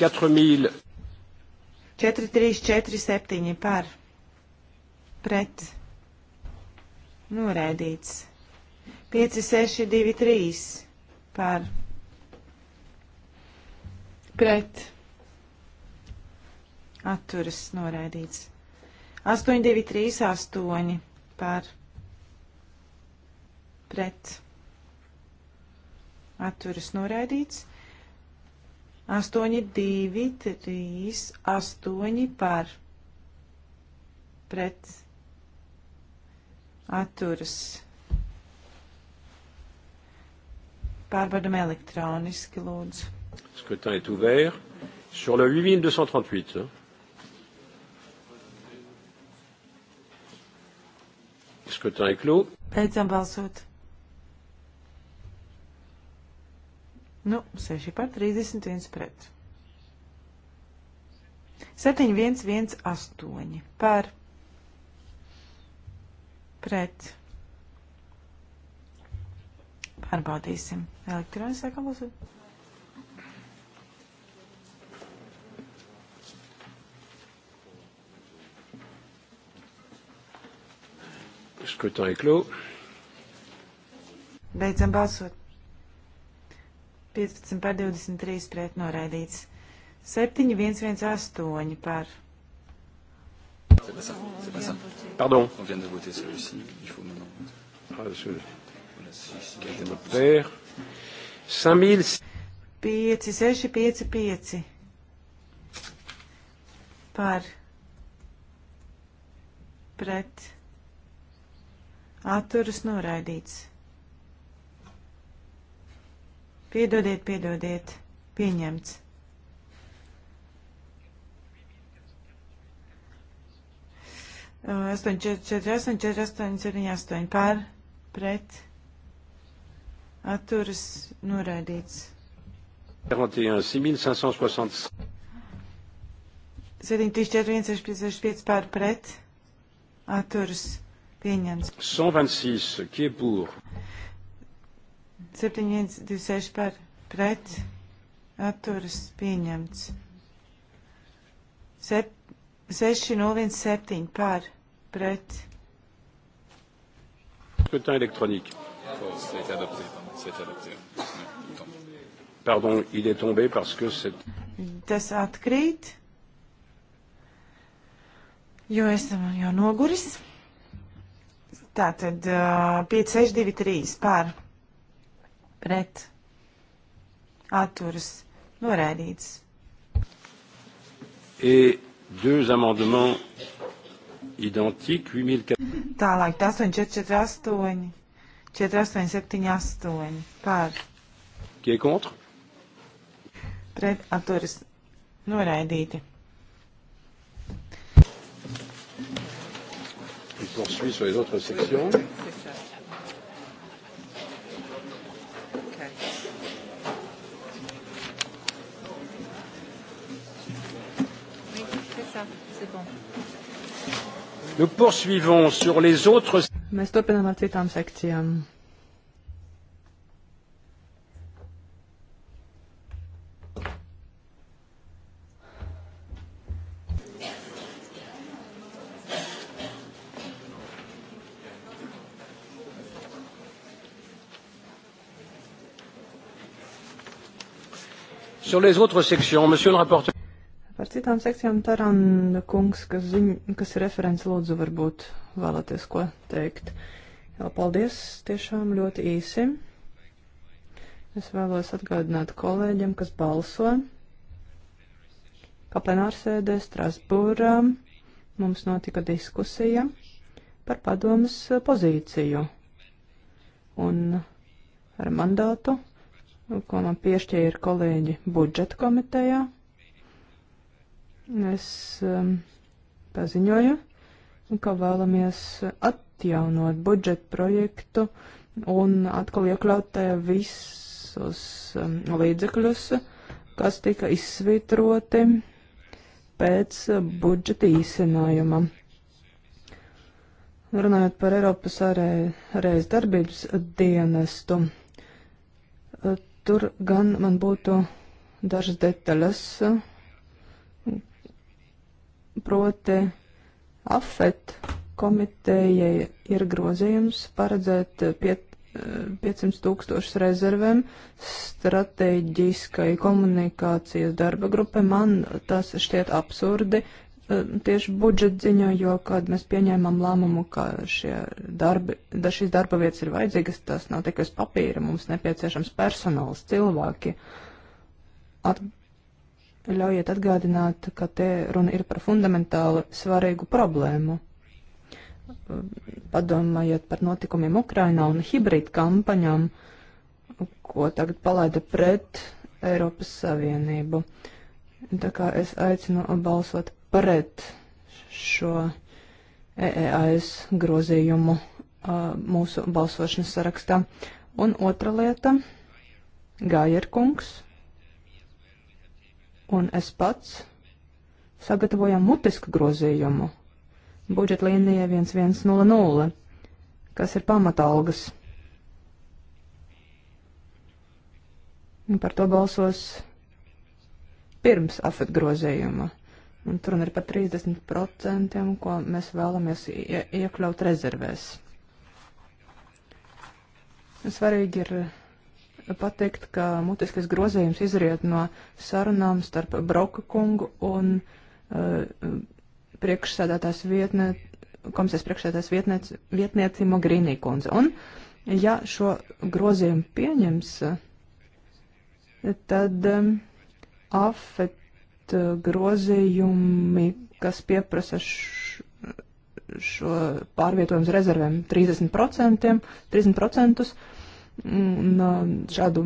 4000. 4347 par pret noraidīts. 5623 par pret atturas noraidīts. 8238 par pret atturas noraidīts. 8, 2, 3, 8 par pret atturas. Pārbaudam elektroniski, lūdzu. Scrutin est ouvert sur le 8238. Scrutin est clos. Beidzam balsot. Nu, 6 par 31 pret. 7, 1, 1, 8 par pret. Pārbaudīsim. Elektronis sākam balsot. Scrutin est clos. Beidzam balsot. 15 par 23 pret noraidīts. 7, 1, 1, 8 par. C'est pas ça, c'est pas ça. Pardon. On vient de voter celui-ci, il faut maintenant. Ah, celui-là. Voilà, si, si, je me perds. 5000. 5, 6, 5, 5. Par. Pret. Atturas noraidīts. Piedodiet, piedodiet, pieņemts. Astoņi, četri, četri, astoņi, četri, astoņi, septiņi, astoņi. Pār, pret, atturas, noraidīts. 41, 560. 7415 par pret, atturas, pieņemts. 126, qui est pour? 726 par pret atturas pieņemts. 6017 par pret. Scrutin électronique. Oh, c'est adopté. C'est adopté. Pardon, il est tombé parce que c'est. Tas atkrīt, jo esam jau noguris. Tātad uh, 5623 pār pret atturas noraidīts. Et deux amendements identiques, 8400. Tālāk, 8448, 4878 par. Qui est contre? Pret atturas noraidīti. Il poursuit sur les autres sections. ça, c'est bon. Nous poursuivons sur les autres. Mēs turpinām ar citām sekcijām. Sur les autres sections, monsieur le rapporteur. Par citām sekcijām Taranda kungs, kas, ziņ, kas ir referents, lūdzu, varbūt vēlaties ko teikt. Jā, paldies, tiešām ļoti īsi. Es vēlos atgādināt kolēģiem, kas balso, ka plenārsēdē Strasbūrā mums notika diskusija par padomas pozīciju un ar mandātu, ko man piešķīra kolēģi budžeta komitejā es um, paziņoju, ka vēlamies atjaunot budžetu projektu un atkal iekļaut tajā eh, visus um, līdzekļus, kas tika izsvītroti pēc budžeta īsinājuma. Runājot par Eiropas ārējas darbības dienestu, eh, tur gan man būtu dažas detaļas Proti AFET komitejai ir grozījums paredzēt piet, 500 tūkstošus rezervēm strateģiskai komunikācijas darba grupai. Man tas šķiet absurdi e, tieši budžeta ziņā, jo, kad mēs pieņēmām lēmumu, ka darbi, da šīs darba vietas ir vajadzīgas, tas nav tikai uz papīra, mums nepieciešams personāls, cilvēki. At, Ļaujiet atgādināt, ka te runa ir par fundamentāli svarīgu problēmu. Padomājiet par notikumiem Ukrainā un hibrīd kampaņām, ko tagad palaida pret Eiropas Savienību. Tā kā es aicinu balsot pret šo EEAS grozījumu mūsu balsošanas sarakstā. Un otra lieta - Gājerkungs un es pats sagatavojām mutisku grozījumu budžeta līnija 1100, kas ir pamatalgas. Un par to balsos pirms afet grozījuma. Un tur ir par 30%, ko mēs vēlamies ie iekļaut rezervēs. Svarīgi ir pateikt, ka mutiskais grozījums izriet no sarunām starp Broka kungu un uh, priekšsēdētās vietnē, komisijas priekšsēdētās vietnieci, vietnieci Mogrīnī kundze. Un, ja šo grozījumu pieņems, tad um, afet grozījumi, kas pieprasa š, šo pārvietojumu uz rezervēm 30%, 30%, un šādu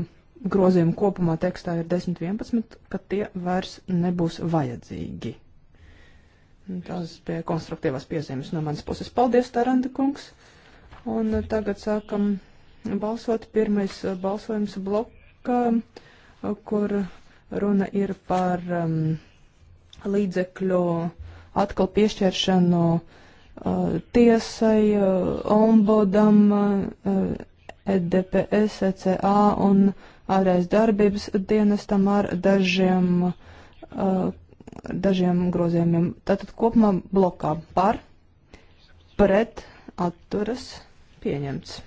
grozījumu kopumā tekstā ir 10-11, ka tie vairs nebūs vajadzīgi. Tas bija konstruktīvās piezīmes no manas puses. Paldies, Taranda kungs! Un tagad sākam balsot. Pirmais uh, balsojums blokā, uh, kur runa ir par um, līdzekļu atkal piešķiršanu uh, tiesai, uh, ombudam, uh, EDPS, ECA un ārējais darbības dienestam ar dažiem, uh, dažiem grozījumiem. Tātad kopumā blokā par, pret, atturas, pieņemts.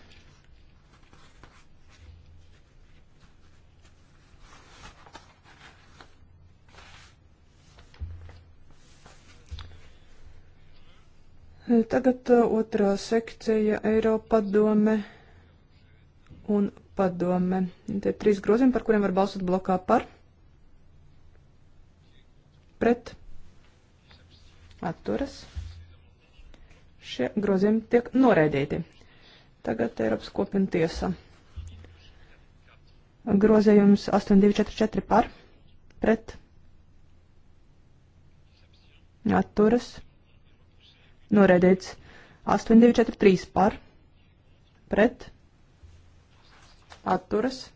Tagad uh, otrā sekcija Eiropadome. dome un padome. Tie trīs grozījumi, par kuriem var balsot blokā par, pret, atturas. Šie grozījumi tiek noraidīti. Tagad Eiropas kopiena tiesa. Grozījums 8244 par, pret, atturas, noraidīts 8243 par, pret, atturas atturas,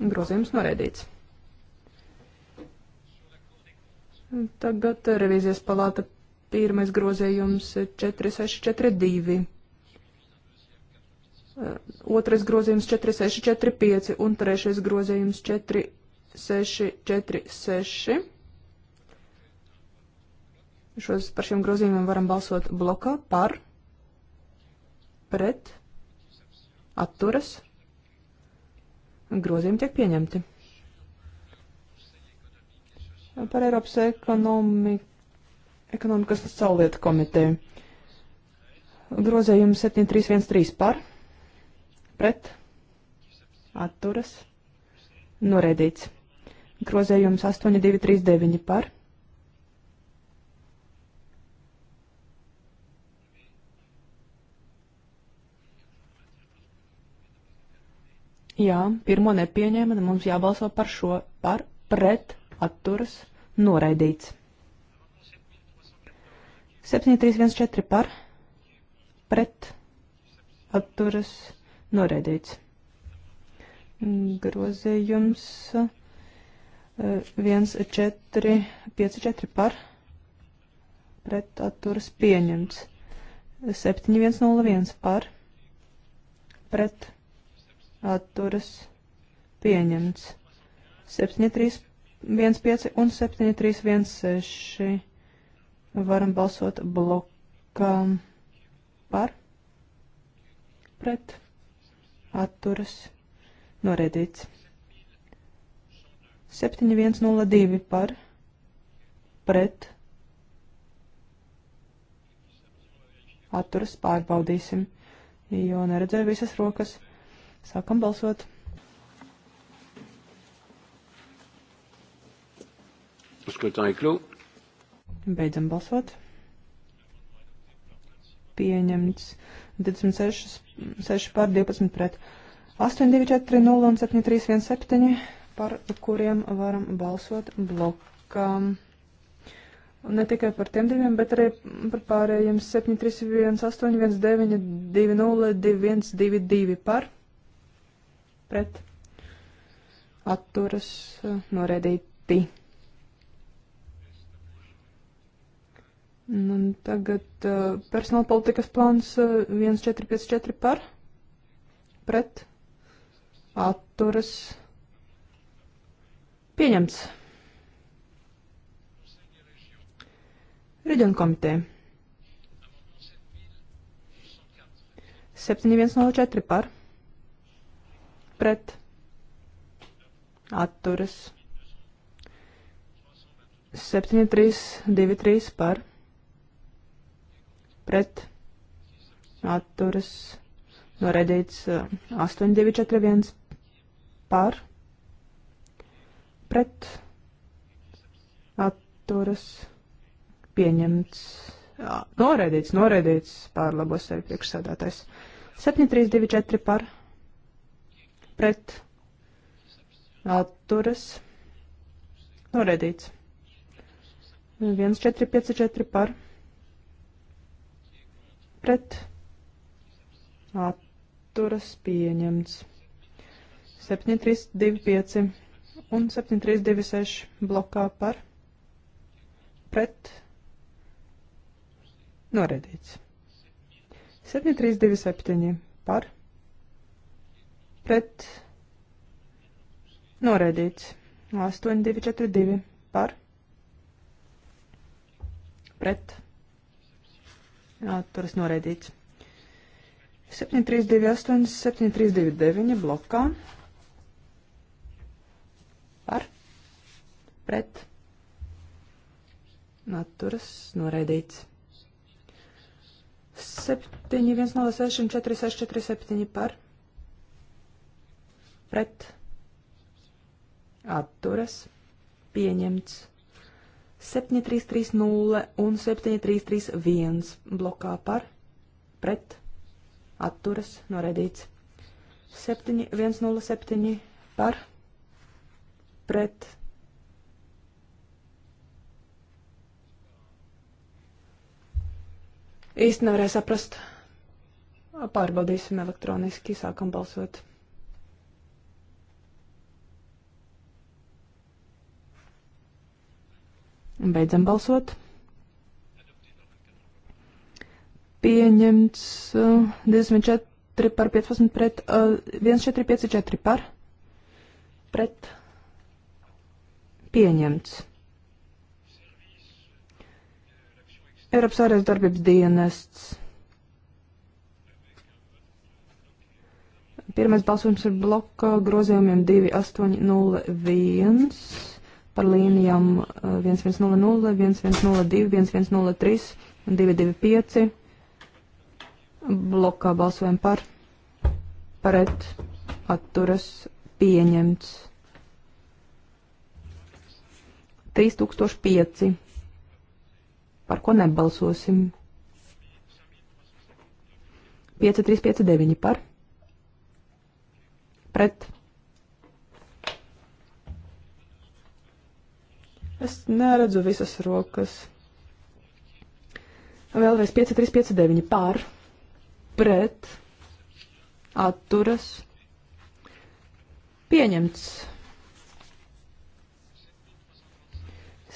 grozījums noraidīts. Tagad revīzijas palāta pirmais grozījums 4642. Otrais grozījums 4645 un trešais grozījums 4646. Šos par šiem grozījumiem varam balsot blokā par, pret, atturas, grozījumi tiek pieņemti. Par Eiropas ekonomi, ekonomikas saulietu komiteju. Grozījumi 7313 par, pret, atturas, noraidīts. Grozījums 8239 par, pret Jā, pirmo nepieņēma, tad mums jābalso par šo, par pret atturas noraidīts. 7314 par pret atturas noraidīts. Grozījums 1454 eh, par pret atturas pieņemts. 7101 par pret atturas atturas pieņemts. 7315 un 7316 varam balsot blokā par, pret, atturas, noraidīts. 7102 par, pret, atturas pārbaudīsim, jo neredzēju visas rokas. 7102. Sākam balsot. Beidzam balsot. Pieņemts 26, 6 pār 12 pret 8, 2, 4, 0 un 7, 3, 1, 7, par kuriem varam balsot blokā. Ne tikai par tiem diviem, bet arī par pārējiem 7, 3, 1, 8, 1, 9, 2, 0, 2, 1, 2, 2 par pret atturas noraidīti. Nu, un tagad uh, personāla politikas plāns 1454 uh, par pret atturas pieņemts. Reģionu komiteja. 7104 par pret atturas 7, 3, 2, 3 par pret atturas noraidīts 8, 2, 4, 1 par pret atturas pieņemts eh, noraidīts, noraidīts pārlabos sevi priekšsēdātais 7, 3, 2, 4 par pret pret atturas noraidīts. 1, 4, 5, 4 par pret atturas pieņemts. 7, 3, 2, 5 un 7, 3, 2, 6 blokā par pret noraidīts. 7, 3, 2, 7 par pret pret noraidīts. 8242 par pret atturas noraidīts. 7328, 7329 blokā par pret atturas noraidīts. 7, 1, 0, 6, 4, 6, 4, 7 par pret atturas pieņemts 7330 un 7331 blokā par pret atturas noredīts 7107 par pret īsti nevarēja saprast pārbaudīsim elektroniski sākam balsot Beidzam balsot. Pieņemts uh, 24 par 15 pret uh, 1454 par pret pieņemts. Eiropas ārējās darbības dienests. Pirmais balsojums ir bloka grozījumiem 2801 par līnijām 1100, 1102, 1103 un 225. Blokā balsojam par, pret, atturas, pieņemts. 3005. Par ko nebalsosim? 5359 par, pret, atturas Es neredzu visas rokas. Vēlreiz 5, 3, 5, 9 pār, pret, atturas, pieņemts.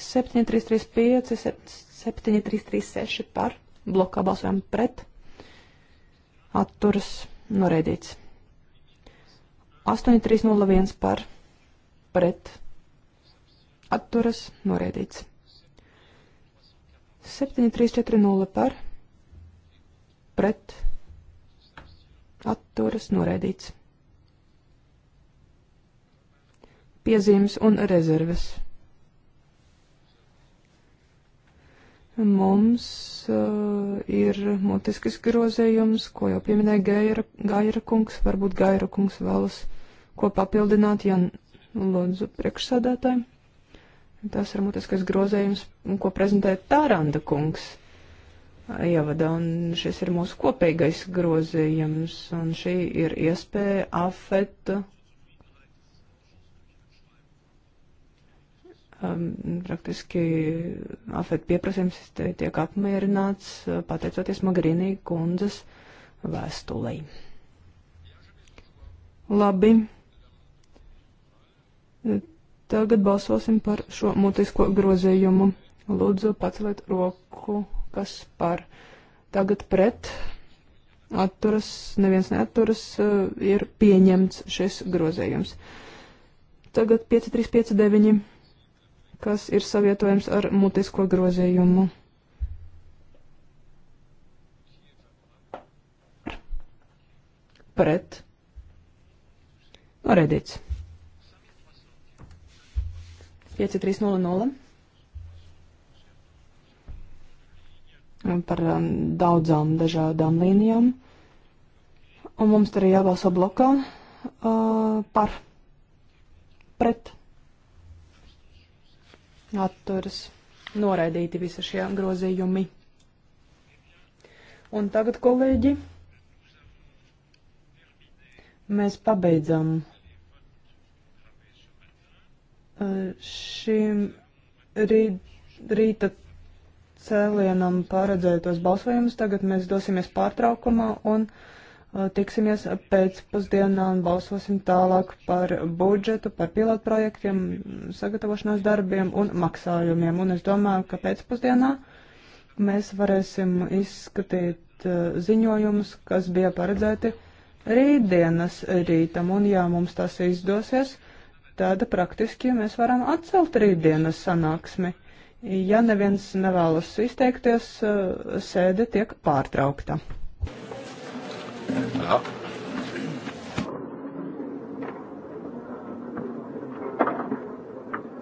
7, 3, 3, 5, 7, 3, 3, 6 par, blokā balsojam pret, atturas, noreidīts. 8, 3, 0, 1 par, pret, atturas atturas noraidīts. 7340 par pret atturas noraidīts. Piezīmes un rezerves. Mums uh, ir mutiskas grozējums, ko jau pieminēja Gaira, Gaira kungs. Varbūt Gaira kungs vēlas ko papildināt, ja lūdzu priekšsādātāji. Tas ir mutiskais grozējums, ko prezentē Tāranda kungs ievada, un šis ir mūsu kopīgais grozījums, un šī ir iespēja afet um, praktiski afet pieprasījums tiek apmierināts pateicoties Magrīnī kundzes vēstulei. Labi. Tagad balsosim par šo mutisko grozījumu. Lūdzu, paceliet roku, kas par. Tagad pret atturas, neviens neatturas, eh, ir pieņemts šis grozējums. Tagad 5359, kas ir savietojams ar mutisko grozējumu. Pret. Redīts. 5300. Un par um, daudzām dažādām līnijām. Un mums tur ir jābalso blokā uh, par pret atturas noraidīti visi šie grozījumi. Un tagad, kolēģi, mēs pabeidzam šim rīt, rīta cēlienam paredzētos balsojumus. Tagad mēs dosimies pārtraukumā un tiksimies pēcpusdienā un balsosim tālāk par budžetu, par pilotprojektiem, sagatavošanās darbiem un maksājumiem. Un es domāju, ka pēcpusdienā mēs varēsim izskatīt ziņojumus, kas bija paredzēti rītdienas rītam. Un jā, mums tas izdosies tad praktiski mēs varam atcelt rītdienas sanāksmi. Ja neviens nevēlas izteikties, sēde tiek pārtraukta. Jā.